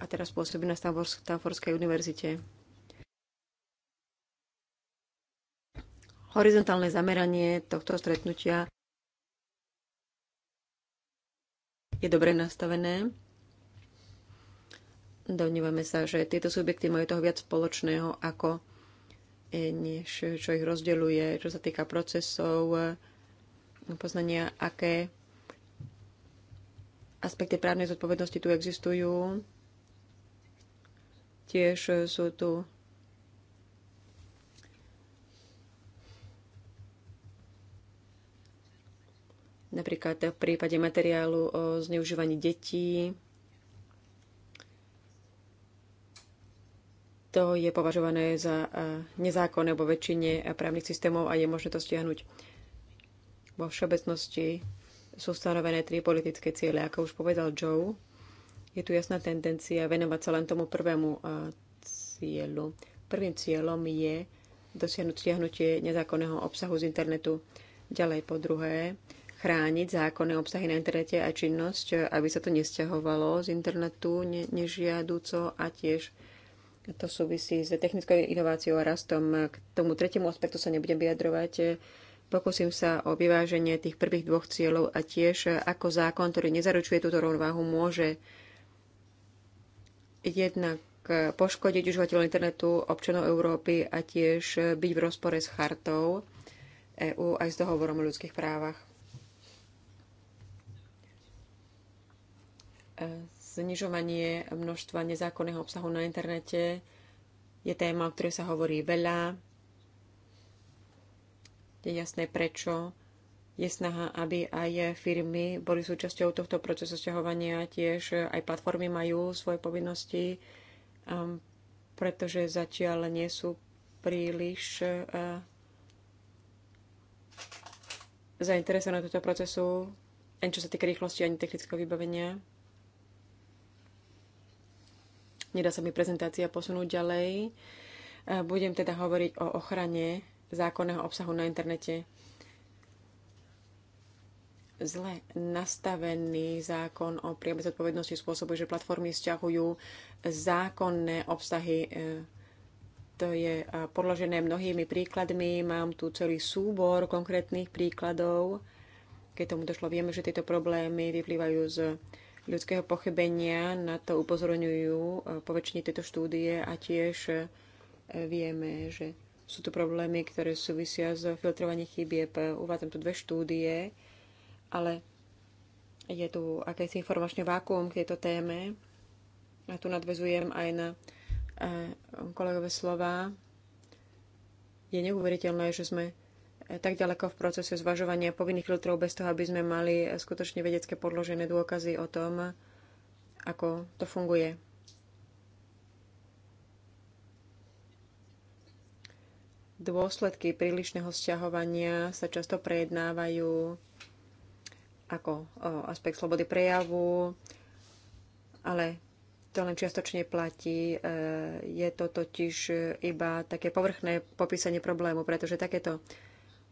Speaker 2: a teraz pôsobím na Stanfordskej univerzite. horizontálne zameranie tohto stretnutia je dobre nastavené. Domnívame sa, že tieto subjekty majú toho viac spoločného, ako eh, než čo ich rozdeľuje, čo sa týka procesov, eh, poznania, aké aspekty právnej zodpovednosti tu existujú. Tiež sú tu Napríklad v prípade materiálu o zneužívaní detí. To je považované za eh, nezákonné vo väčšine právnych systémov a je možné to stiahnuť. Vo všeobecnosti sú stanovené tri politické ciele. Ako už povedal Joe, je tu jasná tendencia venovať sa len tomu prvému eh, cieľu. Prvým cieľom je dosiahnuť stiahnutie nezákonného obsahu z internetu. Ďalej po druhé, chrániť zákonné obsahy na internete a činnosť, aby sa to nestiahovalo z internetu nežiaduco a tiež to súvisí s technickou inováciou a rastom. K tomu tretiemu aspektu sa nebudem vyjadrovať. Pokúsim sa o vyváženie tých prvých dvoch cieľov a tiež ako zákon, ktorý nezaručuje túto rovnováhu, môže jednak poškodiť užívateľov internetu, občanov Európy a tiež byť v rozpore s chartou EÚ aj s dohovorom o ľudských právach. znižovanie množstva nezákonného obsahu na internete je téma, o ktorej sa hovorí veľa. Je jasné prečo. Je snaha, aby aj firmy boli súčasťou tohto procesu sťahovania, tiež aj platformy majú svoje povinnosti, um, pretože zatiaľ nie sú príliš uh, zainteresované tohto procesu, ani čo sa týka rýchlosti, ani technického vybavenia. Nedá sa mi prezentácia posunúť ďalej. E, budem teda hovoriť o ochrane zákonného obsahu na internete. Zle nastavený zákon o priamej zodpovednosti spôsobuje, že platformy vzťahujú zákonné obsahy. E, to je e, podložené mnohými príkladmi. Mám tu celý súbor konkrétnych príkladov. Keď tomu došlo, vieme, že tieto problémy vyplývajú z ľudského pochybenia. Na to upozorňujú e, po väčšine tejto štúdie a tiež e, vieme, že sú tu problémy, ktoré súvisia s filtrovaním chybieb. E, uvádzam tu dve štúdie, ale je tu akési informačné vákuum k tejto téme. A tu nadvezujem aj na kolegové slova. Je neuveriteľné, že sme tak ďaleko v procese zvažovania povinných filtrov bez toho, aby sme mali skutočne vedecké podložené dôkazy o tom, ako to funguje. Dôsledky prílišného sťahovania sa často prejednávajú ako aspekt slobody prejavu, ale to len čiastočne platí. E, je to totiž iba také povrchné popísanie problému, pretože takéto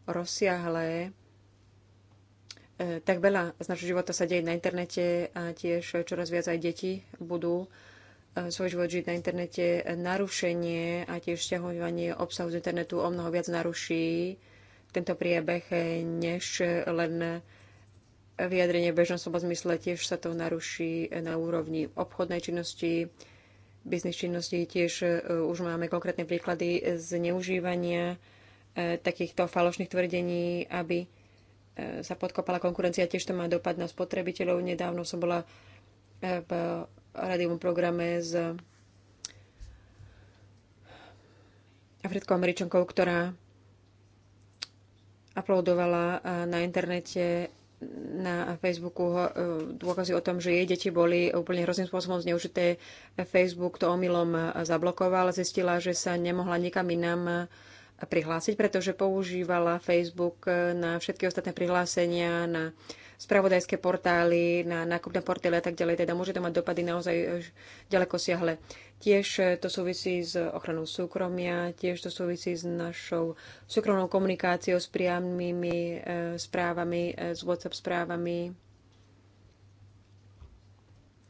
Speaker 2: rozsiahlé. E, tak veľa z našho života sa deje na internete a tiež čoraz viac aj deti budú e, svoj život žiť na internete. Narušenie a tiež stiahovanie obsahu z internetu o mnoho viac naruší tento priebeh, než len vyjadrenie v bežnom zmysle tiež sa to naruší na úrovni obchodnej činnosti, biznis činnosti. Tiež e, už máme konkrétne príklady zneužívania E, takýchto falošných tvrdení, aby e, sa podkopala konkurencia. Tiež to má dopad na spotrebiteľov. Nedávno som bola e, v radiovom programe s Africkou Američankou, ktorá uploadovala na internete na Facebooku dôkazy o tom, že jej deti boli úplne hrozným spôsobom zneužité. Facebook to omylom zablokoval, zistila, že sa nemohla nikam inám prihlásiť, pretože používala Facebook eh, na všetky ostatné prihlásenia, na spravodajské portály, na nákupné portály a tak ďalej. Teda môže to mať dopady naozaj eh, ďaleko siahle. Tiež eh, to súvisí s ochranou súkromia, tiež to súvisí s našou súkromnou komunikáciou, s priamými správami, s WhatsApp správami.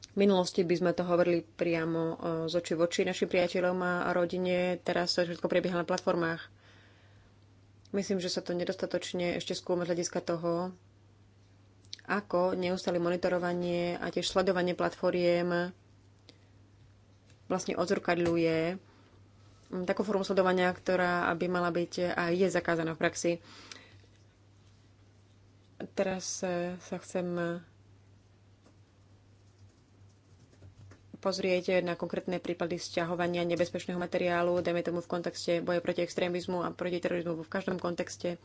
Speaker 2: V minulosti by sme to hovorili priamo z oči v oči našim priateľom a rodine, teraz sa všetko prebieha na platformách. Myslím, že sa to nedostatočne ešte skúma z hľadiska toho, ako neustále monitorovanie a tiež sledovanie platformiem vlastne odzrkadľuje takú formu sledovania, ktorá by mala byť a je zakázaná v praxi. Teraz sa chcem pozrieť na konkrétne prípady sťahovania nebezpečného materiálu, dajme tomu v kontexte boja proti extrémizmu a proti terorizmu v každom kontexte,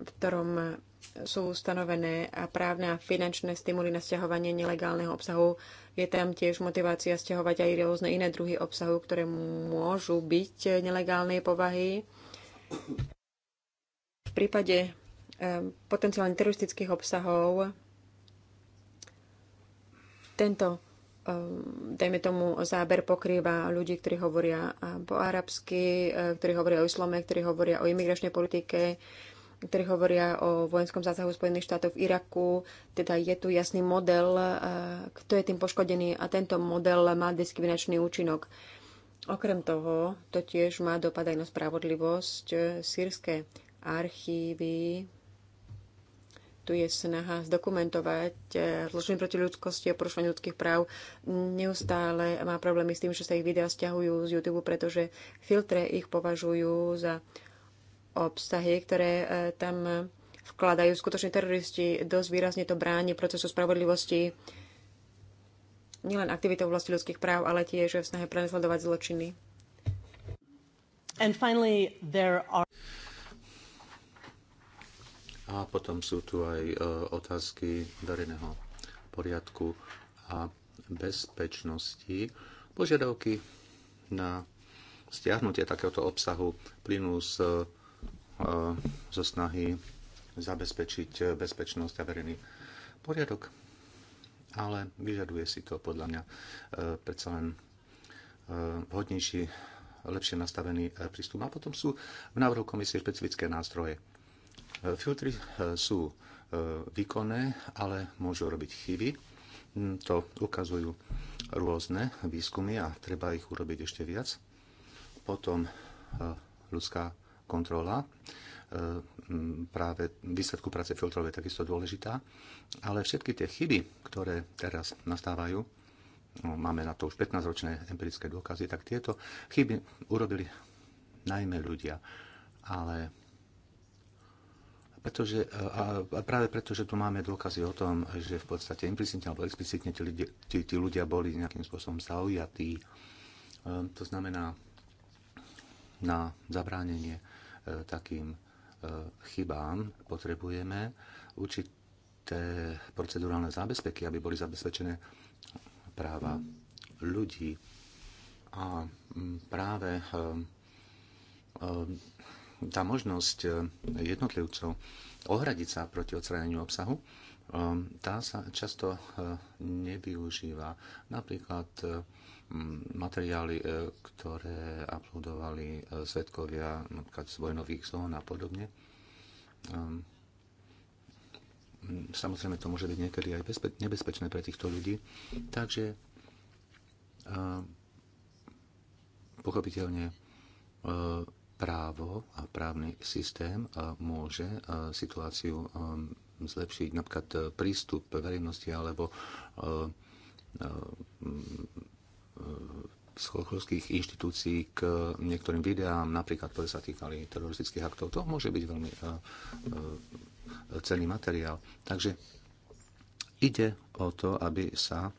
Speaker 2: v ktorom sú stanovené a právne a finančné stimuly na sťahovanie nelegálneho obsahu. Je tam tiež motivácia sťahovať aj rôzne iné druhy obsahu, ktoré môžu byť nelegálnej povahy. V prípade eh, potenciálne teroristických obsahov tento Ehm, dajme tomu, záber pokrýva ľudí, ktorí hovoria eh, po arabsky, eh, ktorí hovoria o islome, ktorí hovoria o imigračnej politike, ktorí hovoria o vojenskom zásahu Spojených štátov v Iraku. Teda je tu jasný model, eh, kto je tým poškodený a tento model má diskriminačný účinok. Okrem toho, to tiež má dopad aj na spravodlivosť. Sýrske archívy tu je snaha zdokumentovať e, zločiny proti ľudskosti a porušovanie ľudských práv. Neustále má problémy s tým, že sa ich videá stiahujú z YouTube, pretože filtre ich považujú za obsahy, ktoré e, tam vkladajú skutoční teroristi. Dosť výrazne to bráni procesu spravodlivosti nielen aktivitou vlasti ľudských práv, ale tiež v snahe prenesledovať zločiny.
Speaker 3: And finally, there are
Speaker 1: a potom sú tu aj e, otázky verejného poriadku a bezpečnosti. Požiadavky na stiahnutie takéhoto obsahu plynú z, e, zo snahy zabezpečiť bezpečnosť a verejný poriadok. Ale vyžaduje si to podľa mňa e, predsa len vhodnejší, lepšie nastavený prístup. A potom sú v návrhu komisie špecifické nástroje Filtry eh, sú eh, výkonné, ale môžu robiť chyby. Hm, to ukazujú rôzne výskumy a treba ich urobiť ešte viac. Potom eh, ľudská kontrola hm, práve výsledku práce filtrov je takisto dôležitá. Ale všetky tie chyby, ktoré teraz nastávajú, no, máme na to už 15-ročné empirické dôkazy, tak tieto chyby urobili najmä ľudia. Ale pretože, a práve preto, že tu máme dôkazy o tom, že v podstate implicitne alebo explicitne tí, tí, tí ľudia boli nejakým spôsobom zaujatí. E, to znamená na zabránenie e, takým e, chybám potrebujeme určité procedurálne zábezpeky, aby boli zabezpečené práva ľudí. A práve tá možnosť e, jednotlivcov ohradiť sa proti odstráneniu obsahu, um, tá sa často e, nevyužíva. Napríklad e, materiály, ktoré uploadovali svetkovia napríklad z vojnových zón a podobne. Um, samozrejme, to môže byť niekedy aj nebezpečné pre týchto ľudí. Takže pochopiteľne právo a právny systém môže situáciu zlepšiť, napríklad e, prístup verejnosti alebo e, e, schochovských inštitúcií k niektorým videám, napríklad, ktoré sa týkali teroristických aktov. To môže byť veľmi cenný materiál. Takže ide o to, aby sa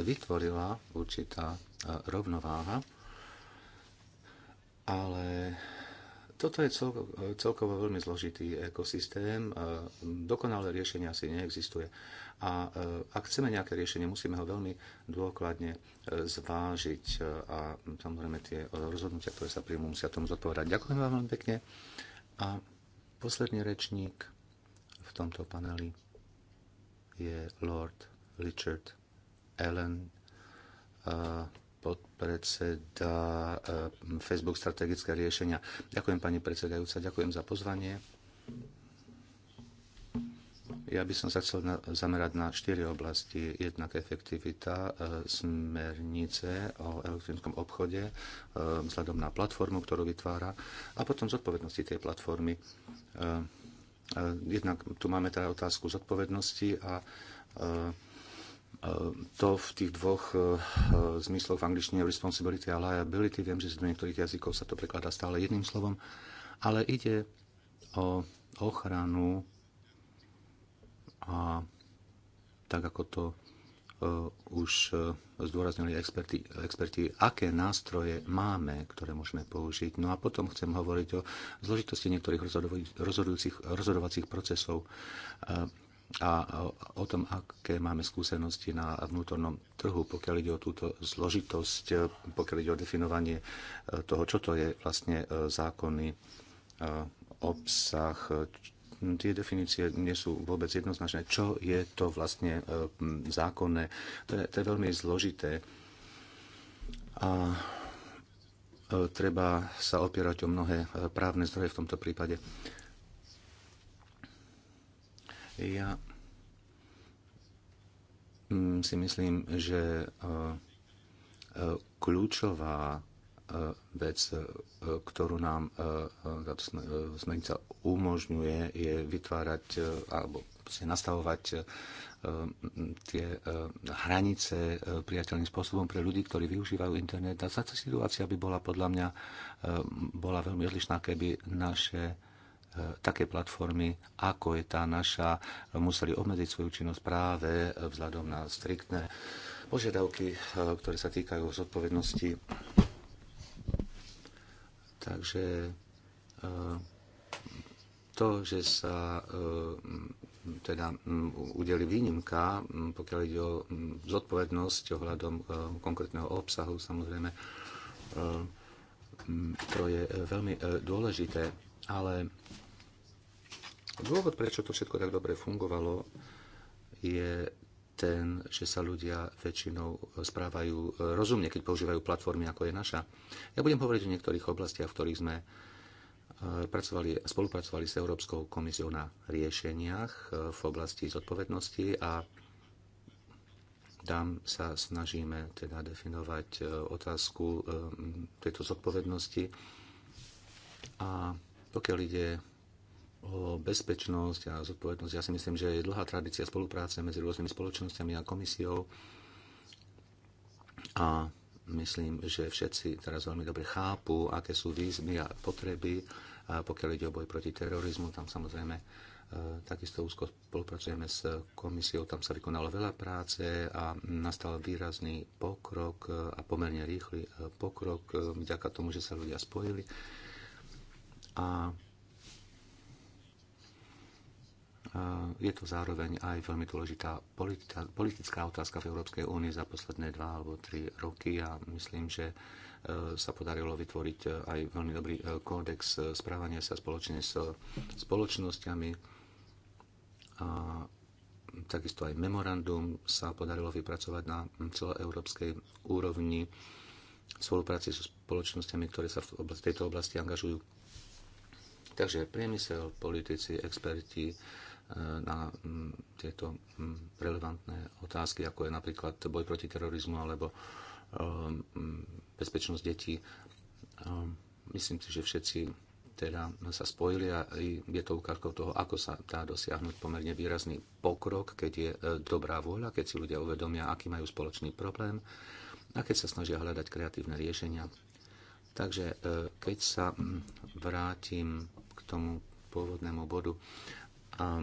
Speaker 1: vytvorila určitá rovnováha ale toto je celkovo veľmi zložitý ekosystém. Dokonalé riešenie asi neexistuje. A e, ak chceme nejaké riešenie, musíme ho veľmi dôkladne e, zvážiť e, a samozrejme tie rozhodnutia, ktoré sa príjmu musia tomu zodpovedať. Ďakujem vám veľmi pekne. A posledný rečník v tomto paneli je Lord Richard Allen, podpredseda eh, Facebook strategické riešenia. Ďakujem pani predsedajúca, ďakujem za pozvanie. Ja by som sa chcel zamerať na štyri oblasti. Jednak efektivita eh, smernice o elektronickom obchode eh, vzhľadom na platformu, ktorú vytvára a potom zodpovednosti tej platformy. Jednak tu máme teda otázku zodpovednosti a E, to v tých dvoch e, e, zmysloch v angličtine responsibility a liability. Viem, že do niektorých jazykov sa to prekladá stále jedným slovom, ale ide o ochranu a tak ako to už zdôraznili experti, experti, aké nástroje máme, ktoré môžeme použiť. No a potom chcem hovoriť o zložitosti niektorých rozhodujúcich, rozhodovacích procesov a o tom, aké máme skúsenosti na vnútornom trhu, pokiaľ ide o túto zložitosť, e, pokiaľ ide o definovanie e, toho, čo to je vlastne e, zákonný obsah. Tie definície nie sú vôbec jednoznačné. Čo je to vlastne zákonné? To je, to je veľmi zložité. A treba sa opierať o mnohé právne zdroje v tomto prípade. Ja mm, si myslím, že e, e, kľúčová e, vec, ktorú nám smernica umožňuje, je vytvárať alebo nastavovať tie hranice priateľným spôsobom pre ľudí, ktorí využívajú internet. A tá situácia by bola podľa mňa bola veľmi odlišná, keby naše také platformy, ako je tá naša, museli obmedziť svoju činnosť práve vzhľadom na striktné požiadavky, eh, ktoré sa týkajú zodpovednosti. Takže eh, to, že sa eh, teda mm, udeli výnimka, mm, pokiaľ ide o mm, zodpovednosť ohľadom konkrétneho obsahu, samozrejme, to je veľmi dôležité, ale Dôvod, prečo to všetko tak dobre fungovalo, je ten, že sa ľudia väčšinou správajú rozumne, keď používajú platformy, ako je naša. Ja budem hovoriť o niektorých oblastiach, v ktorých sme eh, pracovali, spolupracovali s Európskou komisiou na riešeniach eh, v oblasti zodpovednosti a tam sa snažíme teda definovať eh, otázku tejto zodpovednosti. A pokiaľ ide o bezpečnosť a zodpovednosť. Ja si myslím, že je dlhá tradícia spolupráce medzi rôznymi spoločnosťami a komisiou a myslím, že všetci teraz veľmi dobre chápu, aké sú výzvy a potreby, a pokiaľ ide o boj proti terorizmu, tam samozrejme e, takisto úzko spolupracujeme s komisiou, tam sa vykonalo veľa práce a nastal výrazný pokrok e, a pomerne rýchly e, pokrok vďaka tomu, že sa ľudia spojili. A je to zároveň aj veľmi dôležitá politická otázka v Európskej únii za posledné dva alebo tri roky a myslím, že e, sa podarilo vytvoriť e, aj veľmi dobrý e, kódex správania sa spoločne s spoločnosťami. A takisto aj memorandum sa podarilo vypracovať na celoeurópskej úrovni v spolupráci so spoločnosťami, ktoré sa v tejto oblasti angažujú. Takže priemysel, politici, experti, na mm, tieto mm, relevantné otázky, ako je napríklad boj proti terorizmu alebo ehm, mm, bezpečnosť detí. Ehm, myslím si, že všetci teda sa spojili a je to ukázkou toho, ako sa dá dosiahnuť pomerne výrazný pokrok, keď je e, dobrá vôľa, keď si ľudia uvedomia, aký majú spoločný problém a keď sa snažia hľadať kreatívne riešenia. Takže e, keď sa vrátim k tomu pôvodnému bodu, a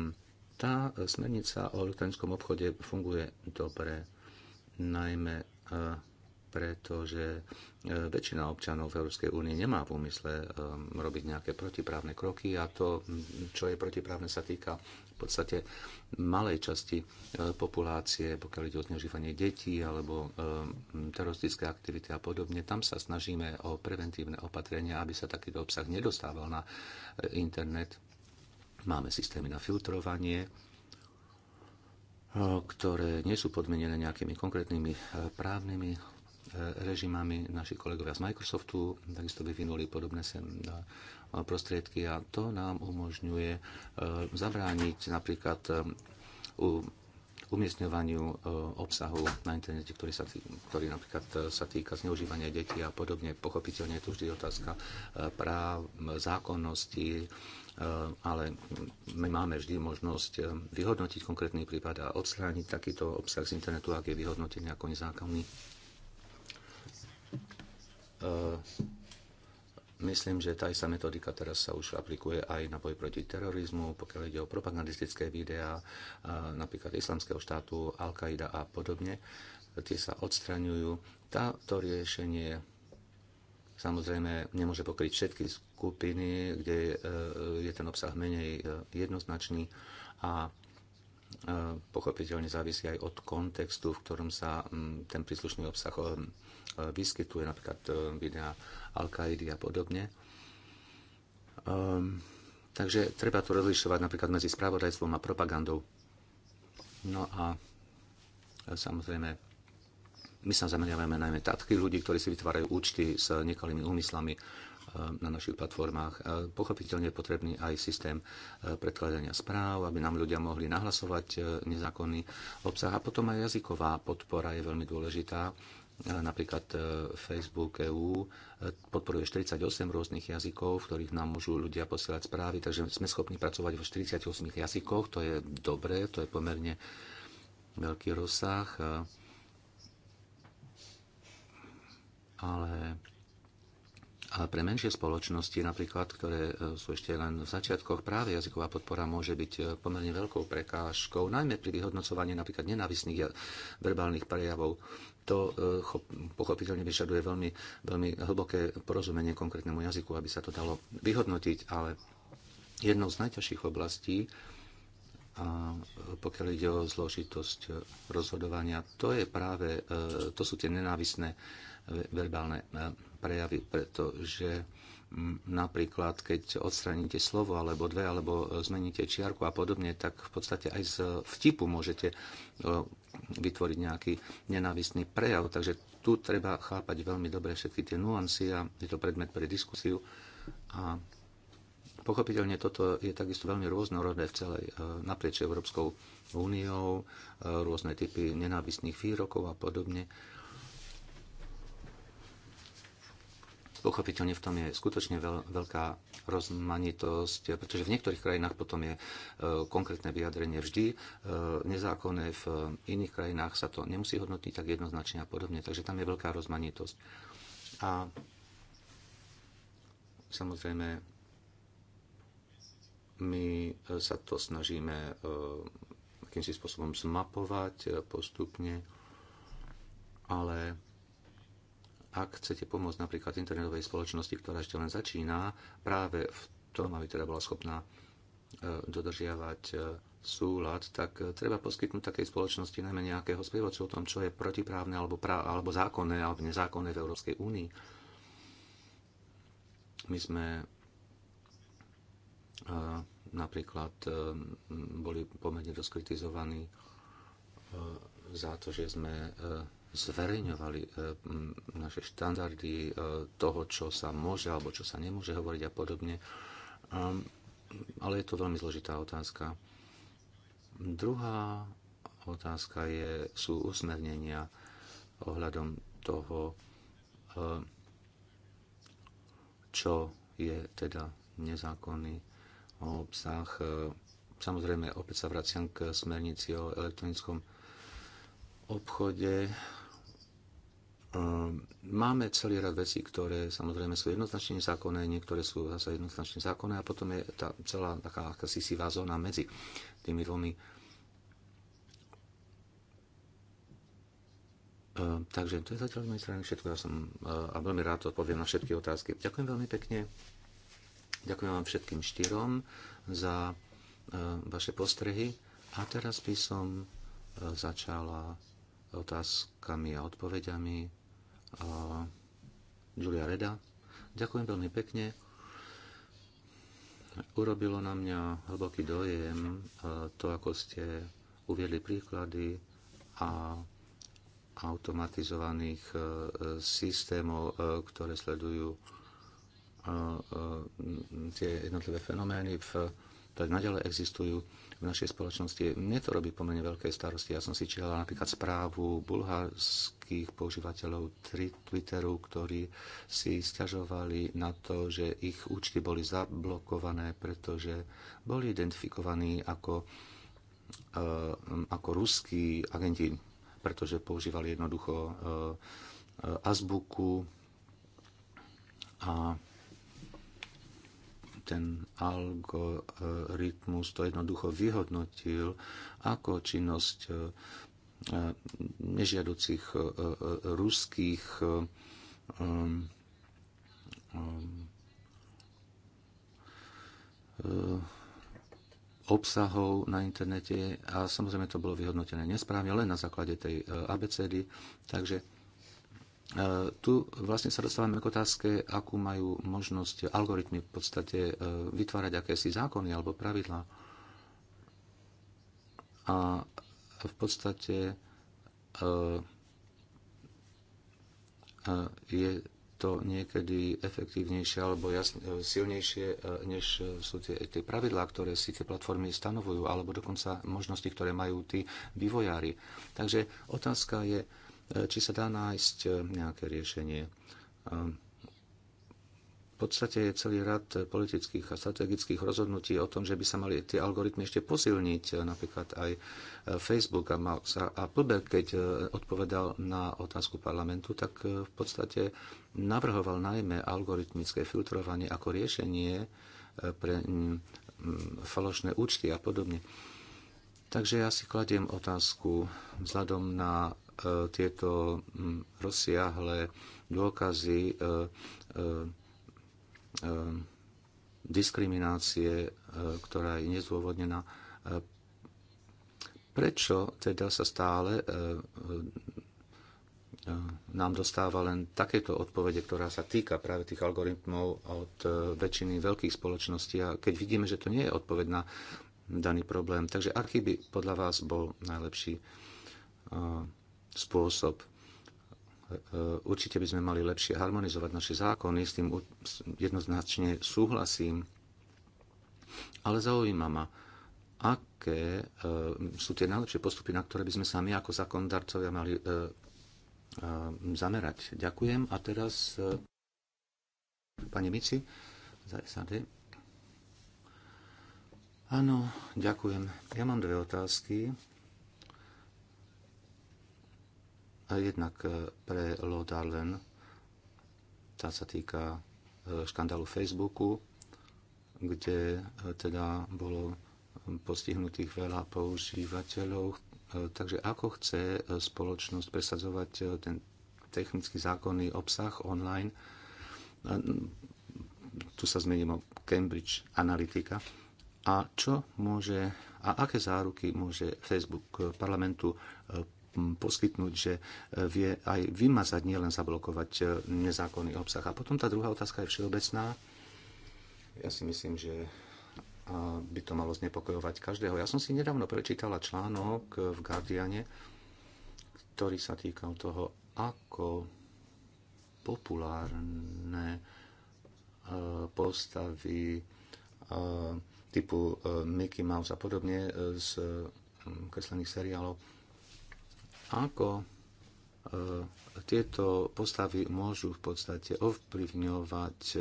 Speaker 1: tá smernica o elektronickom obchode funguje dobre, najmä e, pretože e, väčšina občanov v Európskej únie nemá v úmysle e, robiť nejaké protiprávne kroky a to, čo je protiprávne, sa týka v podstate malej časti populácie, pokiaľ ide o zneužívanie detí alebo teroristické aktivity a podobne. Tam sa snažíme o preventívne opatrenia, aby sa takýto obsah nedostával na internet Máme systémy na filtrovanie, eh, ktoré nie sú podmienené nejakými konkrétnymi eh, právnymi eh, režimami. Naši kolegovia z Microsoftu takisto vyvinuli podobné sem prostriedky a to nám umožňuje zabrániť napríklad u umiestňovaniu e, obsahu na internete, ktorý, sa, ktorý napríklad e, sa týka zneužívania detí a podobne. Pochopiteľne je to vždy otázka e, práv, zákonnosti, ale my máme vždy možnosť vyhodnotiť konkrétny prípad a odstrániť takýto obsah z internetu, ak je vyhodnotený ako nezákonný. Myslím, že tá istá metodika teraz sa už aplikuje aj na boj proti terorizmu, pokiaľ ide o propagandistické videá, napríklad islamského štátu, Al-Qaida a podobne. Tie sa odstraňujú. Táto riešenie samozrejme nemôže pokryť všetky skupiny, kde e, je ten obsah menej e, jednoznačný a e, pochopiteľne závisí aj od kontextu, v ktorom sa ten príslušný obsah vyskytuje, napríklad videá al a podobne. Um, takže treba to rozlišovať napríklad medzi spravodajstvom a propagandou. No a samozrejme, my sa zameriavame najmä takých ľudí, ktorí si vytvárajú účty s nekalými úmyslami ehm, na našich platformách. Pochopiteľne je potrebný aj systém e, predkladania správ, aby nám ľudia mohli nahlasovať e, nezákonný obsah. A potom aj jazyková podpora je veľmi dôležitá. E, napríklad e, Facebook EU e, podporuje 48 rôznych jazykov, v ktorých nám môžu ľudia posielať správy, takže sme schopní pracovať vo 48 jazykoch, to je dobré, to je pomerne veľký rozsah. Ale ale pre menšie spoločnosti, napríklad, ktoré sú ešte len v začiatkoch, práve jazyková podpora môže byť pomerne veľkou prekážkou, najmä pri vyhodnocovaní napríklad nenávisných verbálnych prejavov to e, pochopiteľne vyžaduje veľmi, veľmi hlboké porozumenie konkrétnemu jazyku, aby sa to dalo vyhodnotiť, ale jednou z najťažších oblastí, a pokiaľ ide o zložitosť rozhodovania, to, je práve, e, to sú tie nenávisné e, verbálne prejavy, pretože napríklad keď odstraníte slovo alebo dve, alebo zmeníte čiarku a podobne, tak v podstate aj z vtipu môžete vytvoriť nejaký nenávistný prejav. Takže tu treba chápať veľmi dobre všetky tie nuancy a je to predmet pre diskusiu. A pochopiteľne toto je takisto veľmi rôznorodné v celej, e, naprieč Európskou úniou, e, rôzne typy nenávistných výrokov a podobne. pochopiteľne v tom je skutočne veľ, veľká rozmanitosť, pretože v niektorých krajinách potom je e, konkrétne vyjadrenie vždy e, nezákonné, v iných krajinách sa to nemusí hodnotiť tak jednoznačne a podobne, takže tam je veľká rozmanitosť. A samozrejme, my e, sa to snažíme akýmsi spôsobom zmapovať postupne, ale ak chcete pomôcť napríklad internetovej spoločnosti, ktorá ešte len začína, práve v tom, aby teda bola schopná e, dodržiavať e, súlad, tak e, treba poskytnúť takej spoločnosti najmä nejakého sprievodcu o tom, čo je protiprávne alebo, prá- alebo zákonné alebo nezákonné v Európskej únii. My sme napríklad boli pomerne doskritizovaní za to, že sme zverejňovali e, naše štandardy e, toho, čo sa môže alebo čo sa nemôže hovoriť a podobne. Ehm, ale je to veľmi zložitá otázka. Druhá otázka je, sú usmernenia ohľadom toho, e, čo je teda nezákonný obsah. Samozrejme, opäť sa vraciam k smernici o elektronickom obchode Ehm, máme celý rad vecí, ktoré samozrejme sú jednoznačne zákonné, niektoré sú zase jednoznačne zákonné a potom je tá celá taká sisivá zóna medzi tými dvomi. Ehm, takže to je zatiaľ z mojej strany všetko. Ja som ehm, a veľmi rád odpoviem na všetky otázky. Ďakujem veľmi pekne. Ďakujem vám všetkým štyrom za vaše postrehy. A teraz by som začala otázkami a odpovediami a Julia Reda. Ďakujem veľmi pekne. Urobilo na mňa hlboký dojem e, to, ako ste uviedli príklady a automatizovaných e, systémov, e, ktoré sledujú tie jednotlivé fenomény v ktoré naďalej existujú v našej spoločnosti. Mne to robí pomerne veľké starosti. Ja som si čítala napríklad správu bulharských používateľov Twitteru, ktorí si stiažovali na to, že ich účty boli zablokované, pretože boli identifikovaní ako, eh, ako ruskí agenti, pretože používali jednoducho eh, eh, azbuku a ten algoritmus to jednoducho vyhodnotil ako činnosť e, e, nežiaducich e, ruských obsahov na internete a samozrejme to bolo vyhodnotené nesprávne len na základe tej abecedy. Takže E, tu vlastne sa dostávame k otázke, akú majú možnosť algoritmy v podstate e, vytvárať akési zákony alebo pravidlá. A v podstate e, je to niekedy efektívnejšie alebo jasne, silnejšie, než sú tie, tie pravidlá, ktoré si tie platformy stanovujú, alebo dokonca možnosti, ktoré majú tí vývojári. Takže otázka je, E, či sa dá nájsť e, nejaké riešenie. E, v podstate je celý rad politických a strategických rozhodnutí o tom, že by sa mali tie algoritmy ešte posilniť, napríklad aj Facebook a a Zuckerberg, keď odpovedal na otázku parlamentu, tak v podstate navrhoval najmä algoritmické filtrovanie ako riešenie pre falošné účty a podobne. Takže ja si kladiem otázku vzhľadom na E, tieto rozsiahle dôkazy e, e, diskriminácie, ktorá je nezôvodnená. Prečo teda sa stále nám dostáva len takéto odpovede, ktorá sa týka práve tých algoritmov od väčšiny veľkých spoločností a keď vidíme, že to nie je odpoveď na daný problém. Takže aký by podľa vás bol najlepší spôsob. E, e, určite by sme mali lepšie harmonizovať naše zákony, s tým jednoznačne súhlasím. Ale zaujíma ma, aké e, sú tie najlepšie postupy, na ktoré by sme sa my ako zakondarcovia mali zamerať. Ďakujem. A teraz pani Mici za SAD. Áno, ďakujem. Ja mám dve otázky. Jednak e, pre Law Darlen, tá sa týka e, škandálu Facebooku, kde e, teda bolo postihnutých veľa používateľov. Takže ako chce spoločnosť presadzovať ten technicky zákonný obsah online? Tu sa zmením o Cambridge Analytica. A čo môže a aké záruky môže Facebook parlamentu poskytnúť, že e, vie aj vymazať, nielen zablokovať e, nezákonný obsah. A potom tá druhá otázka je všeobecná. Ja si myslím, že by to malo znepokojovať každého. Ja som si nedávno prečítala článok e, v Guardiane, ktorý sa týkal toho, ako populárne postavy typu Mickey Mouse a podobne z kreslených seriálov ako e, tieto postavy môžu v podstate ovplyvňovať e,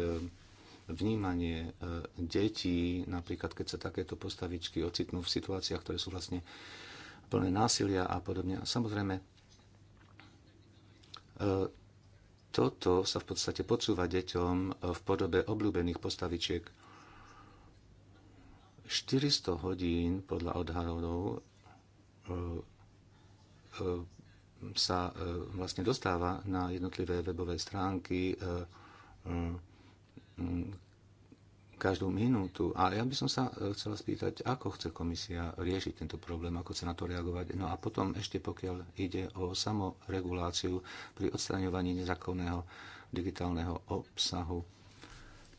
Speaker 1: vnímanie e, detí, napríklad keď sa takéto postavičky ocitnú v situáciách, ktoré sú vlastne plné násilia a podobne. A samozrejme, toto sa v podstate podsúva deťom v podobe obľúbených postavičiek. 400 hodín podľa odhadov E, sa e, vlastne dostáva na jednotlivé webové stránky e, každú minútu. A ja by som sa chcela spýtať, ako chce komisia riešiť tento problém, ako chce na to reagovať. No a potom ešte pokiaľ ide o samoreguláciu pri odstraňovaní nezákonného digitálneho obsahu.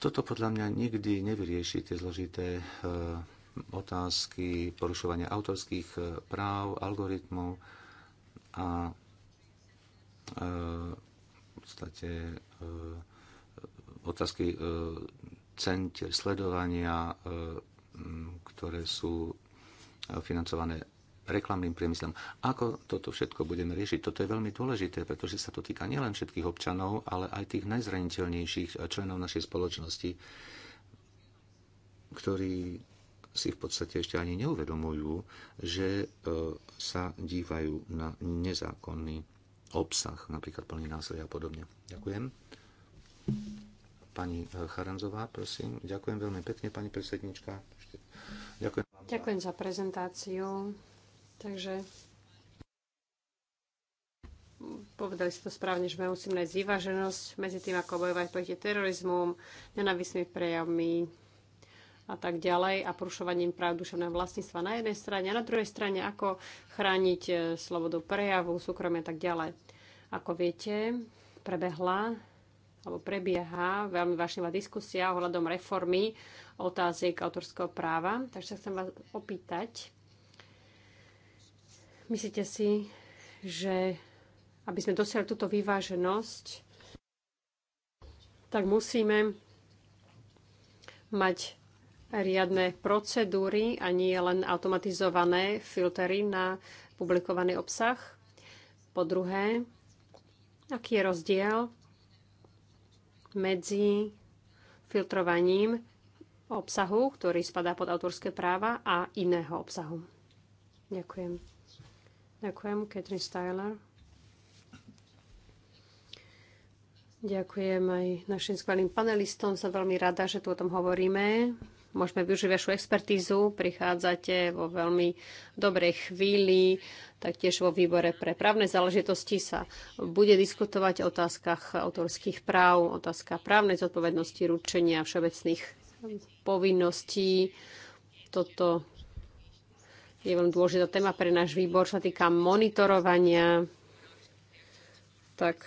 Speaker 1: Toto podľa mňa nikdy nevyrieši tie zložité otázky porušovania autorských práv, algoritmov, a e, v podstate e, otázky e, centier sledovania, ktoré sú financované reklamným priemyslom. Ako toto všetko budeme riešiť? Toto je veľmi dôležité, pretože sa to týka nielen všetkých občanov, ale aj tých najzraniteľnejších členov našej spoločnosti, ktorí si v podstate ešte ani neuvedomujú, že e, sa dívajú na nezákonný obsah, napríklad plný násilia a podobne. Ďakujem. Pani e, Charanzová, prosím. Ďakujem veľmi pekne, pani predsednička. Ďakujem.
Speaker 3: Ďakujem za prezentáciu. Takže povedali ste to správne, že musíme nájsť vyváženosť medzi tým, ako bojovať proti terorizmu, nenávisnými prejavmi, a tak ďalej a porušovaním práv duševného vlastníctva na jednej strane a na druhej strane ako chrániť e, slobodu prejavu, súkromie a tak ďalej. Ako viete, prebehla alebo prebieha veľmi vášnivá diskusia ohľadom reformy otázek autorského práva. Takže sa chcem vás opýtať, myslíte si, že aby sme dosiahli túto vyváženosť, tak musíme mať riadne procedúry a nie len automatizované filtery na publikovaný obsah. Po druhé, aký je rozdiel medzi filtrovaním obsahu, ktorý spadá pod autorské práva a iného obsahu. Ďakujem. Ďakujem, Catherine Styler. Ďakujem aj našim skvelým panelistom. Som veľmi rada, že tu o tom hovoríme môžeme využiť vašu expertízu. Prichádzate vo veľmi dobrej chvíli, taktiež vo výbore pre právne záležitosti sa bude diskutovať o otázkach autorských práv, otázka právnej zodpovednosti, ručenia všeobecných povinností. Toto je veľmi dôležitá téma pre náš výbor, čo sa týka monitorovania. Tak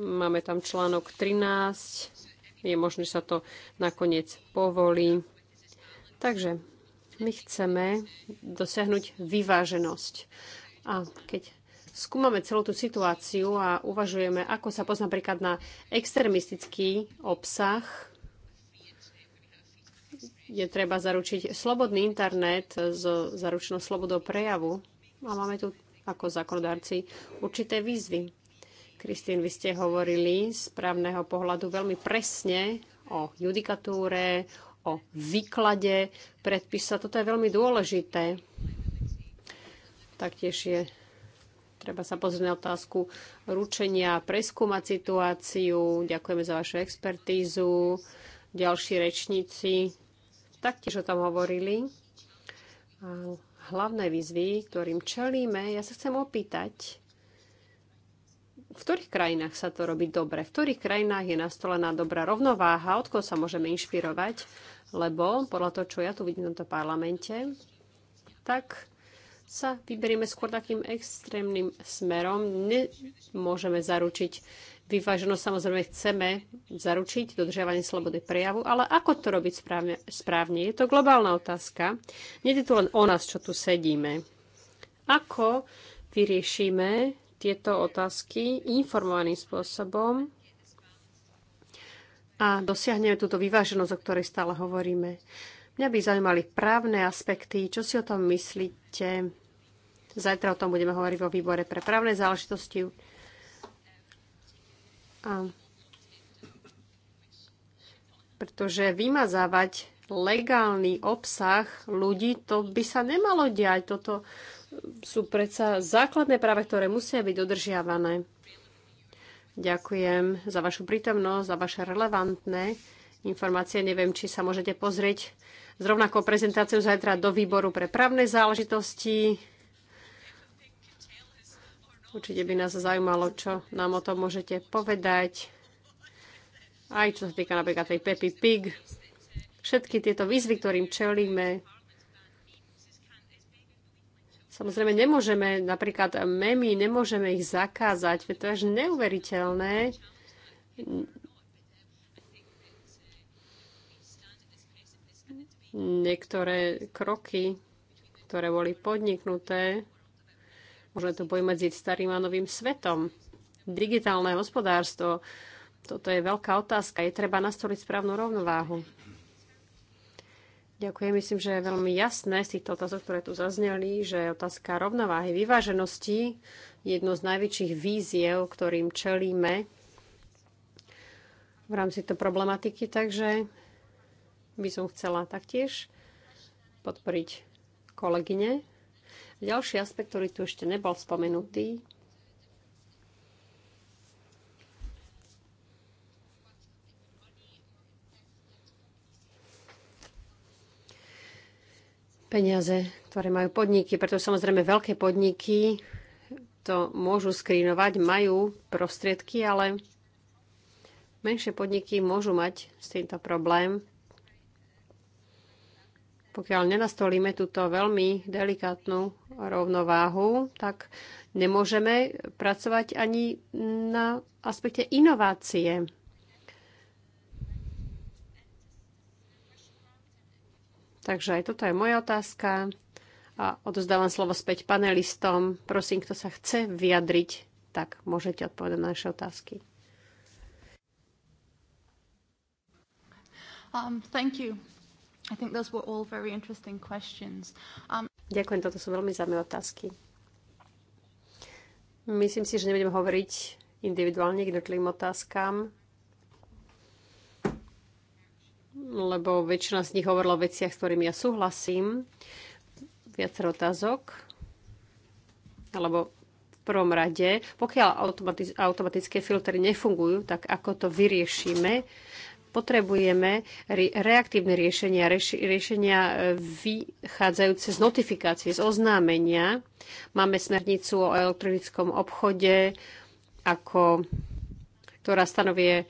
Speaker 3: máme tam článok 13. Je možné, že sa to nakoniec povolí. Takže my chceme dosiahnuť vyváženosť. A keď skúmame celú tú situáciu a uvažujeme, ako sa pozná napríklad na extremistický obsah. Je treba zaručiť slobodný internet s zaručnou slobodou prejavu. A máme tu ako zákonodárci určité výzvy. Kristín, vy ste hovorili z právneho pohľadu veľmi presne o judikatúre, o výklade predpisa. Toto je veľmi dôležité. Taktiež je treba sa pozrieť na otázku ručenia, preskúmať situáciu. Ďakujeme za vašu expertízu. Ďalší rečníci taktiež o tom hovorili. hlavné výzvy, ktorým čelíme, ja sa chcem opýtať, v ktorých krajinách sa to robí dobre, v ktorých krajinách je nastolená dobrá rovnováha, od koho sa môžeme inšpirovať, lebo podľa toho, čo ja tu vidím v tomto parlamente, tak sa vyberieme skôr takým extrémnym smerom. Nemôžeme zaručiť vyváženosť, samozrejme chceme zaručiť dodržiavanie slobody prejavu, ale ako to robiť správne? správne? Je to globálna otázka. Nie je to len o nás, čo tu sedíme. Ako vyriešime tieto otázky informovaným spôsobom a dosiahneme túto vyváženosť, o ktorej stále hovoríme. Mňa by zaujímali právne aspekty, čo si o tom myslíte. Zajtra o tom budeme hovoriť vo výbore pre právne záležitosti. A pretože vymazávať legálny obsah ľudí, to by sa nemalo diať. Toto sú predsa základné práva, ktoré musia byť dodržiavané. Ďakujem za vašu prítomnosť, za vaše relevantné informácie. Neviem, či sa môžete pozrieť s rovnakou prezentáciou zajtra do výboru pre právne záležitosti. Určite by nás zaujímalo, čo nám o tom môžete povedať. Aj čo sa týka napríklad tej Pepy Pig. Všetky tieto výzvy, ktorým čelíme, Samozrejme, nemôžeme napríklad memy, nemôžeme ich zakázať, veď to je až neuveriteľné. Niektoré kroky, ktoré boli podniknuté, možno to boj medzi starým a novým svetom. Digitálne hospodárstvo, toto je veľká otázka, je treba nastoliť správnu rovnováhu. Ďakujem. Myslím, že je veľmi jasné z týchto otázok, ktoré tu zazneli, že otázka rovnováhy, vyváženosti je jedno z najväčších víziev, ktorým čelíme v rámci tejto problematiky. Takže by som chcela taktiež podporiť kolegyne. Ďalší aspekt, ktorý tu ešte nebol spomenutý, peniaze, ktoré majú podniky, pretože samozrejme veľké podniky to môžu skrínovať, majú prostriedky, ale menšie podniky môžu mať s týmto problém. Pokiaľ nenastolíme túto veľmi delikátnu rovnováhu, tak nemôžeme pracovať ani na aspekte inovácie. Takže aj toto je moja otázka a odozdávam slovo späť panelistom. Prosím, kto sa chce vyjadriť, tak môžete odpovedať na naše otázky.
Speaker 1: Um, thank you. I think those were all very interesting questions.
Speaker 3: Um... Ďakujem, toto sú veľmi zaujímavé otázky. Myslím si, že nebudem hovoriť individuálne k jednotlivým otázkam lebo väčšina z nich hovorila o veciach, s ktorými ja súhlasím. Viacero otázok. Alebo v prvom rade, pokiaľ automatiz- automatické filtry nefungujú, tak ako to vyriešime? Potrebujeme re- reaktívne riešenia, reš- riešenia e, vychádzajúce z notifikácie, z oznámenia. Máme smernicu o elektronickom obchode, ako, ktorá stanovie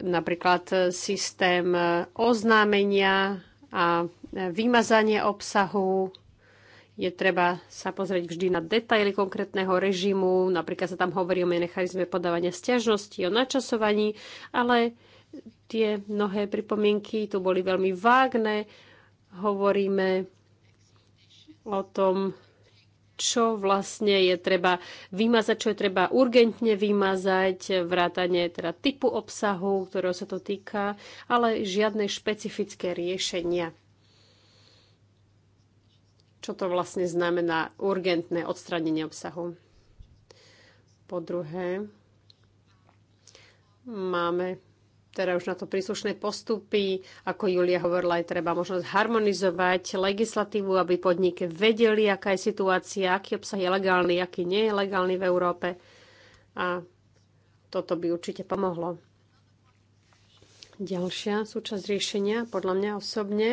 Speaker 3: napríklad e, systém e, oznámenia a e, vymazanie obsahu. Je treba sa pozrieť vždy na detaily konkrétneho režimu, napríklad sa tam hovorí o mechanizme podávania stiažnosti, o načasovaní, ale tie mnohé pripomienky tu boli veľmi vágne. Hovoríme o tom, čo vlastne je treba vymazať, čo je treba urgentne vymazať, vrátanie teda typu obsahu, ktorého sa to týka, ale žiadne špecifické riešenia. Čo to vlastne znamená urgentné odstranenie obsahu? Po druhé, máme teda už na to príslušné postupy. Ako Julia hovorila, aj treba možnosť harmonizovať legislatívu, aby podniky vedeli, aká je situácia, aký obsah je legálny, aký nie je legálny v Európe. A toto by určite pomohlo. Ďalšia súčasť riešenia, podľa mňa osobne,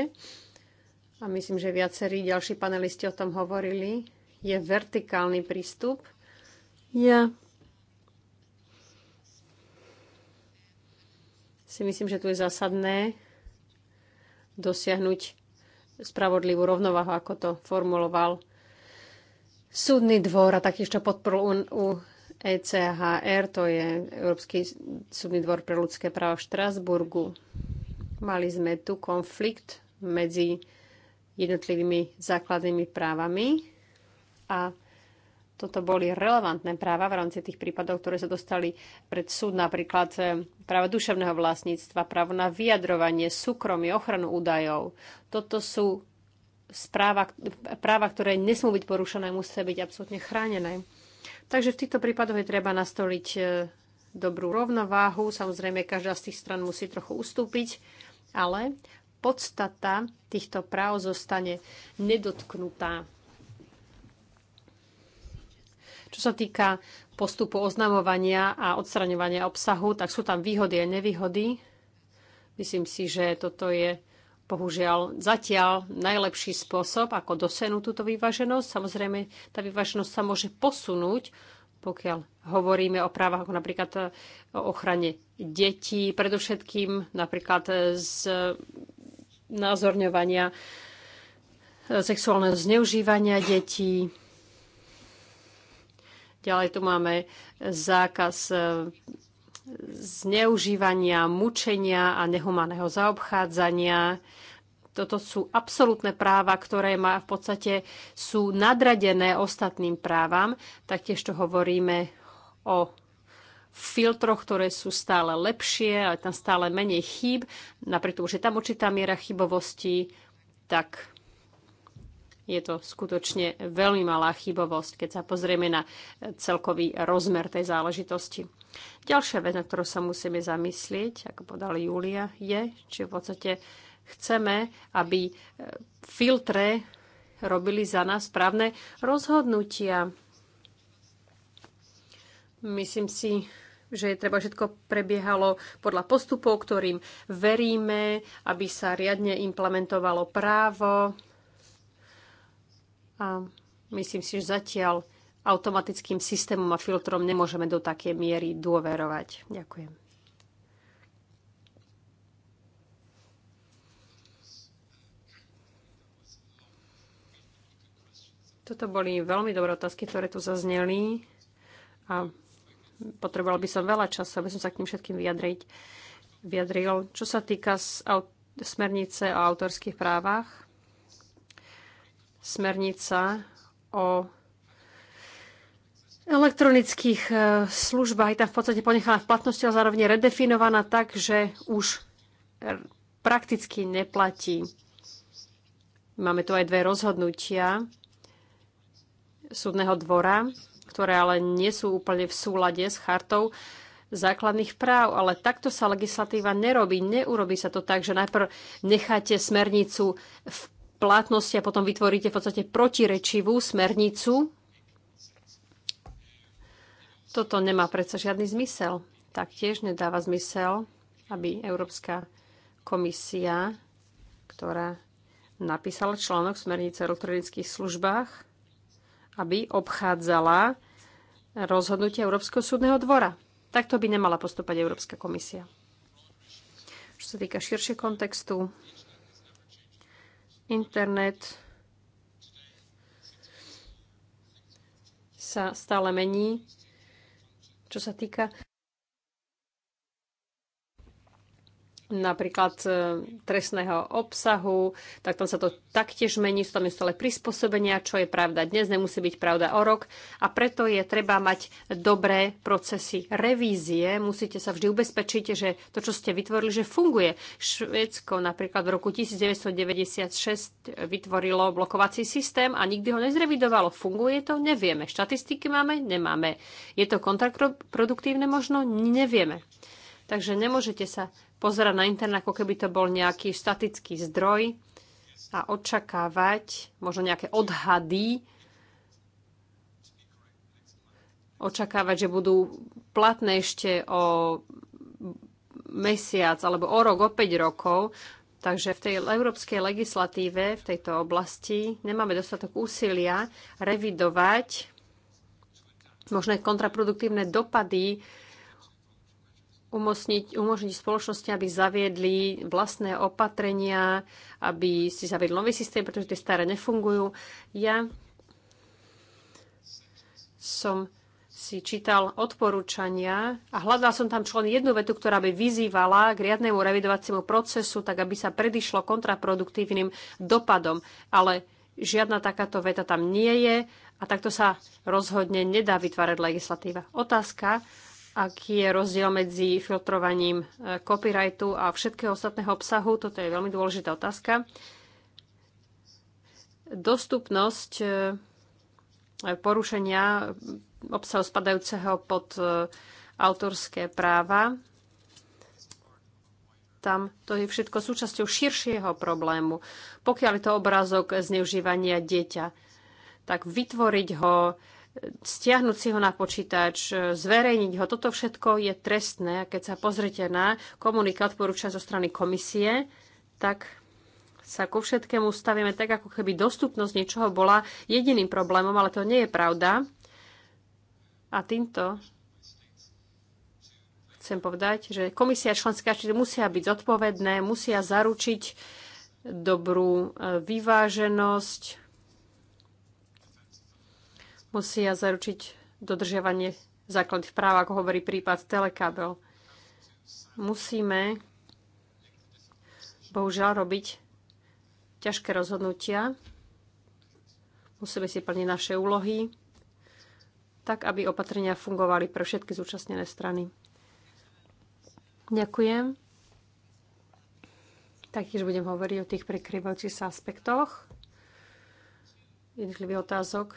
Speaker 3: a myslím, že viacerí ďalší panelisti o tom hovorili, je vertikálny prístup. Ja si myslím, že tu je zásadné dosiahnuť spravodlivú rovnováhu, ako to formuloval súdny dvor a taktiež to podporil u ECHR, to je Európsky súdny dvor pre ľudské práva v Štrasburgu. Mali sme tu konflikt medzi jednotlivými základnými právami a toto boli relevantné práva v rámci tých prípadov, ktoré sa dostali pred súd, napríklad eh, práva duševného vlastníctva, právo na vyjadrovanie, súkromie, ochranu údajov. Toto sú správa, práva, ktoré nesmú byť porušené, musia byť absolútne chránené. Takže v týchto prípadoch je treba nastoliť eh, dobrú rovnováhu. Samozrejme, každá z tých stran musí trochu ustúpiť, ale podstata týchto práv zostane nedotknutá. Čo sa týka postupu oznamovania a odstraňovania obsahu, tak sú tam výhody a nevýhody. Myslím si, že toto je bohužiaľ zatiaľ najlepší spôsob, ako dosenúť túto vyváženosť. Samozrejme, tá vyváženosť sa môže posunúť, pokiaľ hovoríme o právach ako napríklad e, o ochrane detí, predovšetkým napríklad z názorňovania e, sexuálneho zneužívania detí, Ďalej tu máme zákaz e, zneužívania, mučenia a nehumaného zaobchádzania. Toto sú absolútne práva, ktoré má v podstate sú nadradené ostatným právam. Taktiež to hovoríme o filtroch, ktoré sú stále lepšie, ale tam stále menej chýb. Napriek tomu, že tam určitá miera chybovosti, tak je to skutočne veľmi malá chybovosť, keď sa pozrieme na celkový rozmer tej záležitosti. Ďalšia vec, na ktorú sa musíme zamyslieť, ako podal Julia, je, či v podstate chceme, aby e, filtre robili za nás správne rozhodnutia. Myslím si, že treba všetko prebiehalo podľa postupov, ktorým veríme, aby sa riadne implementovalo právo, a myslím si, že zatiaľ automatickým systémom a filtrom nemôžeme do takej miery dôverovať. Ďakujem. Toto boli veľmi dobré otázky, ktoré tu zazneli a potreboval by som veľa času, aby som sa k tým všetkým vyjadriť, vyjadril. Čo sa týka smernice o autorských právach, smernica o elektronických e, službách je tam v podstate ponechaná v platnosti a zároveň redefinovaná tak, že už prakticky neplatí. Máme tu aj dve rozhodnutia súdneho dvora, ktoré ale nie sú úplne v súlade s chartou základných práv, ale takto sa legislatíva nerobí. Neurobí sa to tak, že najprv necháte smernicu v platnosti a potom vytvoríte v podstate protirečivú smernicu. Toto nemá predsa žiadny zmysel. Taktiež nedáva zmysel, aby Európska komisia, ktorá napísala článok smernice o elektronických službách, aby obchádzala rozhodnutie Európskeho súdneho dvora. Takto by nemala postúpať Európska komisia. Čo sa týka širšie kontextu, Internet sa stále mení, čo sa týka napríklad e, trestného obsahu, tak tam sa to taktiež mení, sú tam stále prispôsobenia, čo je pravda dnes, nemusí byť pravda o rok a preto je treba mať dobré procesy revízie, musíte sa vždy ubezpečiť, že to, čo ste vytvorili, že funguje. Švédsko napríklad v roku 1996 vytvorilo blokovací systém a nikdy ho nezrevidovalo. Funguje to? Nevieme. Štatistiky máme? Nemáme. Je to kontraproduktívne? Možno? Nevieme. Takže nemôžete sa pozerať na internet, ako keby to bol nejaký statický zdroj a očakávať možno nejaké odhady, očakávať, že budú platné ešte o mesiac alebo o rok, o 5 rokov. Takže v tej európskej legislatíve, v tejto oblasti nemáme dostatok úsilia revidovať možné kontraproduktívne dopady umožniť, umožniť spoločnosti, aby zaviedli vlastné opatrenia, aby si zaviedli nový systém, pretože tie staré nefungujú. Ja som si čítal odporúčania a hľadal som tam člen jednu vetu, ktorá by vyzývala k riadnemu revidovaciemu procesu, tak aby sa predišlo kontraproduktívnym dopadom. Ale žiadna takáto veta tam nie je a takto sa rozhodne nedá vytvárať legislatíva. Otázka, aký je rozdiel medzi filtrovaním e, copyrightu a všetkého ostatného obsahu. Toto je veľmi dôležitá otázka. Dostupnosť e, porušenia obsahu spadajúceho pod e, autorské práva. Tam to je všetko súčasťou širšieho problému. Pokiaľ je to obrázok zneužívania dieťa, tak vytvoriť ho, stiahnuť si ho na počítač, zverejniť ho. Toto všetko je trestné. A keď sa pozrite na komunika odporúča zo strany komisie, tak sa ku všetkému stavíme tak, ako keby dostupnosť niečoho bola jediným problémom, ale to nie je pravda. A týmto chcem povedať, že komisia členská štáty musia byť zodpovedné, musia zaručiť dobrú e, vyváženosť musia zaručiť dodržiavanie základných práv, ako hovorí prípad Telekabel. Musíme bohužiaľ robiť ťažké rozhodnutia. Musíme si plniť naše úlohy, tak aby opatrenia fungovali pre všetky zúčastnené strany. Ďakujem. Taktiež budem hovoriť o tých prekryvajúcich sa aspektoch jednotlivých otázok.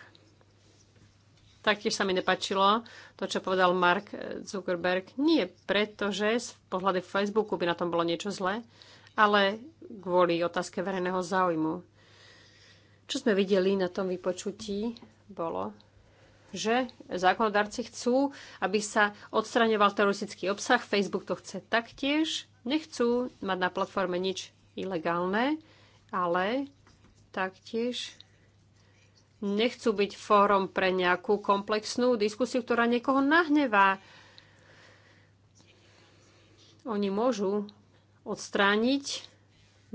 Speaker 3: Taktiež sa mi nepačilo to, čo povedal Mark Zuckerberg. Nie preto, že z pohľadu Facebooku by na tom bolo niečo zlé, ale kvôli otázke verejného záujmu. Čo sme videli na tom vypočutí, bolo, že zákonodárci chcú, aby sa odstraňoval teroristický obsah. Facebook to chce taktiež. Nechcú mať na platforme nič ilegálne, ale taktiež nechcú byť fórom pre nejakú komplexnú diskusiu, ktorá niekoho nahnevá. Oni môžu odstrániť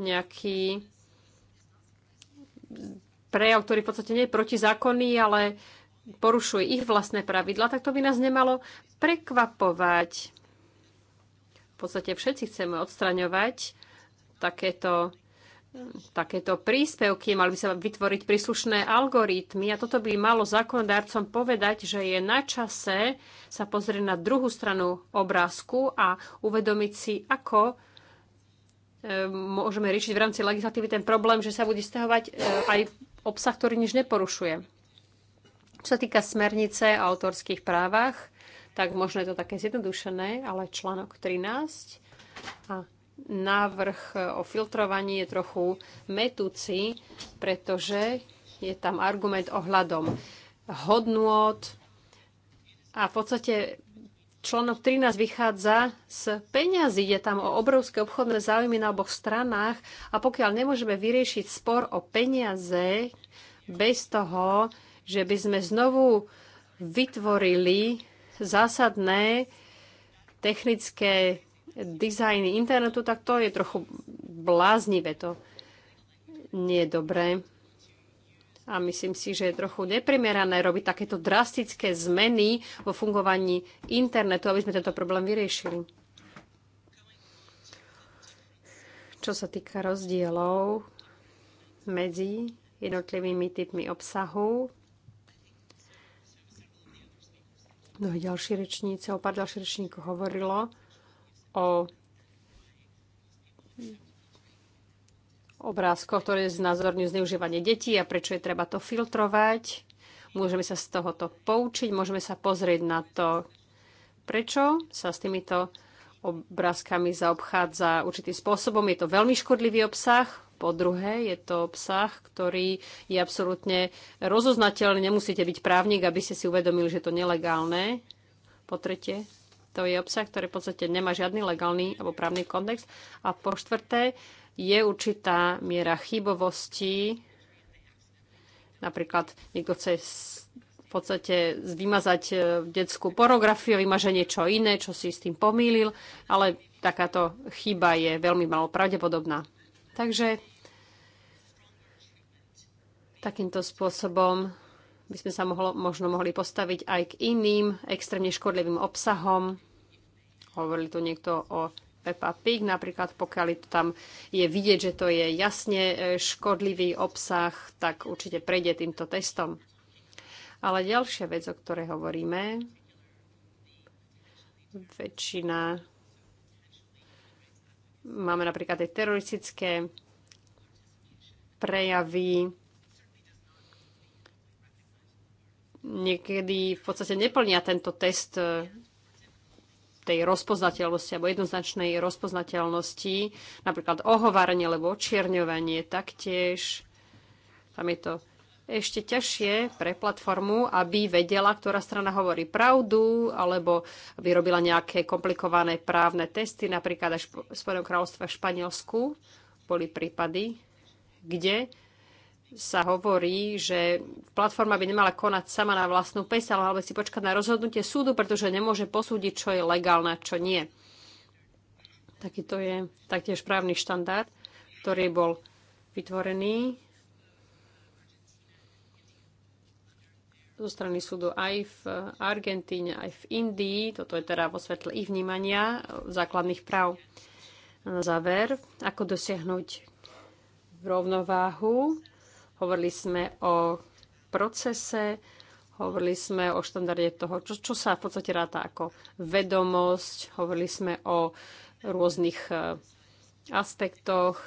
Speaker 3: nejaký prejav, ktorý v podstate nie je protizákonný, ale porušuje ich vlastné pravidla, tak to by nás nemalo prekvapovať. V podstate všetci chceme odstraňovať takéto takéto príspevky, mali by sa vytvoriť príslušné algoritmy a toto by malo zákonodárcom povedať, že je na čase sa pozrieť na druhú stranu obrázku a uvedomiť si, ako e, môžeme riešiť v rámci legislatívy ten problém, že sa bude stahovať e, aj obsah, ktorý nič neporušuje. Čo sa týka smernice o autorských právach, tak možno je to také zjednodušené, ale článok 13 a návrh o filtrovaní je trochu metúci, pretože je tam argument ohľadom hodnôt a v podstate článok 13 vychádza z peňazí. Je tam o obrovské obchodné záujmy na oboch stranách a pokiaľ nemôžeme vyriešiť spor o peniaze bez toho, že by sme znovu vytvorili zásadné technické dizajny internetu, tak to je trochu bláznivé, to nie je dobré. A myslím si, že je trochu neprimerané robiť takéto drastické zmeny vo fungovaní internetu, aby sme tento problém vyriešili. Čo sa týka rozdielov medzi jednotlivými typmi obsahu, mnohí ďalší rečníci, o pár ďalších rečníkov hovorilo, o obrázkoch, ktoré znázorňujú zneužívanie detí a prečo je treba to filtrovať. Môžeme sa z tohoto poučiť, môžeme sa pozrieť na to, prečo sa s týmito obrázkami zaobchádza určitým spôsobom. Je to veľmi škodlivý obsah. Po druhé, je to obsah, ktorý je absolútne rozoznateľný. Nemusíte byť právnik, aby ste si uvedomili, že je to nelegálne. Po tretie, to je obsah, ktorý v podstate nemá žiadny legálny alebo právny kontext. A po štvrté, je určitá miera chybovosti. Napríklad niekto chce v podstate vymazať e, detskú porografiu, vymaže niečo iné, čo si s tým pomýlil, ale takáto chyba je veľmi malo pravdepodobná. Takže takýmto spôsobom by sme sa mohlo, možno mohli postaviť aj k iným extrémne škodlivým obsahom. Hovorili tu niekto o Peppa Pig, napríklad pokiaľ tam je vidieť, že to je jasne e, škodlivý obsah, tak určite prejde týmto testom. Ale ďalšia vec, o ktorej hovoríme, väčšina máme napríklad aj teroristické prejavy, niekedy v podstate neplnia tento test e, tej rozpoznateľnosti alebo jednoznačnej rozpoznateľnosti, napríklad ohovárenie alebo očierňovanie taktiež. Tam je to ešte ťažšie pre platformu, aby vedela, ktorá strana hovorí pravdu, alebo aby robila nejaké komplikované právne testy, napríklad až v Spojenom kráľovstve v Španielsku boli prípady, kde sa hovorí, že platforma by nemala konať sama na vlastnú pes, ale si počkať na rozhodnutie súdu, pretože nemôže posúdiť, čo je legálne a čo nie. Taký to je taktiež právny štandard, ktorý bol vytvorený zo strany súdu aj v Argentíne, aj v Indii. Toto je teda vo svetle ich vnímania základných práv. Na záver, ako dosiahnuť rovnováhu Hovorili sme o procese, hovorili sme o štandarde toho, čo, čo sa v podstate ráta ako vedomosť, hovorili sme o rôznych e, aspektoch.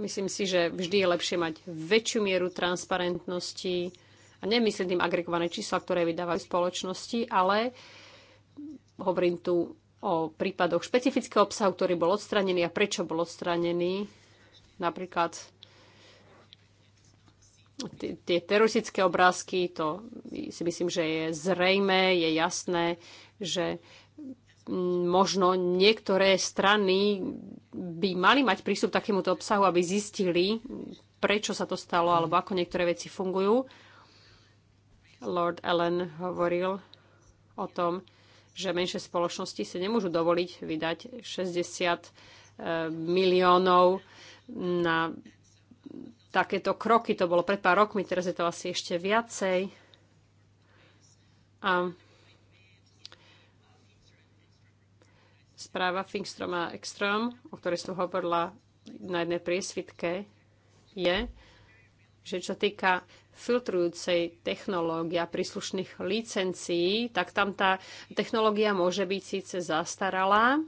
Speaker 3: Myslím si, že vždy je lepšie mať väčšiu mieru transparentnosti a nemyslím tým agregované čísla, ktoré vydávajú spoločnosti, ale hovorím tu o prípadoch špecifického obsahu, ktorý bol odstranený a prečo bol odstranený. Napríklad tie teroristické obrázky, to si myslím, že je zrejme, je jasné, že možno niektoré strany by mali mať prístup k takémuto obsahu, aby zistili, prečo sa to stalo alebo ako niektoré veci fungujú. Lord Allen hovoril o tom, že menšie spoločnosti si nemôžu dovoliť vydať 60 eh, miliónov na takéto kroky. To bolo pred pár rokmi, teraz je to asi ešte viacej. A správa Fingstrom a Ekstrom, o ktorej som hovorila na jednej priesvitke, je, že čo týka filtrujúcej technológia príslušných licencií, tak tam tá technológia môže byť síce zastaralá,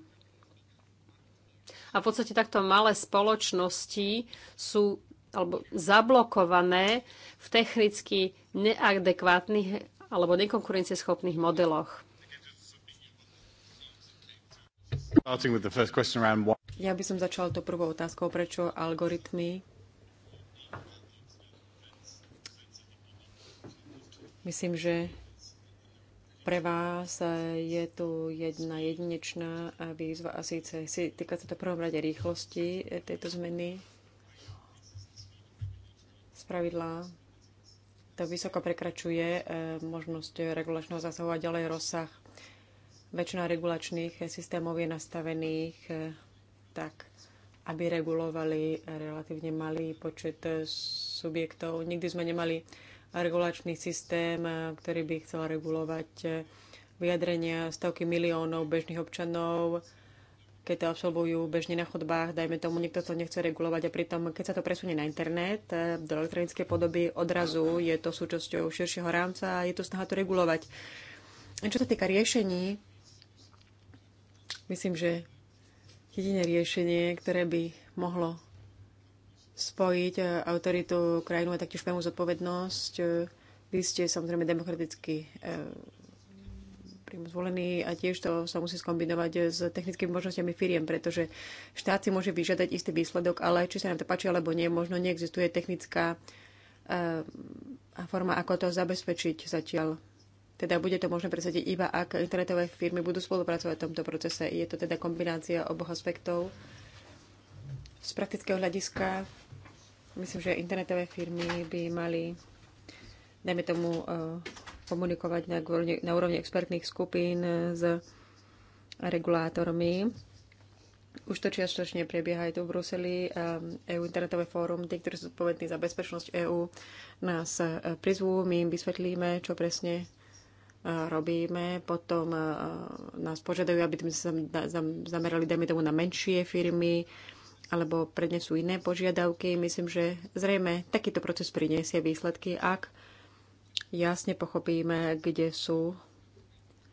Speaker 3: a v podstate takto malé spoločnosti sú alebo zablokované v technicky neadekvátnych alebo nekonkurencieschopných modeloch. Ja by
Speaker 2: som začal to prvou otázkou, prečo algoritmy Myslím, že pre vás e, je tu jedna jedinečná e, výzva a síce si týka sa to prvom rade rýchlosti e, tejto zmeny z pravidla. To vysoko prekračuje možnosť regulačného zásahu a ďalej rozsah. Väčšina regulačných systémov je nastavených tak, aby regulovali relatívne malý počet subjektov. Nikdy sme nemali regulačný systém, ktorý by chcel regulovať eh, vyjadrenia stovky miliónov bežných občanov, keď to absolvujú bežne na chodbách, dajme tomu, niekto to nechce regulovať a pritom, keď sa to presunie na internet eh, do elektronickej podoby, odrazu je to súčasťou širšieho rámca a je to snaha to regulovať. Čo sa týka riešení, myslím, že jediné riešenie, ktoré by mohlo spojiť e, autoritu krajinu a taktiež priamu zodpovednosť. E, vy ste samozrejme demokraticky e, priamo zvolení a tiež to sa musí skombinovať s technickými možnosťami firiem, pretože štát si môže vyžiadať istý výsledok, ale či sa nám to páči alebo nie, možno neexistuje technická forma, ako to zabezpečiť zatiaľ. Teda bude to možné presadiť iba, ak internetové firmy budú spolupracovať v tomto procese. Je to teda kombinácia oboch aspektov. Z praktického hľadiska Myslím, že internetové firmy by mali, dajme tomu, eh, komunikovať na úrovni, na úrovni expertných skupín eh, s regulátormi. Už to čiastočne prebieha aj tu v Bruseli. EU eh, e internetové fórum, tí, ktorí sú zodpovední za bezpečnosť EÚ, nás prizvú, my im vysvetlíme, čo presne robíme. Potom nás požiadajú, aby sme sa zamerali, dajme tomu, na menšie firmy, alebo prednesú iné požiadavky. Myslím, že zrejme takýto proces priniesie výsledky, ak jasne pochopíme, kde sú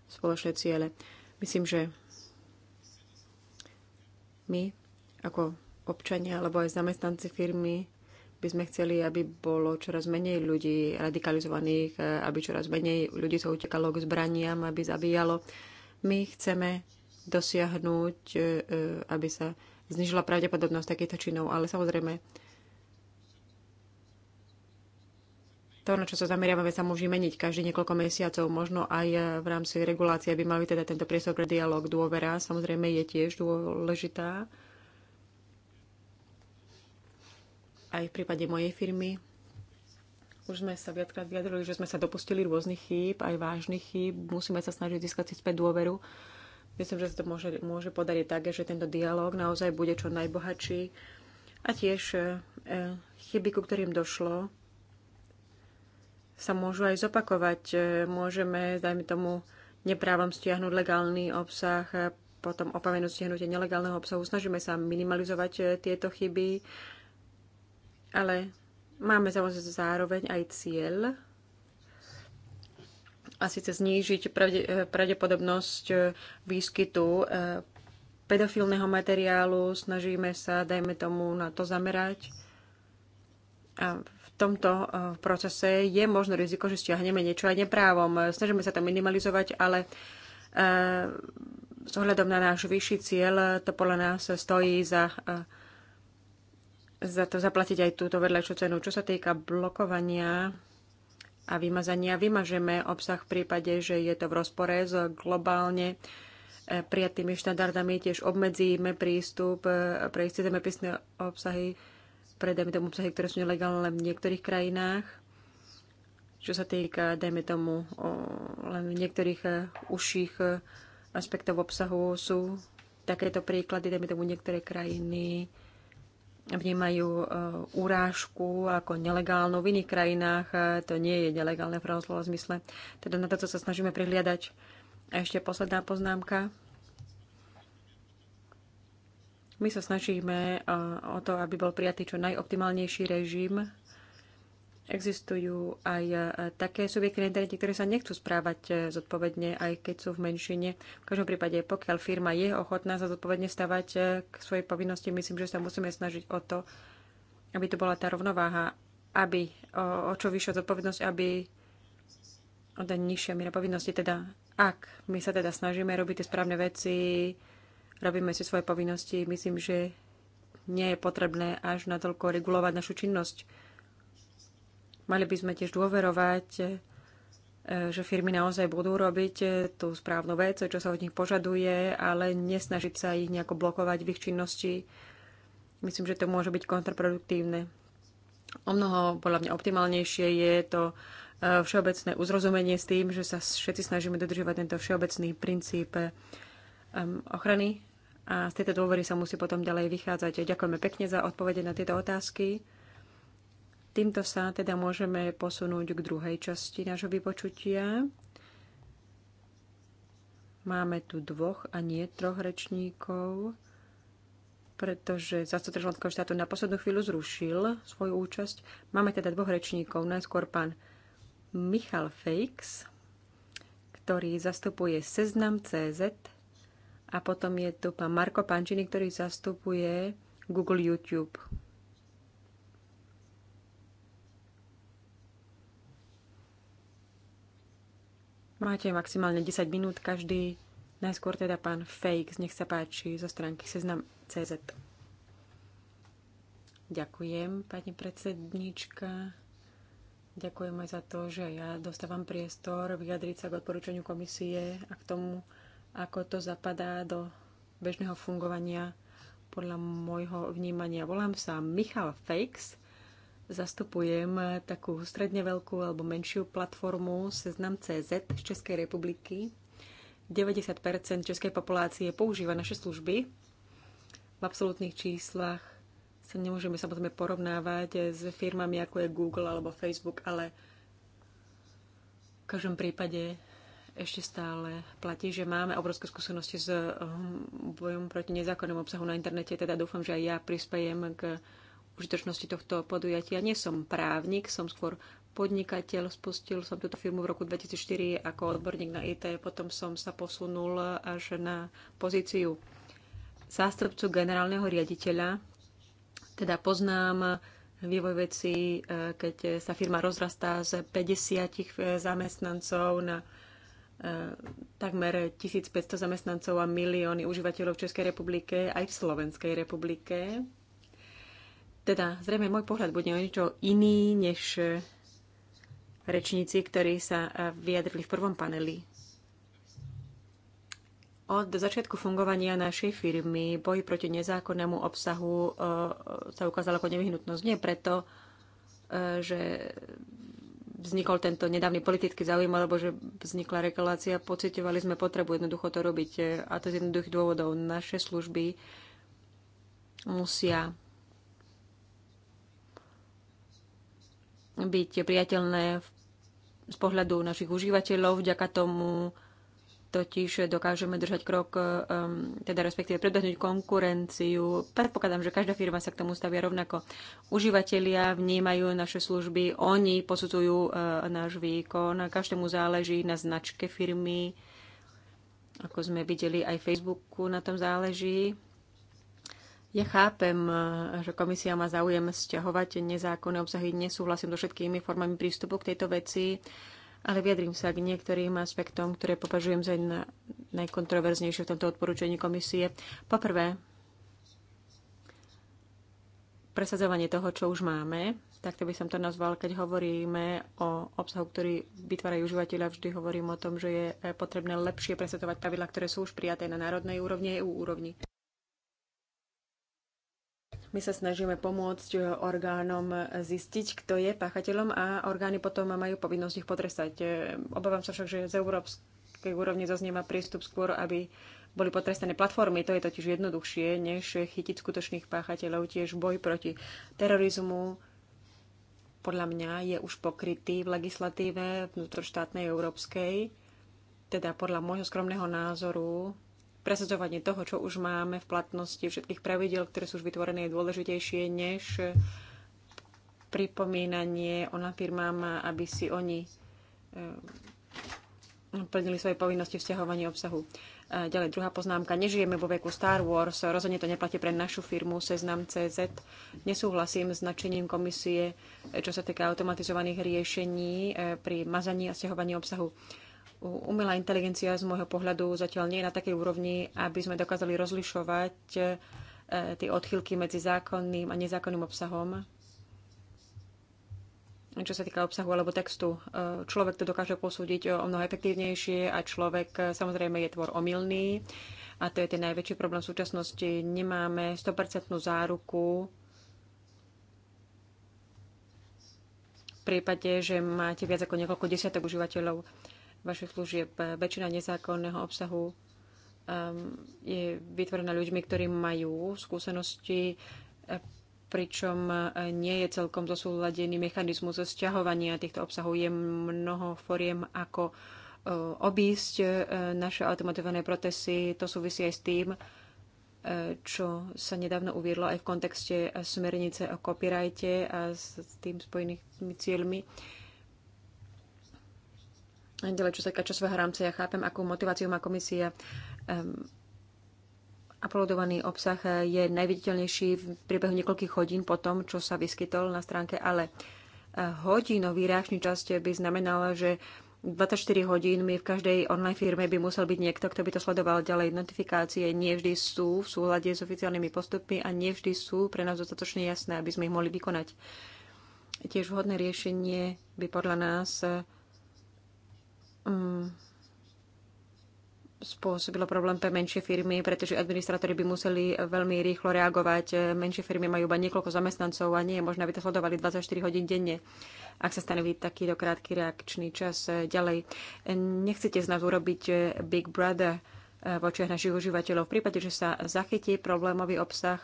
Speaker 2: spoločné ciele. Myslím, že my ako občania alebo aj zamestnanci firmy by sme chceli, aby bolo čoraz menej ľudí radikalizovaných, aby čoraz menej ľudí sa utekalo k zbraniam, aby zabíjalo. My chceme dosiahnuť, e, e, aby sa znižila pravdepodobnosť takýchto činov, ale samozrejme to, na čo sa zameriavame, sa môže meniť každý niekoľko mesiacov, možno aj eh, v rámci regulácie aby mali teda tento priestor pre dialog dôvera, samozrejme je tiež dôležitá. Aj v prípade mojej firmy už sme sa viackrát vyjadrili, že sme sa dopustili rôznych chýb, aj vážnych chýb. Musíme sa snažiť získať si späť dôveru Myslím, že sa to môže, môže podariť tak, že tento dialog naozaj bude čo najbohatší a tiež e, chyby, ku ktorým došlo, sa môžu aj zopakovať. E, môžeme, dajme tomu, neprávom stiahnuť legálny obsah, e, potom opavenú stiahnutie nelegálneho obsahu. Snažíme sa minimalizovať tieto chyby, ale máme zároveň aj cieľ a síce znížiť eh, pravdepodobnosť eh, výskytu eh, pedofilného materiálu. Snažíme sa, dajme tomu, na to zamerať. A v tomto procese je možno riziko, že stiahneme niečo aj neprávom. Snažíme sa to minimalizovať, ale s ohľadom na náš vyšší cieľ to podľa nás stojí za za to zaplatiť aj túto vedľajšiu cenu. Čo sa týka blokovania a vymazania vymažeme obsah v prípade, že je to v rozpore s globálne e, prijatými štandardami, tiež obmedzíme prístup e, pre isté zemepisné obsahy, pre dajme tomu obsahy, ktoré sú nelegálne v niektorých krajinách. Čo sa týka, dajme tomu, len niektorých e, užších aspektov obsahu sú takéto príklady, dajme tomu niektoré krajiny, vnímajú e, urážku ako nelegálnu. V iných krajinách e, to nie je nelegálne v pravom zmysle. Teda na to, co sa snažíme prihliadať. A ešte posledná poznámka. My sa snažíme e, o to, aby bol prijatý čo najoptimálnejší režim Existujú aj e, také subjekty na internete, ktoré sa nechcú správať e, zodpovedne, aj keď sú v menšine. V každom prípade, pokiaľ firma je ochotná sa zodpovedne stavať e, k svojej povinnosti, myslím, že sa musíme snažiť o to, aby to bola tá rovnováha, aby o, o čo vyššia zodpovednosť, aby o ten nižšia míra povinnosti. Teda ak my sa teda snažíme robiť tie správne veci, robíme si svoje povinnosti, myslím, že nie je potrebné až natoľko regulovať našu činnosť Mali by sme tiež dôverovať, e, že firmy naozaj budú robiť e, tú správnu vec, čo sa od nich požaduje, ale nesnažiť sa ich nejako blokovať v ich činnosti. Myslím, že to môže byť kontraproduktívne. O mnoho, podľa mňa, optimálnejšie je to e, všeobecné uzrozumenie s tým, že sa všetci snažíme dodržovať tento všeobecný princíp ochrany a z tejto dôvery sa musí potom ďalej vychádzať. Ďakujeme pekne za odpovede na tieto otázky. Týmto sa teda môžeme posunúť k druhej časti nášho vypočutia. Máme tu dvoch a nie troch rečníkov, pretože zastupca členského štátu na poslednú chvíľu zrušil svoju účasť. Máme teda dvoch rečníkov, najskôr pán Michal Fejks, ktorý zastupuje Seznam CZ a potom je tu pán Marko Pančiny, ktorý zastupuje Google YouTube. Máte maximálne 10 minút každý. Najskôr teda pán fake, nech sa páči, zo stránky Seznam CZ. Ďakujem, pani predsednička. Ďakujem aj za to, že ja dostávam priestor vyjadriť sa k odporúčaniu komisie a k tomu, ako to zapadá do bežného fungovania podľa môjho vnímania. Volám sa Michal Fakes zastupujem takú stredne veľkú alebo menšiu platformu Seznam CZ z Českej republiky. 90% českej populácie používa naše služby. V absolútnych číslach sa nemôžeme samozrejme porovnávať s firmami ako je Google alebo Facebook, ale v každom prípade ešte stále platí, že máme obrovské skúsenosti s um, bojom proti nezákonnému obsahu na internete, teda dúfam, že aj ja prispejem k užitočnosti tohto podujatia. Nie som právnik, som skôr podnikateľ. Spustil som túto firmu v roku 2004 ako odborník na IT, potom som sa posunul až na pozíciu zástupcu generálneho riaditeľa. Teda poznám vývoj veci, e, keď sa firma rozrastá z 50 e, zamestnancov na e, takmer 1500 zamestnancov a milióny užívateľov v Českej republike aj v Slovenskej republike. Teda zrejme môj pohľad bude o niečo iný než e, rečníci, ktorí sa e, vyjadrili v prvom paneli. Od začiatku fungovania našej firmy boj proti nezákonnému obsahu e, sa ukázal ako nevyhnutnosť. Nie preto, že vznikol tento nedávny politický záujem, alebo že vznikla regulácia, pocitovali sme potrebu jednoducho to robiť. A to z jednoduchých dôvodov. Naše služby musia byť priateľné z pohľadu našich užívateľov. Vďaka tomu totiž dokážeme držať krok, teda respektíve predbehnúť konkurenciu. Predpokladám, že každá firma sa k tomu stavia rovnako. Užívateľia vnímajú naše služby, oni posudzujú e, náš výkon, každému záleží na značke firmy. Ako sme videli, aj Facebooku na tom záleží. Ja chápem, že komisia má záujem sťahovať nezákonné obsahy. Nesúhlasím so všetkými formami prístupu k tejto veci, ale vyjadrím sa k niektorým aspektom, ktoré považujem za najkontroverznejšie v tomto odporúčení komisie. Poprvé, presadzovanie toho, čo už máme, tak to by som to nazval, keď hovoríme o obsahu, ktorý vytvárajú užívateľa, vždy hovorím o tom, že je potrebné lepšie presadzovať pravidla, ktoré sú už prijaté na národnej úrovni a EU úrovni. My sa snažíme pomôcť eh, orgánom eh, zistiť, kto je páchateľom a orgány potom majú povinnosť ich potrestať. Eh, obávam sa však, že z európskej úrovne zaznieva prístup skôr, aby boli potrestané platformy. To je totiž jednoduchšie, než chytiť skutočných páchateľov. Tiež boj proti terorizmu podľa mňa je už pokrytý v legislatíve vnútroštátnej európskej. Teda podľa môjho skromného názoru presadzovanie toho, čo už máme v platnosti, všetkých pravidel, ktoré sú už vytvorené, je dôležitejšie než pripomínanie ona firmám, aby si oni eh, plnili svoje povinnosti stiahovaní obsahu. A ďalej, druhá poznámka. Nežijeme vo veku Star Wars, rozhodne to neplatí pre našu firmu Seznam CZ. Nesúhlasím s značením komisie, eh, čo sa týka automatizovaných riešení eh, pri mazaní a stiahovaní obsahu umelá inteligencia z môjho pohľadu zatiaľ nie je na takej úrovni, aby sme dokázali rozlišovať e, tie odchylky medzi zákonným a nezákonným obsahom. Čo sa týka obsahu alebo textu, e, človek to dokáže posúdiť o mnoho efektívnejšie a človek e, samozrejme je tvor omylný a to je ten najväčší problém v súčasnosti. Nemáme 100% záruku v prípade, že máte viac ako niekoľko desiatok užívateľov vašich služieb. Väčšina nezákonného obsahu um, je vytvorená ľuďmi, ktorí majú skúsenosti, pričom uh, nie je celkom zosúladený mechanizmus sťahovania týchto obsahov. Je mnoho foriem, ako uh, obísť uh, naše automatizované procesy. To súvisí aj s tým, čo sa nedávno uviedlo aj v kontexte smernice o copyrighte a s tým spojenými cieľmi. Ďalej, čo sa týka časového rámca, ja chápem, akú motiváciu má komisia. Um, uploadovaný obsah je najviditeľnejší v priebehu niekoľkých hodín po tom, čo sa vyskytol na stránke, ale eh, hodinový reakčný časť by znamenal, že 24 hodín mi v každej online firme by musel byť niekto, kto by to sledoval ďalej. Notifikácie nie vždy sú v súlade s oficiálnymi postupmi a nie vždy sú pre nás dostatočne jasné, aby sme ich mohli vykonať. Tiež vhodné riešenie by podľa nás Mm, spôsobilo problém pre menšie firmy, pretože administratóri by museli veľmi rýchlo reagovať. Menšie firmy majú iba niekoľko zamestnancov a nie je možné, aby to sledovali 24 hodín denne, ak sa stanoví takýto krátky reakčný čas ďalej. Nechcete z nás urobiť Big Brother eh, v očiach našich užívateľov. V prípade, že sa zachytí problémový obsah,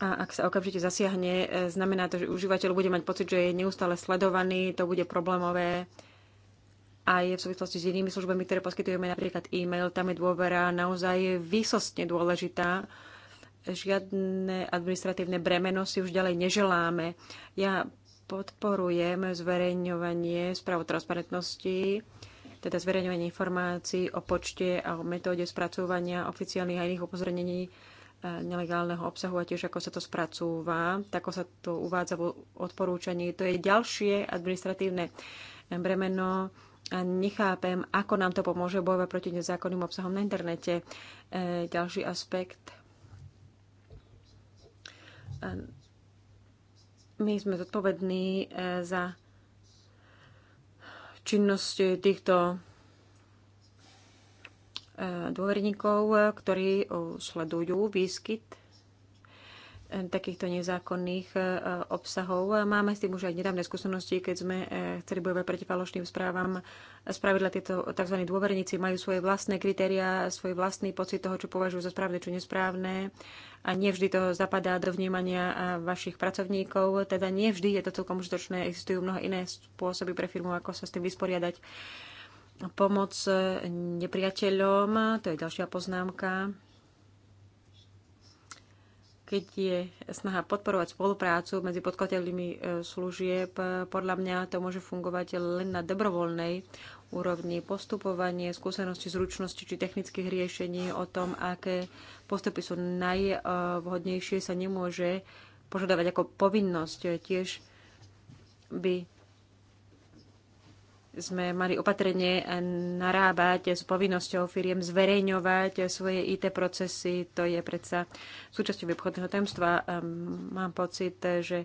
Speaker 2: a ak sa okamžite zasiahne, e, znamená to, že užívateľ bude mať pocit, že je neustále sledovaný, to bude problémové. A je v súvislosti s inými službami, ktoré poskytujeme, napríklad e-mail, tam je dôvera naozaj výsostne dôležitá. Žiadne administratívne bremeno si už ďalej neželáme. Ja podporujem zverejňovanie správ transparentnosti, teda zverejňovanie informácií o počte a o metóde spracovania oficiálnych a iných upozornení nelegálneho obsahu a tiež ako sa to spracúva, tako sa to uvádza v odporúčaní. To je ďalšie administratívne bremeno a nechápem, ako nám to pomôže bojovať proti nezákonným obsahom na internete. E, ďalší aspekt. E, my sme zodpovední e, za činnosť týchto dôverníkov, eh, ktorí eh, sledujú výskyt eh, takýchto nezákonných obsahov. Máme s tým už aj nedávne skúsenosti, keď sme chceli bojovať proti falošným správam. Spravidla tieto tzv. dôverníci majú svoje vlastné kritériá, svoj vlastný pocit toho, čo považujú za správne, čo nesprávne. A nevždy to zapadá do vnímania vašich pracovníkov. Teda nevždy je to celkom užitočné. Existujú mnoho iné spôsoby pre firmu, ako sa s tým vysporiadať. Pomoc e, nepriateľom, to je ďalšia poznámka. Keď je snaha podporovať spoluprácu medzi podkladateľmi e, služieb, podľa mňa to môže fungovať len na dobrovoľnej úrovni postupovanie, skúsenosti, zručnosti či technických riešení o tom, aké postupy sú najvhodnejšie, sa nemôže požadovať ako povinnosť. Tiež by sme mali opatrenie narábať s povinnosťou firiem zverejňovať svoje IT procesy. To je predsa súčasťou obchodného tajomstva. Ehm, mám pocit, že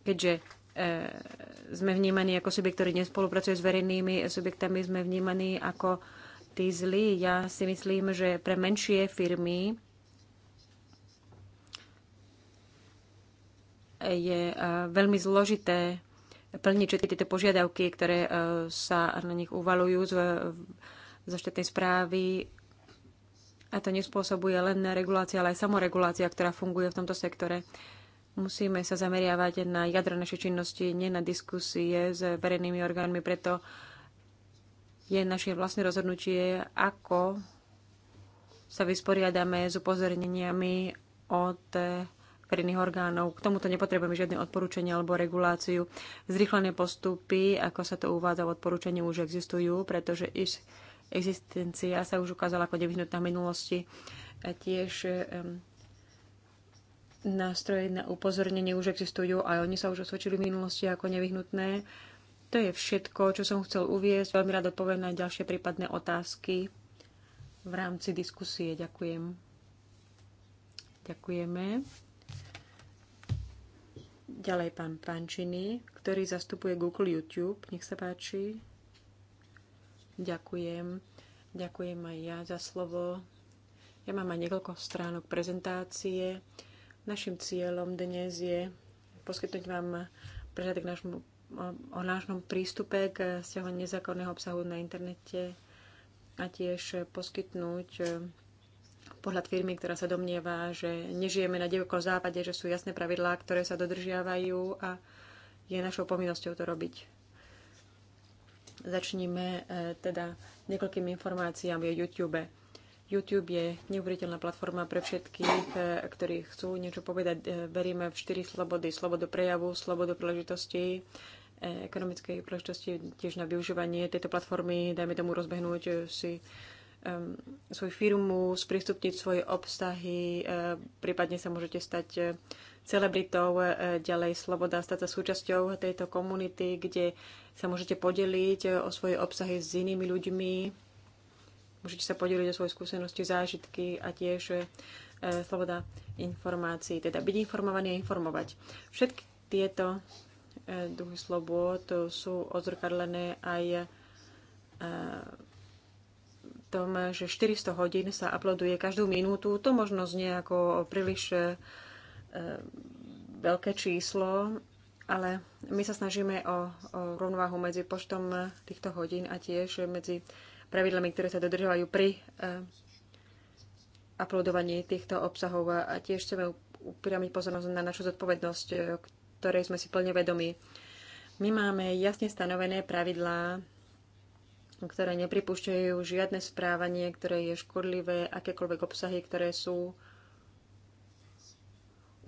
Speaker 2: keďže eh, sme vnímaní ako subjekt, ktorý nespolupracuje s verejnými subjektami, sme vnímaní ako tí zlí. Ja si myslím, že pre menšie firmy je eh, veľmi zložité plniť všetky tieto požiadavky, ktoré e, sa na nich uvalujú z, e, zo štátnej správy. A to nespôsobuje len regulácia, ale aj samoregulácia, ktorá funguje v tomto sektore. Musíme sa zameriavať na jadro našej činnosti, nie na diskusie s verejnými orgánmi, preto je naše vlastné rozhodnutie, ako sa vysporiadame s upozorneniami od verejných orgánov. K tomuto nepotrebujeme žiadne odporúčania alebo reguláciu. Zrýchlené postupy, ako sa to uvádza v odporúčaní, už existujú, pretože ich existencia sa už ukázala ako nevyhnutná v minulosti. A tiež um, nástroje na upozornenie už existujú a oni sa už osvedčili v minulosti ako nevyhnutné. To je všetko, čo som chcel uviezť. Veľmi rád odpoviem na ďalšie prípadné otázky v rámci diskusie. Ďakujem. Ďakujeme. Ďalej pán Pančiny, ktorý zastupuje Google YouTube. Nech sa páči. Ďakujem. Ďakujem aj ja za slovo. Ja mám aj niekoľko stránok prezentácie. Našim cieľom dnes je poskytnúť vám prehľad o nášom prístupe k stiahu nezákonného obsahu na internete a tiež poskytnúť pohľad firmy, ktorá sa domnieva, že nežijeme na divokom západe, že sú jasné pravidlá, ktoré sa dodržiavajú a je našou povinnosťou to robiť. Začníme e, teda niekoľkými informáciami o YouTube. YouTube je neuveriteľná platforma pre všetkých, e, ktorí chcú niečo povedať. E, veríme v štyri slobody. Slobodu prejavu, slobodu príležitosti, ekonomickej príležitosti, tiež na využívanie tejto platformy, dajme tomu rozbehnúť si svoju firmu, sprístupniť svoje obsahy, e, prípadne sa môžete stať e, celebritou, e, ďalej sloboda stať sa súčasťou tejto komunity, kde sa môžete podeliť o svoje obsahy s inými ľuďmi, môžete sa podeliť o svoje skúsenosti, zážitky a tiež sloboda informácií, teda byť informovaný a informovať. Všetky tieto druhy slobod sú odzrkadlené aj tom, že 400 hodín sa uploaduje každú minútu, to možno znie ako príliš e, e, veľké číslo, ale my sa snažíme o, o rovnováhu medzi počtom týchto hodín a tiež medzi pravidlami, ktoré sa dodržovajú pri e, uploadovaní týchto obsahov a tiež chceme upriamiť pozornosť na našu zodpovednosť, ktorej sme si plne vedomi. My máme jasne stanovené pravidlá ktoré nepripúšťajú žiadne správanie, ktoré je škodlivé, akékoľvek obsahy, ktoré sú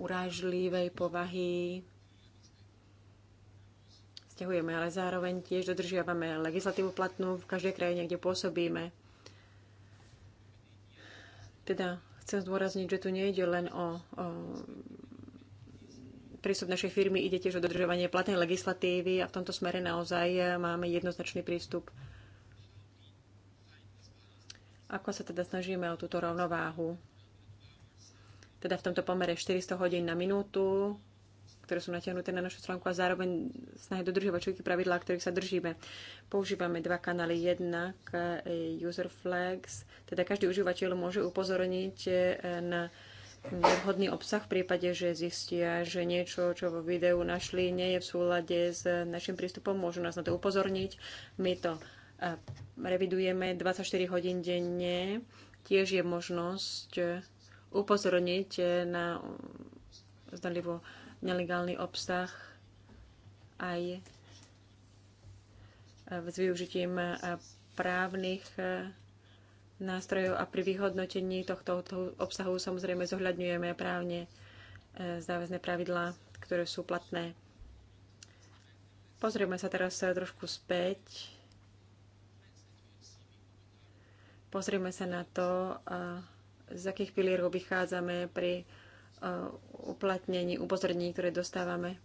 Speaker 2: urážlivej povahy. Stiahujeme, ale zároveň tiež dodržiavame legislatívu platnú v každej krajine, kde pôsobíme. Teda chcem zdôrazniť, že tu nejde len o, o prístup našej firmy, ide tiež o dodržovanie platnej legislatívy a v tomto smere naozaj máme jednoznačný prístup. Ako sa teda snažíme o túto rovnováhu? Teda v tomto pomere 400 hodín na minútu, ktoré sú natiahnuté na našu stránku a zároveň snahy dodržiavať všetky pravidlá, ktorých sa držíme. Používame dva kanály. Jednak e, user flags, teda každý užívateľ môže upozorniť e, na nevhodný obsah v prípade, že zistia, že niečo, čo vo videu našli, nie je v súlade s našim prístupom, môžu nás na to upozorniť. My to revidujeme 24 hodín denne. Tiež je možnosť upozorniť na zdalivo nelegálny obsah aj s využitím právnych nástrojov a pri vyhodnotení tohto obsahu samozrejme zohľadňujeme právne e, záväzné pravidlá, ktoré sú platné. Pozrieme sa teraz trošku späť Pozrieme sa na to, z akých pilierov vychádzame pri uplatnení upozornení, ktoré dostávame.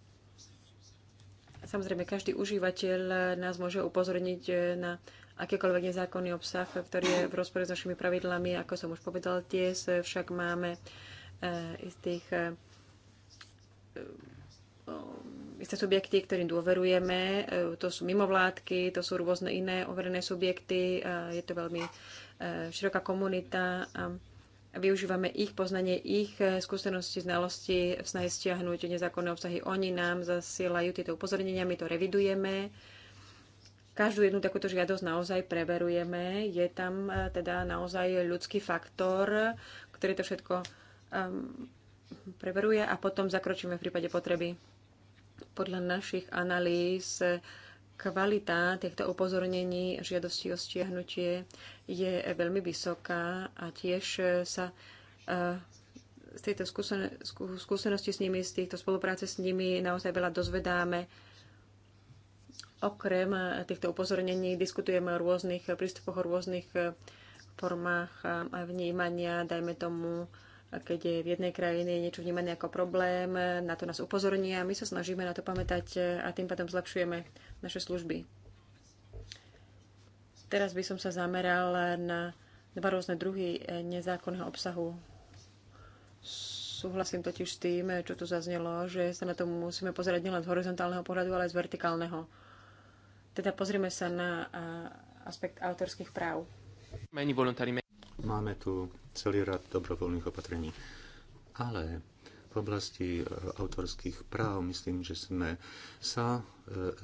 Speaker 2: Samozrejme, každý užívateľ nás môže upozorniť e, na akýkoľvek nezákonný obsah, ktorý je v rozpore s našimi pravidlami. Ako som už povedal, tiež však máme e, istých e, isté subjekty, ktorým dôverujeme. To sú mimovládky, to sú rôzne iné overené subjekty. Je to veľmi Eh, široká komunita a využívame ich poznanie, ich eh, skúsenosti, znalosti v snahe stiahnuť nezákonné obsahy. Oni nám zasielajú tieto upozornenia, my to revidujeme. Každú jednu takúto žiadosť naozaj preverujeme. Je tam eh, teda naozaj ľudský faktor, ktorý to všetko um, preveruje a potom zakročíme v prípade potreby. Podľa našich analýz Kvalita týchto upozornení žiadosti o stiahnutie je veľmi vysoká a tiež sa e, z tejto skúsenosti s nimi, z týchto spolupráce s nimi naozaj veľa dozvedáme. Okrem týchto upozornení diskutujeme o rôznych prístupoch, o rôznych formách a vnímania, dajme tomu a keď je v jednej krajine niečo vnímané ako problém, na to nás upozornia, my sa snažíme na to pamätať a tým pádom zlepšujeme naše služby. Teraz by som sa zameral na dva rôzne druhy eh, nezákonného obsahu. Súhlasím totiž s tým, eh, čo tu zaznelo, že sa na to musíme pozerať nielen z horizontálneho pohľadu, ale aj z vertikálneho. Teda pozrieme sa na eh, aspekt autorských práv.
Speaker 1: Meni voluntári Máme tu celý rad dobrovoľných opatrení. Ale v oblasti e, autorských práv myslím, že sme sa e,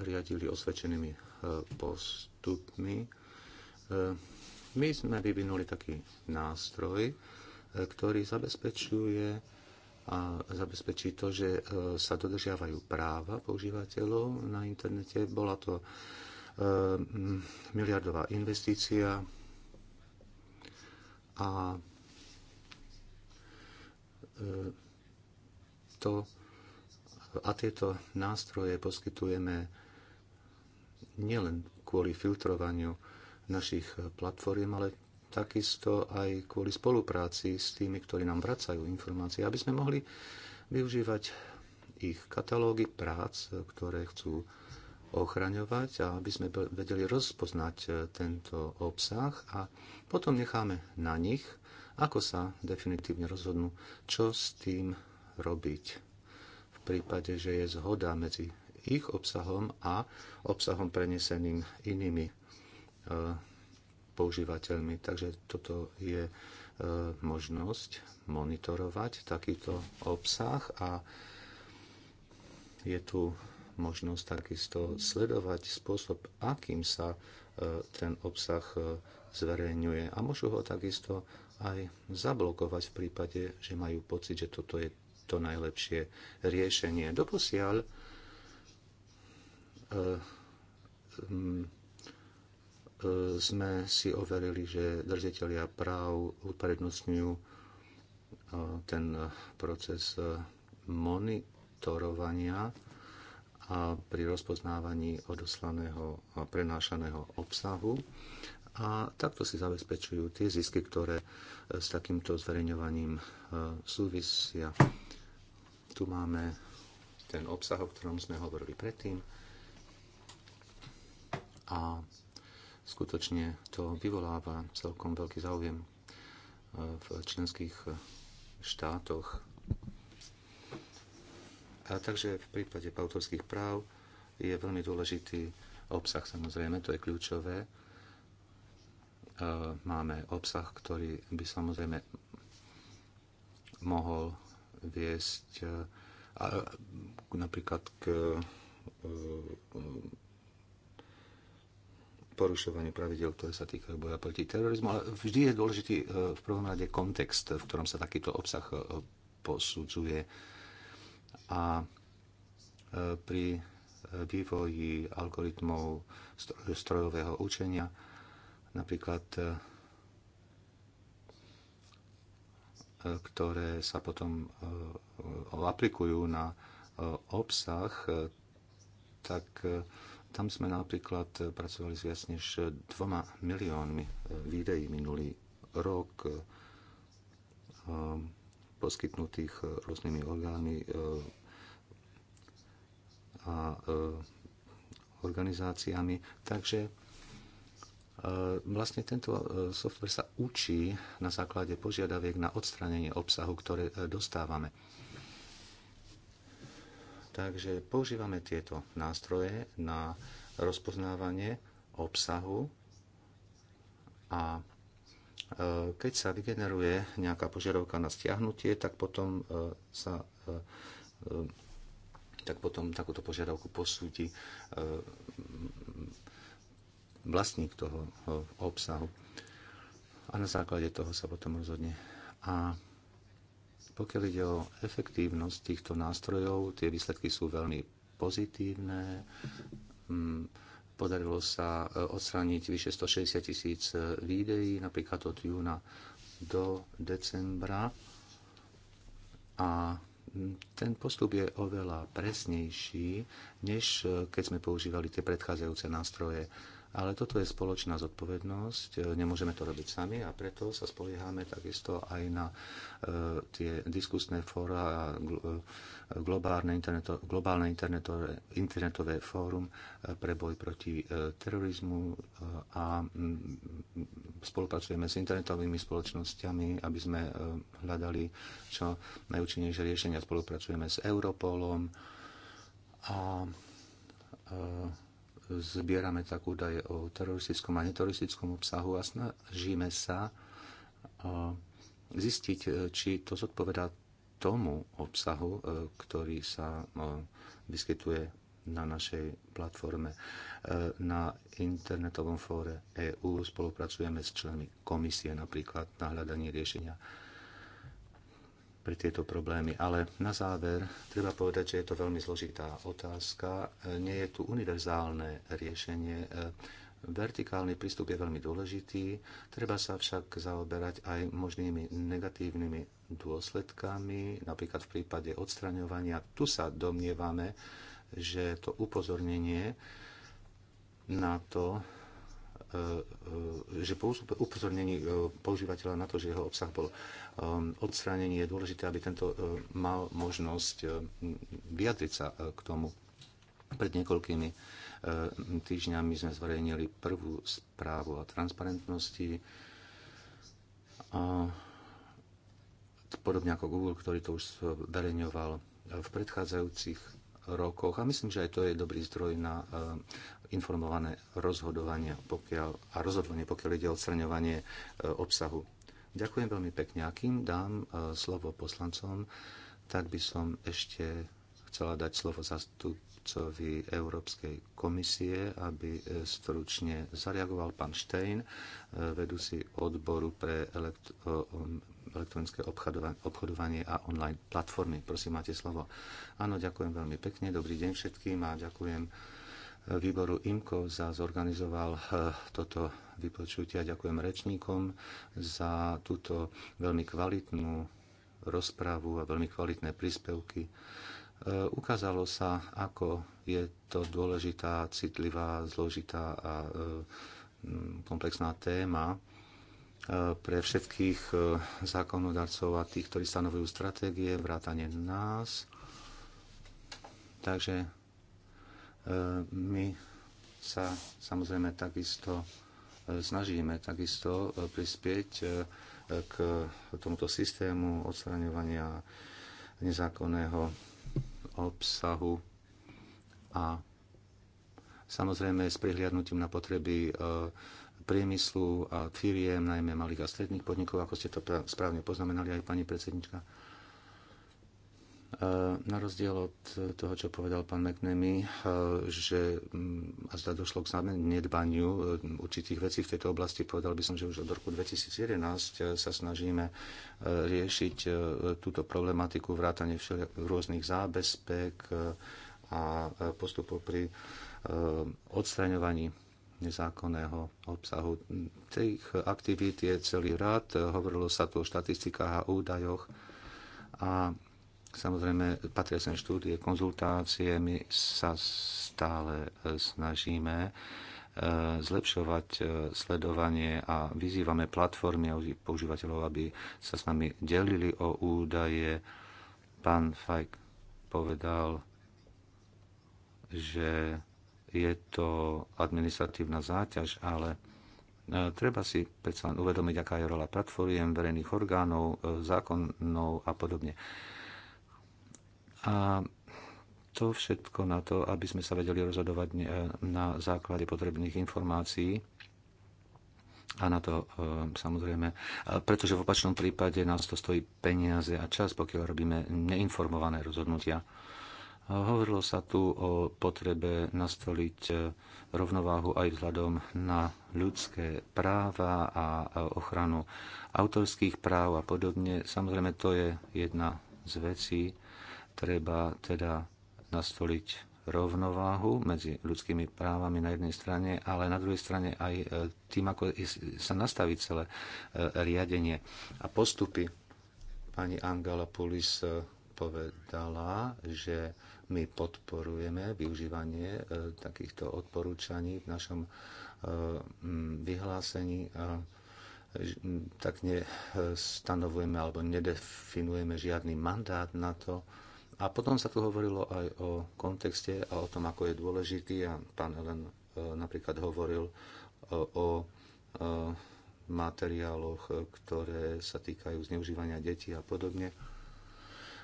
Speaker 1: riadili osvedčenými e, postupmi. My sme vyvinuli taký nástroj, ktorý zabezpečuje a zabezpečí to, že sa dodržiavajú práva používateľov na internete. Bola to miliardová investícia, a e, to, a tieto nástroje poskytujeme nielen kvôli filtrovaniu našich platform, ale takisto aj kvôli spolupráci s tými, ktorí nám vracajú informácie, aby sme mohli využívať ich katalógy prác, ktoré chcú ochraňovať a aby sme vedeli rozpoznať e, tento obsah a potom necháme na nich, ako sa definitívne rozhodnú, čo s tým robiť v prípade, že je zhoda medzi ich obsahom a obsahom preneseným inými e, používateľmi. Takže toto je e, možnosť monitorovať takýto obsah a je tu možnosť takisto sledovať spôsob, akým sa e, ten obsah e, zverejňuje. A môžu ho takisto aj zablokovať v prípade, že majú pocit, že toto je to najlepšie riešenie. Doposiaľ e, sme si overili, že držiteľia práv uprednostňujú ten proces monitorovania a pri rozpoznávaní odoslaného a prenášaného obsahu. A takto si zabezpečujú tie zisky, ktoré e, s takýmto zverejňovaním e, súvisia. Tu máme ten obsah, o ktorom sme hovorili predtým. A skutočne to vyvoláva celkom veľký záujem e, v členských štátoch a takže v prípade autorských práv je veľmi dôležitý obsah, samozrejme, to je kľúčové. Máme obsah, ktorý by samozrejme mohol viesť napríklad k e, e, porušovaniu pravidel, ktoré sa týkajú boja proti terorizmu, ale vždy je dôležitý e, v prvom rade kontext, v ktorom sa takýto obsah posudzuje a e, pri vývoji algoritmov strojového učenia. Napríklad e, ktoré sa potom e, aplikujú na obsah, tak tam sme napríklad pracovali s viac než dvoma miliónmi videí minulý rok poskytnutých e, rôznymi orgánmi e, a e, organizáciami. Takže vlastne tento software sa učí na základe požiadaviek na odstranenie obsahu, ktoré dostávame. Takže používame tieto nástroje na rozpoznávanie obsahu a E, keď sa vygeneruje nejaká požiadavka na stiahnutie, tak potom e, sa e, tak potom takúto požiadavku posúdi vlastník toho obsahu. A na základe toho sa potom rozhodne. A pokiaľ ide o efektívnosť týchto nástrojov, tie výsledky sú veľmi pozitívne. Mm, Podarilo sa e, odstrániť vyše 160 tisíc e, videí, napríklad od júna do decembra. A ten postup je oveľa presnejší, než e, keď sme používali tie predchádzajúce nástroje ale toto je spoločná zodpovednosť, e, nemôžeme to robiť sami a preto sa spoliehame takisto aj na e, tie diskusné fóra, e, globálne, interneto, globálne internetové, internetové fórum pre boj proti terorizmu a mm, spolupracujeme s internetovými spoločnosťami, aby sme hľadali čo najúčinnejšie riešenia. Spolupracujeme s Europolom a zbierame tak údaje o teroristickom a neteroristickom obsahu a snažíme sa zistiť, e, či to zodpovedá tomu obsahu, e, ktorý sa e, vyskytuje na našej platforme. Na internetovom fóre EÚ spolupracujeme s členmi komisie napríklad na hľadanie riešenia pre tieto problémy. Ale na záver treba povedať, že je to veľmi zložitá otázka. Nie je tu univerzálne riešenie. Vertikálny prístup je veľmi dôležitý, treba sa však zaoberať aj možnými negatívnymi dôsledkami, napríklad v prípade odstraňovania. Tu sa domnievame, že to upozornenie na to, E, e, že po upozornení e, používateľa na to, že jeho obsah bol odstránený, je dôležité, aby tento mal možnosť vyjadriť sa k tomu. Pred niekoľkými týždňami sme zverejnili prvú správu o transparentnosti. podobne ako Google, ktorý to už zverejňoval v predchádzajúcich rokoch. A myslím, že aj to je dobrý zdroj na informované rozhodovanie, pokiaľ, a rozhodovanie, pokiaľ ide o odstraňovanie e, obsahu. Ďakujem veľmi pekne. A kým dám e, slovo poslancom, tak by som ešte chcela dať slovo zastupcovi Európskej komisie, aby e, stručne zareagoval pán Štejn, vedúci odboru pre elektronické obchodovanie a online platformy. Prosím, máte slovo. Áno, ďakujem veľmi pekne. Dobrý deň všetkým a ďakujem výboru IMKO za zorganizoval eh, toto vypočutie. Ďakujem rečníkom za túto veľmi kvalitnú rozprávu a veľmi kvalitné príspevky. Eh, ukázalo sa, ako je to dôležitá, citlivá, zložitá a eh, komplexná téma pre všetkých zákonodarcov a tých, ktorí stanovujú stratégie, vrátane nás. Takže E, my sa samozrejme takisto e, snažíme takisto e, prispieť k tomuto systému odstraňovania nezákonného obsahu a samozrejme s prihliadnutím na potreby priemyslu a firiem, najmä malých a stredných podnikov, ako ste to správne poznamenali aj pani predsednička. Na rozdiel od toho, čo povedal pán McNamee, eh, že mm, až da došlo k nedbaniu eh, určitých vecí v tejto oblasti, povedal by som, že už od roku 2011 eh, sa snažíme riešiť túto problematiku vrátane rôznych zábezpek a postupov pri odstraňovaní nezákonného obsahu. Tých aktivít je celý rád, hovorilo sa tu o štatistikách a údajoch a Samozrejme, patria sem štúdie, konzultácie. My sa stále e, snažíme e, zlepšovať e, sledovanie a vyzývame platformy a používateľov, aby sa s nami delili o údaje. Pán Fajk povedal, že je to administratívna záťaž, ale treba si predsa len uvedomiť, aká je rola platformiem, verejných orgánov, zákonov a podobne. A to všetko na to, aby sme sa vedeli rozhodovať e, na základe potrebných informácií a na to e, samozrejme, e, pretože v opačnom prípade nás to stojí peniaze a čas, pokiaľ robíme neinformované rozhodnutia. Hovorilo sa tu o potrebe nastoliť rovnováhu aj vzhľadom na ľudské práva a ochranu autorských práv a podobne. Samozrejme, to je jedna z vecí, Treba teda nastoliť rovnováhu medzi ľudskými právami na jednej strane, ale na druhej strane aj e, tým, ako sa nastaví celé e, riadenie a postupy. Pani Angela Pulis e, povedala, že my podporujeme využívanie takýchto odporúčaní v našom vyhlásení tak nestanovujeme alebo nedefinujeme žiadny mandát na to, a potom sa tu hovorilo aj o kontexte a o tom, ako je dôležitý. A pán Helen e, napríklad hovoril e, o e, materiáloch, ktoré sa týkajú zneužívania detí a podobne.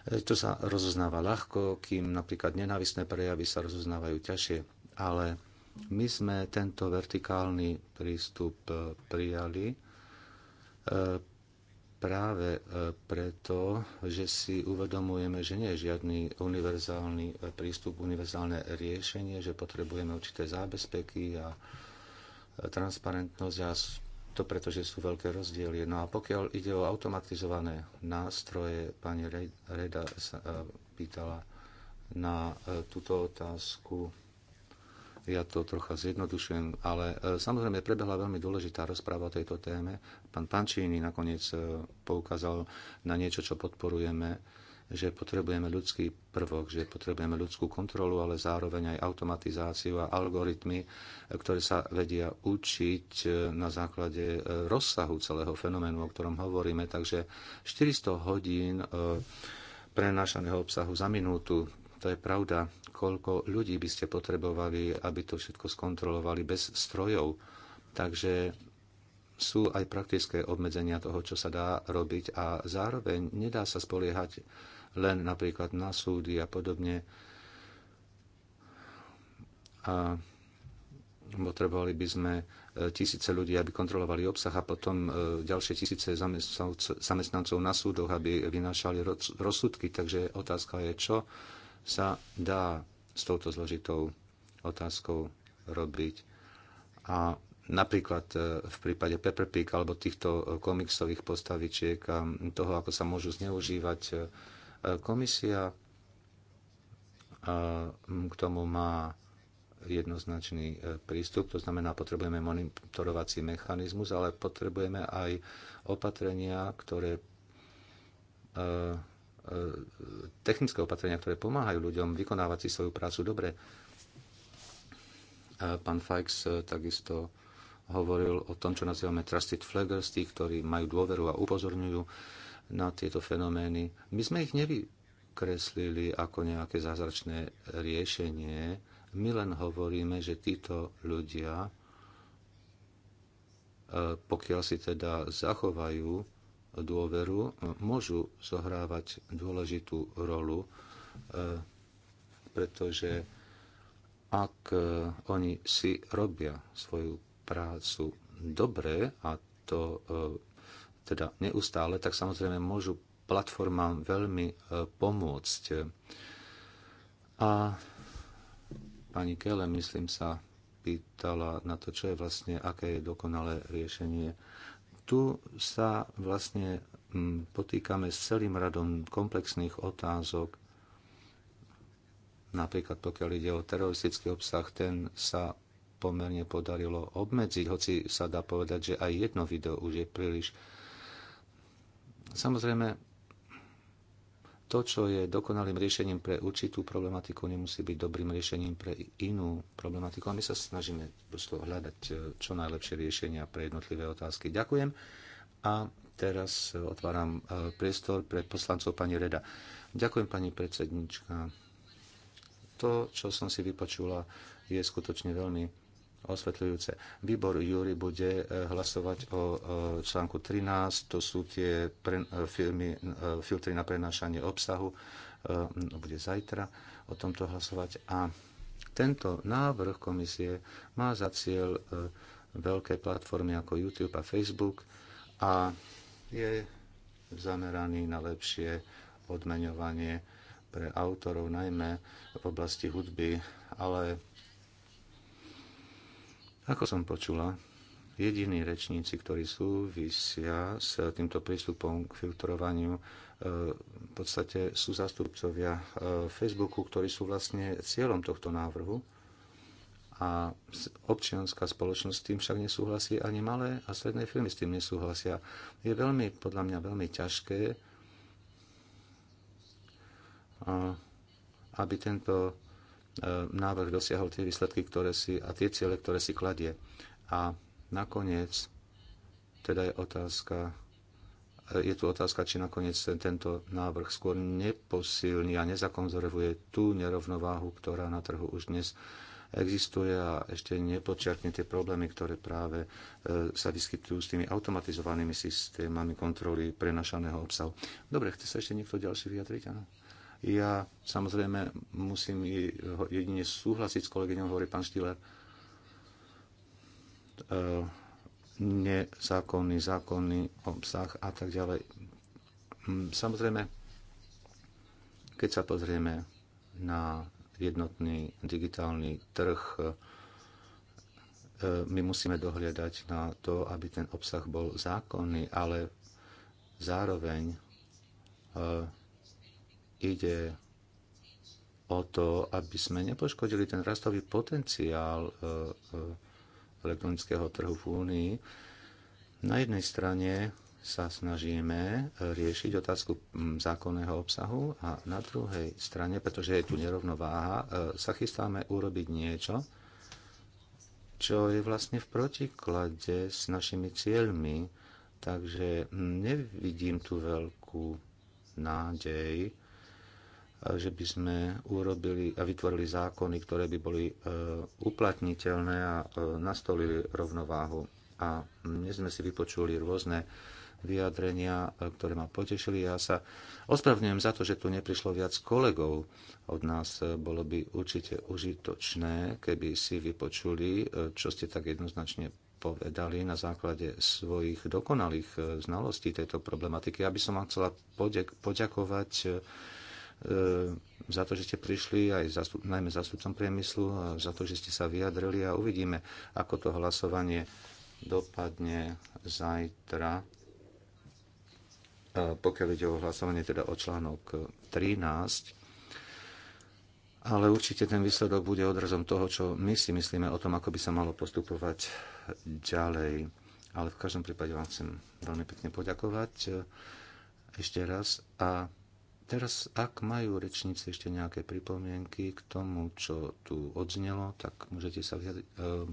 Speaker 1: To sa rozoznáva ľahko, kým napríklad nenávisné prejavy sa rozoznávajú ťažšie. Ale my sme tento vertikálny prístup prijali práve e, preto, že si uvedomujeme, že nie je žiadny univerzálny e, prístup, univerzálne riešenie, že potrebujeme určité zábezpeky a e, transparentnosť a to preto, že sú veľké rozdiely. No a pokiaľ ide o automatizované nástroje, pani Reda sa pýtala na túto otázku ja to trocha zjednodušujem, ale e, samozrejme prebehla veľmi dôležitá rozpráva o tejto téme. Pán Pančíny nakoniec e, poukázal na niečo, čo podporujeme, že potrebujeme ľudský prvok, že potrebujeme ľudskú kontrolu, ale zároveň aj automatizáciu a algoritmy, e, ktoré sa vedia učiť na základe rozsahu celého fenoménu, o ktorom hovoríme. Takže 400 hodín prenášaného obsahu za minútu to je pravda. Koľko ľudí by ste potrebovali, aby to všetko skontrolovali bez strojov. Takže sú aj praktické obmedzenia toho, čo sa dá robiť a zároveň nedá sa spoliehať len napríklad na súdy a podobne. A potrebovali by sme e, tisíce ľudí, aby kontrolovali obsah a potom e, ďalšie tisíce zamestnancov na súdoch, aby vynášali rozsudky. Takže otázka je, čo sa dá s touto zložitou otázkou robiť. A napríklad e, v prípade Pepper Pig alebo týchto e, komiksových postavičiek a toho, ako sa môžu zneužívať, e, komisia k tomu má jednoznačný prístup, to znamená, potrebujeme monitorovací mechanizmus, ale potrebujeme aj opatrenia, ktoré technické opatrenia, ktoré pomáhajú ľuďom vykonávať si svoju prácu dobre. Pán Fajks eh, takisto hovoril o tom, čo nazývame trusted flaggers, tí, ktorí majú dôveru a upozorňujú na tieto fenomény. My sme ich nevykreslili ako nejaké zázračné riešenie. My len hovoríme, že títo ľudia, eh, pokiaľ si teda zachovajú dôveru, e, môžu zohrávať dôležitú rolu, e, pretože ak e, oni si robia svoju prácu dobre, a to teda neustále, tak samozrejme môžu platformám veľmi pomôcť. A pani Kele, myslím sa, pýtala na to, čo je vlastne, aké je dokonalé riešenie tu sa vlastne mm, potýkame s celým radom komplexných otázok. Napríklad pokiaľ ide o teroristický obsah, ten sa pomerne podarilo obmedziť, hoci sa dá povedať, že aj jedno video už je príliš. Samozrejme, to, čo je dokonalým riešením pre určitú problematiku, nemusí byť dobrým riešením pre inú problematiku. A my sa snažíme hľadať e, čo najlepšie riešenia pre jednotlivé otázky. Ďakujem. A teraz otváram e, priestor pre poslancov pani Reda. Ďakujem, pani predsednička. To, čo som si vypočula, je skutočne veľmi osvetľujúce. Výbor Júri bude e, hlasovať o e, článku 13, to sú tie pre, e, firmy, filtry na prenášanie obsahu, no, bude zajtra o tomto hlasovať. A tento návrh komisie má za cieľ veľké platformy ako YouTube a Facebook a je zameraný na lepšie odmeňovanie pre autorov, najmä v oblasti hudby, ale ako som počula, jediní rečníci, ktorí súvisia s týmto prístupom k filtrovaniu, e, v podstate sú zastupcovia e, Facebooku, ktorí sú vlastne cieľom tohto návrhu. A občianská spoločnosť s tým však nesúhlasí, ani malé a stredné firmy s tým nesúhlasia. Je veľmi, podľa mňa, veľmi ťažké, aby tento E, návrh dosiahol tie výsledky ktoré si, a tie ciele, ktoré si kladie. A nakoniec, teda je otázka, e, je tu otázka, či nakoniec tento návrh skôr neposilní a nezakonzervuje tú nerovnováhu, ktorá na trhu už dnes existuje a ešte nepočiarkne tie problémy, ktoré práve e, sa vyskytujú s tými automatizovanými systémami kontroly prenašaného obsahu. Dobre, chce sa ešte niekto ďalší vyjadriť? Áno. Ja samozrejme musím jedine súhlasiť s kolegyňou, hovorí pán Štýler. Ehm, nezákonný, zákonný obsah a tak ďalej. Hm, samozrejme, keď sa pozrieme na jednotný digitálny trh, ehm, my musíme dohliadať na to, aby ten obsah bol zákonný, ale zároveň ehm, ide o to, aby sme nepoškodili ten rastový potenciál e, e, elektronického trhu v Únii. Na jednej strane sa snažíme e, riešiť otázku zákonného obsahu a na druhej strane, pretože je tu nerovnováha, sa chystáme urobiť niečo, čo je vlastne v protiklade s našimi cieľmi. Takže nevidím tu veľkú nádej, že by sme urobili a vytvorili zákony, ktoré by boli e, uplatniteľné a e, nastolili rovnováhu. A dnes sme si vypočuli rôzne vyjadrenia, e, ktoré ma potešili. Ja sa ospravňujem za to, že tu neprišlo viac kolegov od nás. Bolo by určite užitočné, keby si vypočuli, čo ste tak jednoznačne povedali na základe svojich dokonalých znalostí tejto problematiky. Ja by som vám chcela poďakovať E, za to, že ste prišli, aj za, najmä zastupcom priemyslu, za to, že ste sa vyjadrili a uvidíme, ako to hlasovanie dopadne zajtra. E, pokiaľ ide o hlasovanie teda o článok 13, ale určite ten výsledok bude odrazom toho, čo my si myslíme o tom, ako by sa malo postupovať ďalej. Ale v každom prípade vám chcem veľmi pekne poďakovať e, ešte raz a Teraz, ak majú rečníci ešte nejaké pripomienky k tomu, čo tu odznelo, tak môžete sa vyjadriť. Ehm,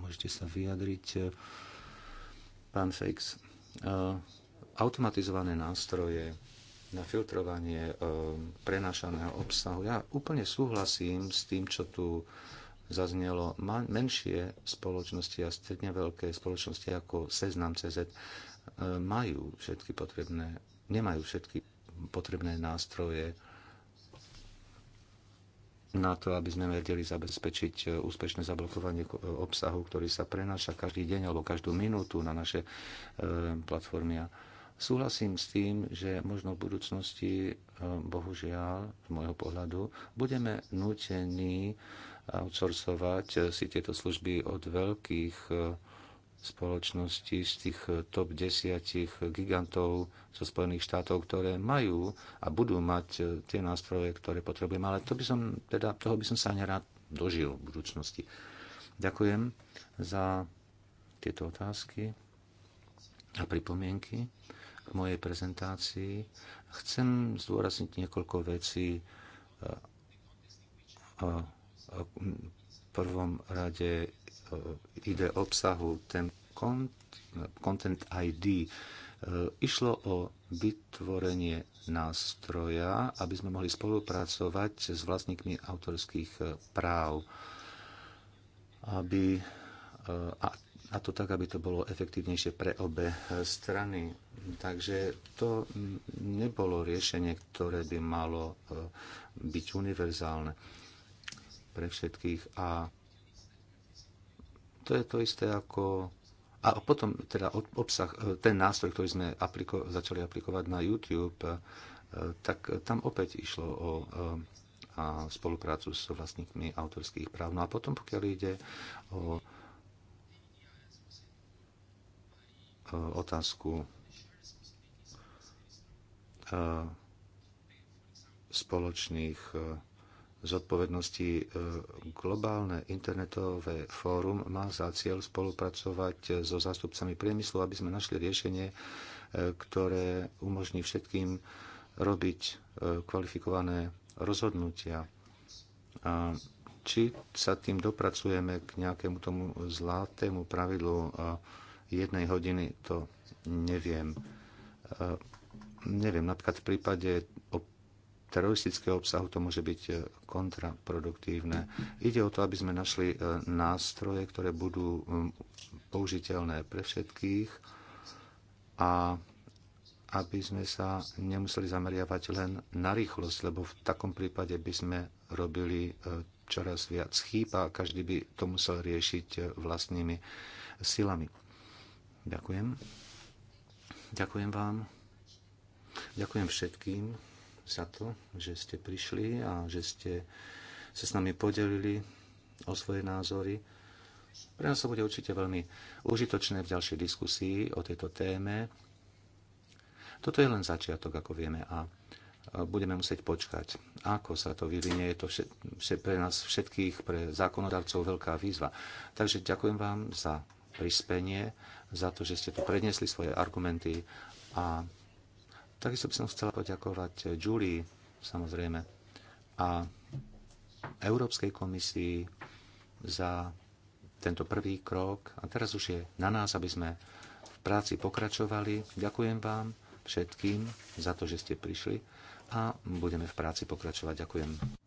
Speaker 1: môžete sa vyjadriť. Eh, pán Fejx, eh, automatizované nástroje na filtrovanie eh, prenášaného obsahu. Ja úplne súhlasím s tým, čo tu zaznelo. Menšie spoločnosti a stredne veľké spoločnosti ako Seznam CZ majú všetky potrebné, nemajú všetky potrebné nástroje na to, aby sme vedeli zabezpečiť e, úspešné zablokovanie e, obsahu, ktorý sa prenáša každý deň alebo každú minútu na naše e, platformy. súhlasím s tým, že možno v budúcnosti, bohužiaľ, z môjho pohľadu, budeme nutení outsourcovať si tieto služby od veľkých spoločnosti z tých eh, top 10 gigantov zo Spojených štátov, ktoré majú a budú mať eh, tie nástroje, ktoré potrebujeme. Ale to by som, teda, toho by som sa nerád dožil v budúcnosti. Ďakujem za tieto otázky a pripomienky k mojej prezentácii. Chcem zdôrazniť niekoľko vecí. Eh, v prvom rade E, ide obsahu, ten Content ID, e, išlo o vytvorenie nástroja, aby sme mohli spolupracovať s vlastníkmi autorských e, práv, aby, a, a to tak, aby to bolo efektívnejšie pre obe strany. Takže to nebolo riešenie, ktoré by malo byť univerzálne pre všetkých a to je to isté ako... A potom teda obsah, e, ten nástroj, ktorý sme apliko- začali aplikovať na YouTube, e, tak tam opäť išlo o e, a spoluprácu s vlastníkmi autorských práv. No a potom, pokiaľ ide o otázku spoločných zodpovednosti. E, globálne internetové fórum má za cieľ spolupracovať e, so zástupcami priemyslu, aby sme našli riešenie, e, ktoré umožní všetkým robiť kvalifikované rozhodnutia. A či sa tým dopracujeme k nejakému tomu zlatému pravidlu jednej hodiny, to neviem. Neviem, napríklad v prípade teroristického obsahu to môže byť e, kontraproduktívne. Ide o to, aby sme našli e, nástroje, ktoré budú použiteľné pre všetkých a aby sme sa nemuseli zameriavať len na rýchlosť, lebo v takom prípade by sme robili e, čoraz viac chýb a každý by to musel riešiť vlastnými silami. Ďakujem. Ďakujem vám. Ďakujem všetkým za to, že ste prišli a že ste sa s nami podelili o svoje názory. Pre nás to bude určite veľmi užitočné v ďalšej diskusii o tejto téme. Toto je len začiatok, ako vieme, a budeme musieť počkať, ako sa to vyvinie. Je to všet, pre nás všetkých, pre zákonodarcov veľká výzva. Takže ďakujem vám za prispenie, za to, že ste tu prednesli svoje argumenty a Takisto by som chcela poďakovať eh, Julie, samozrejme, a Európskej komisii za tento prvý krok. A teraz už je na nás, aby sme v práci pokračovali. Ďakujem vám všetkým za to, že ste prišli a budeme v práci pokračovať. Ďakujem.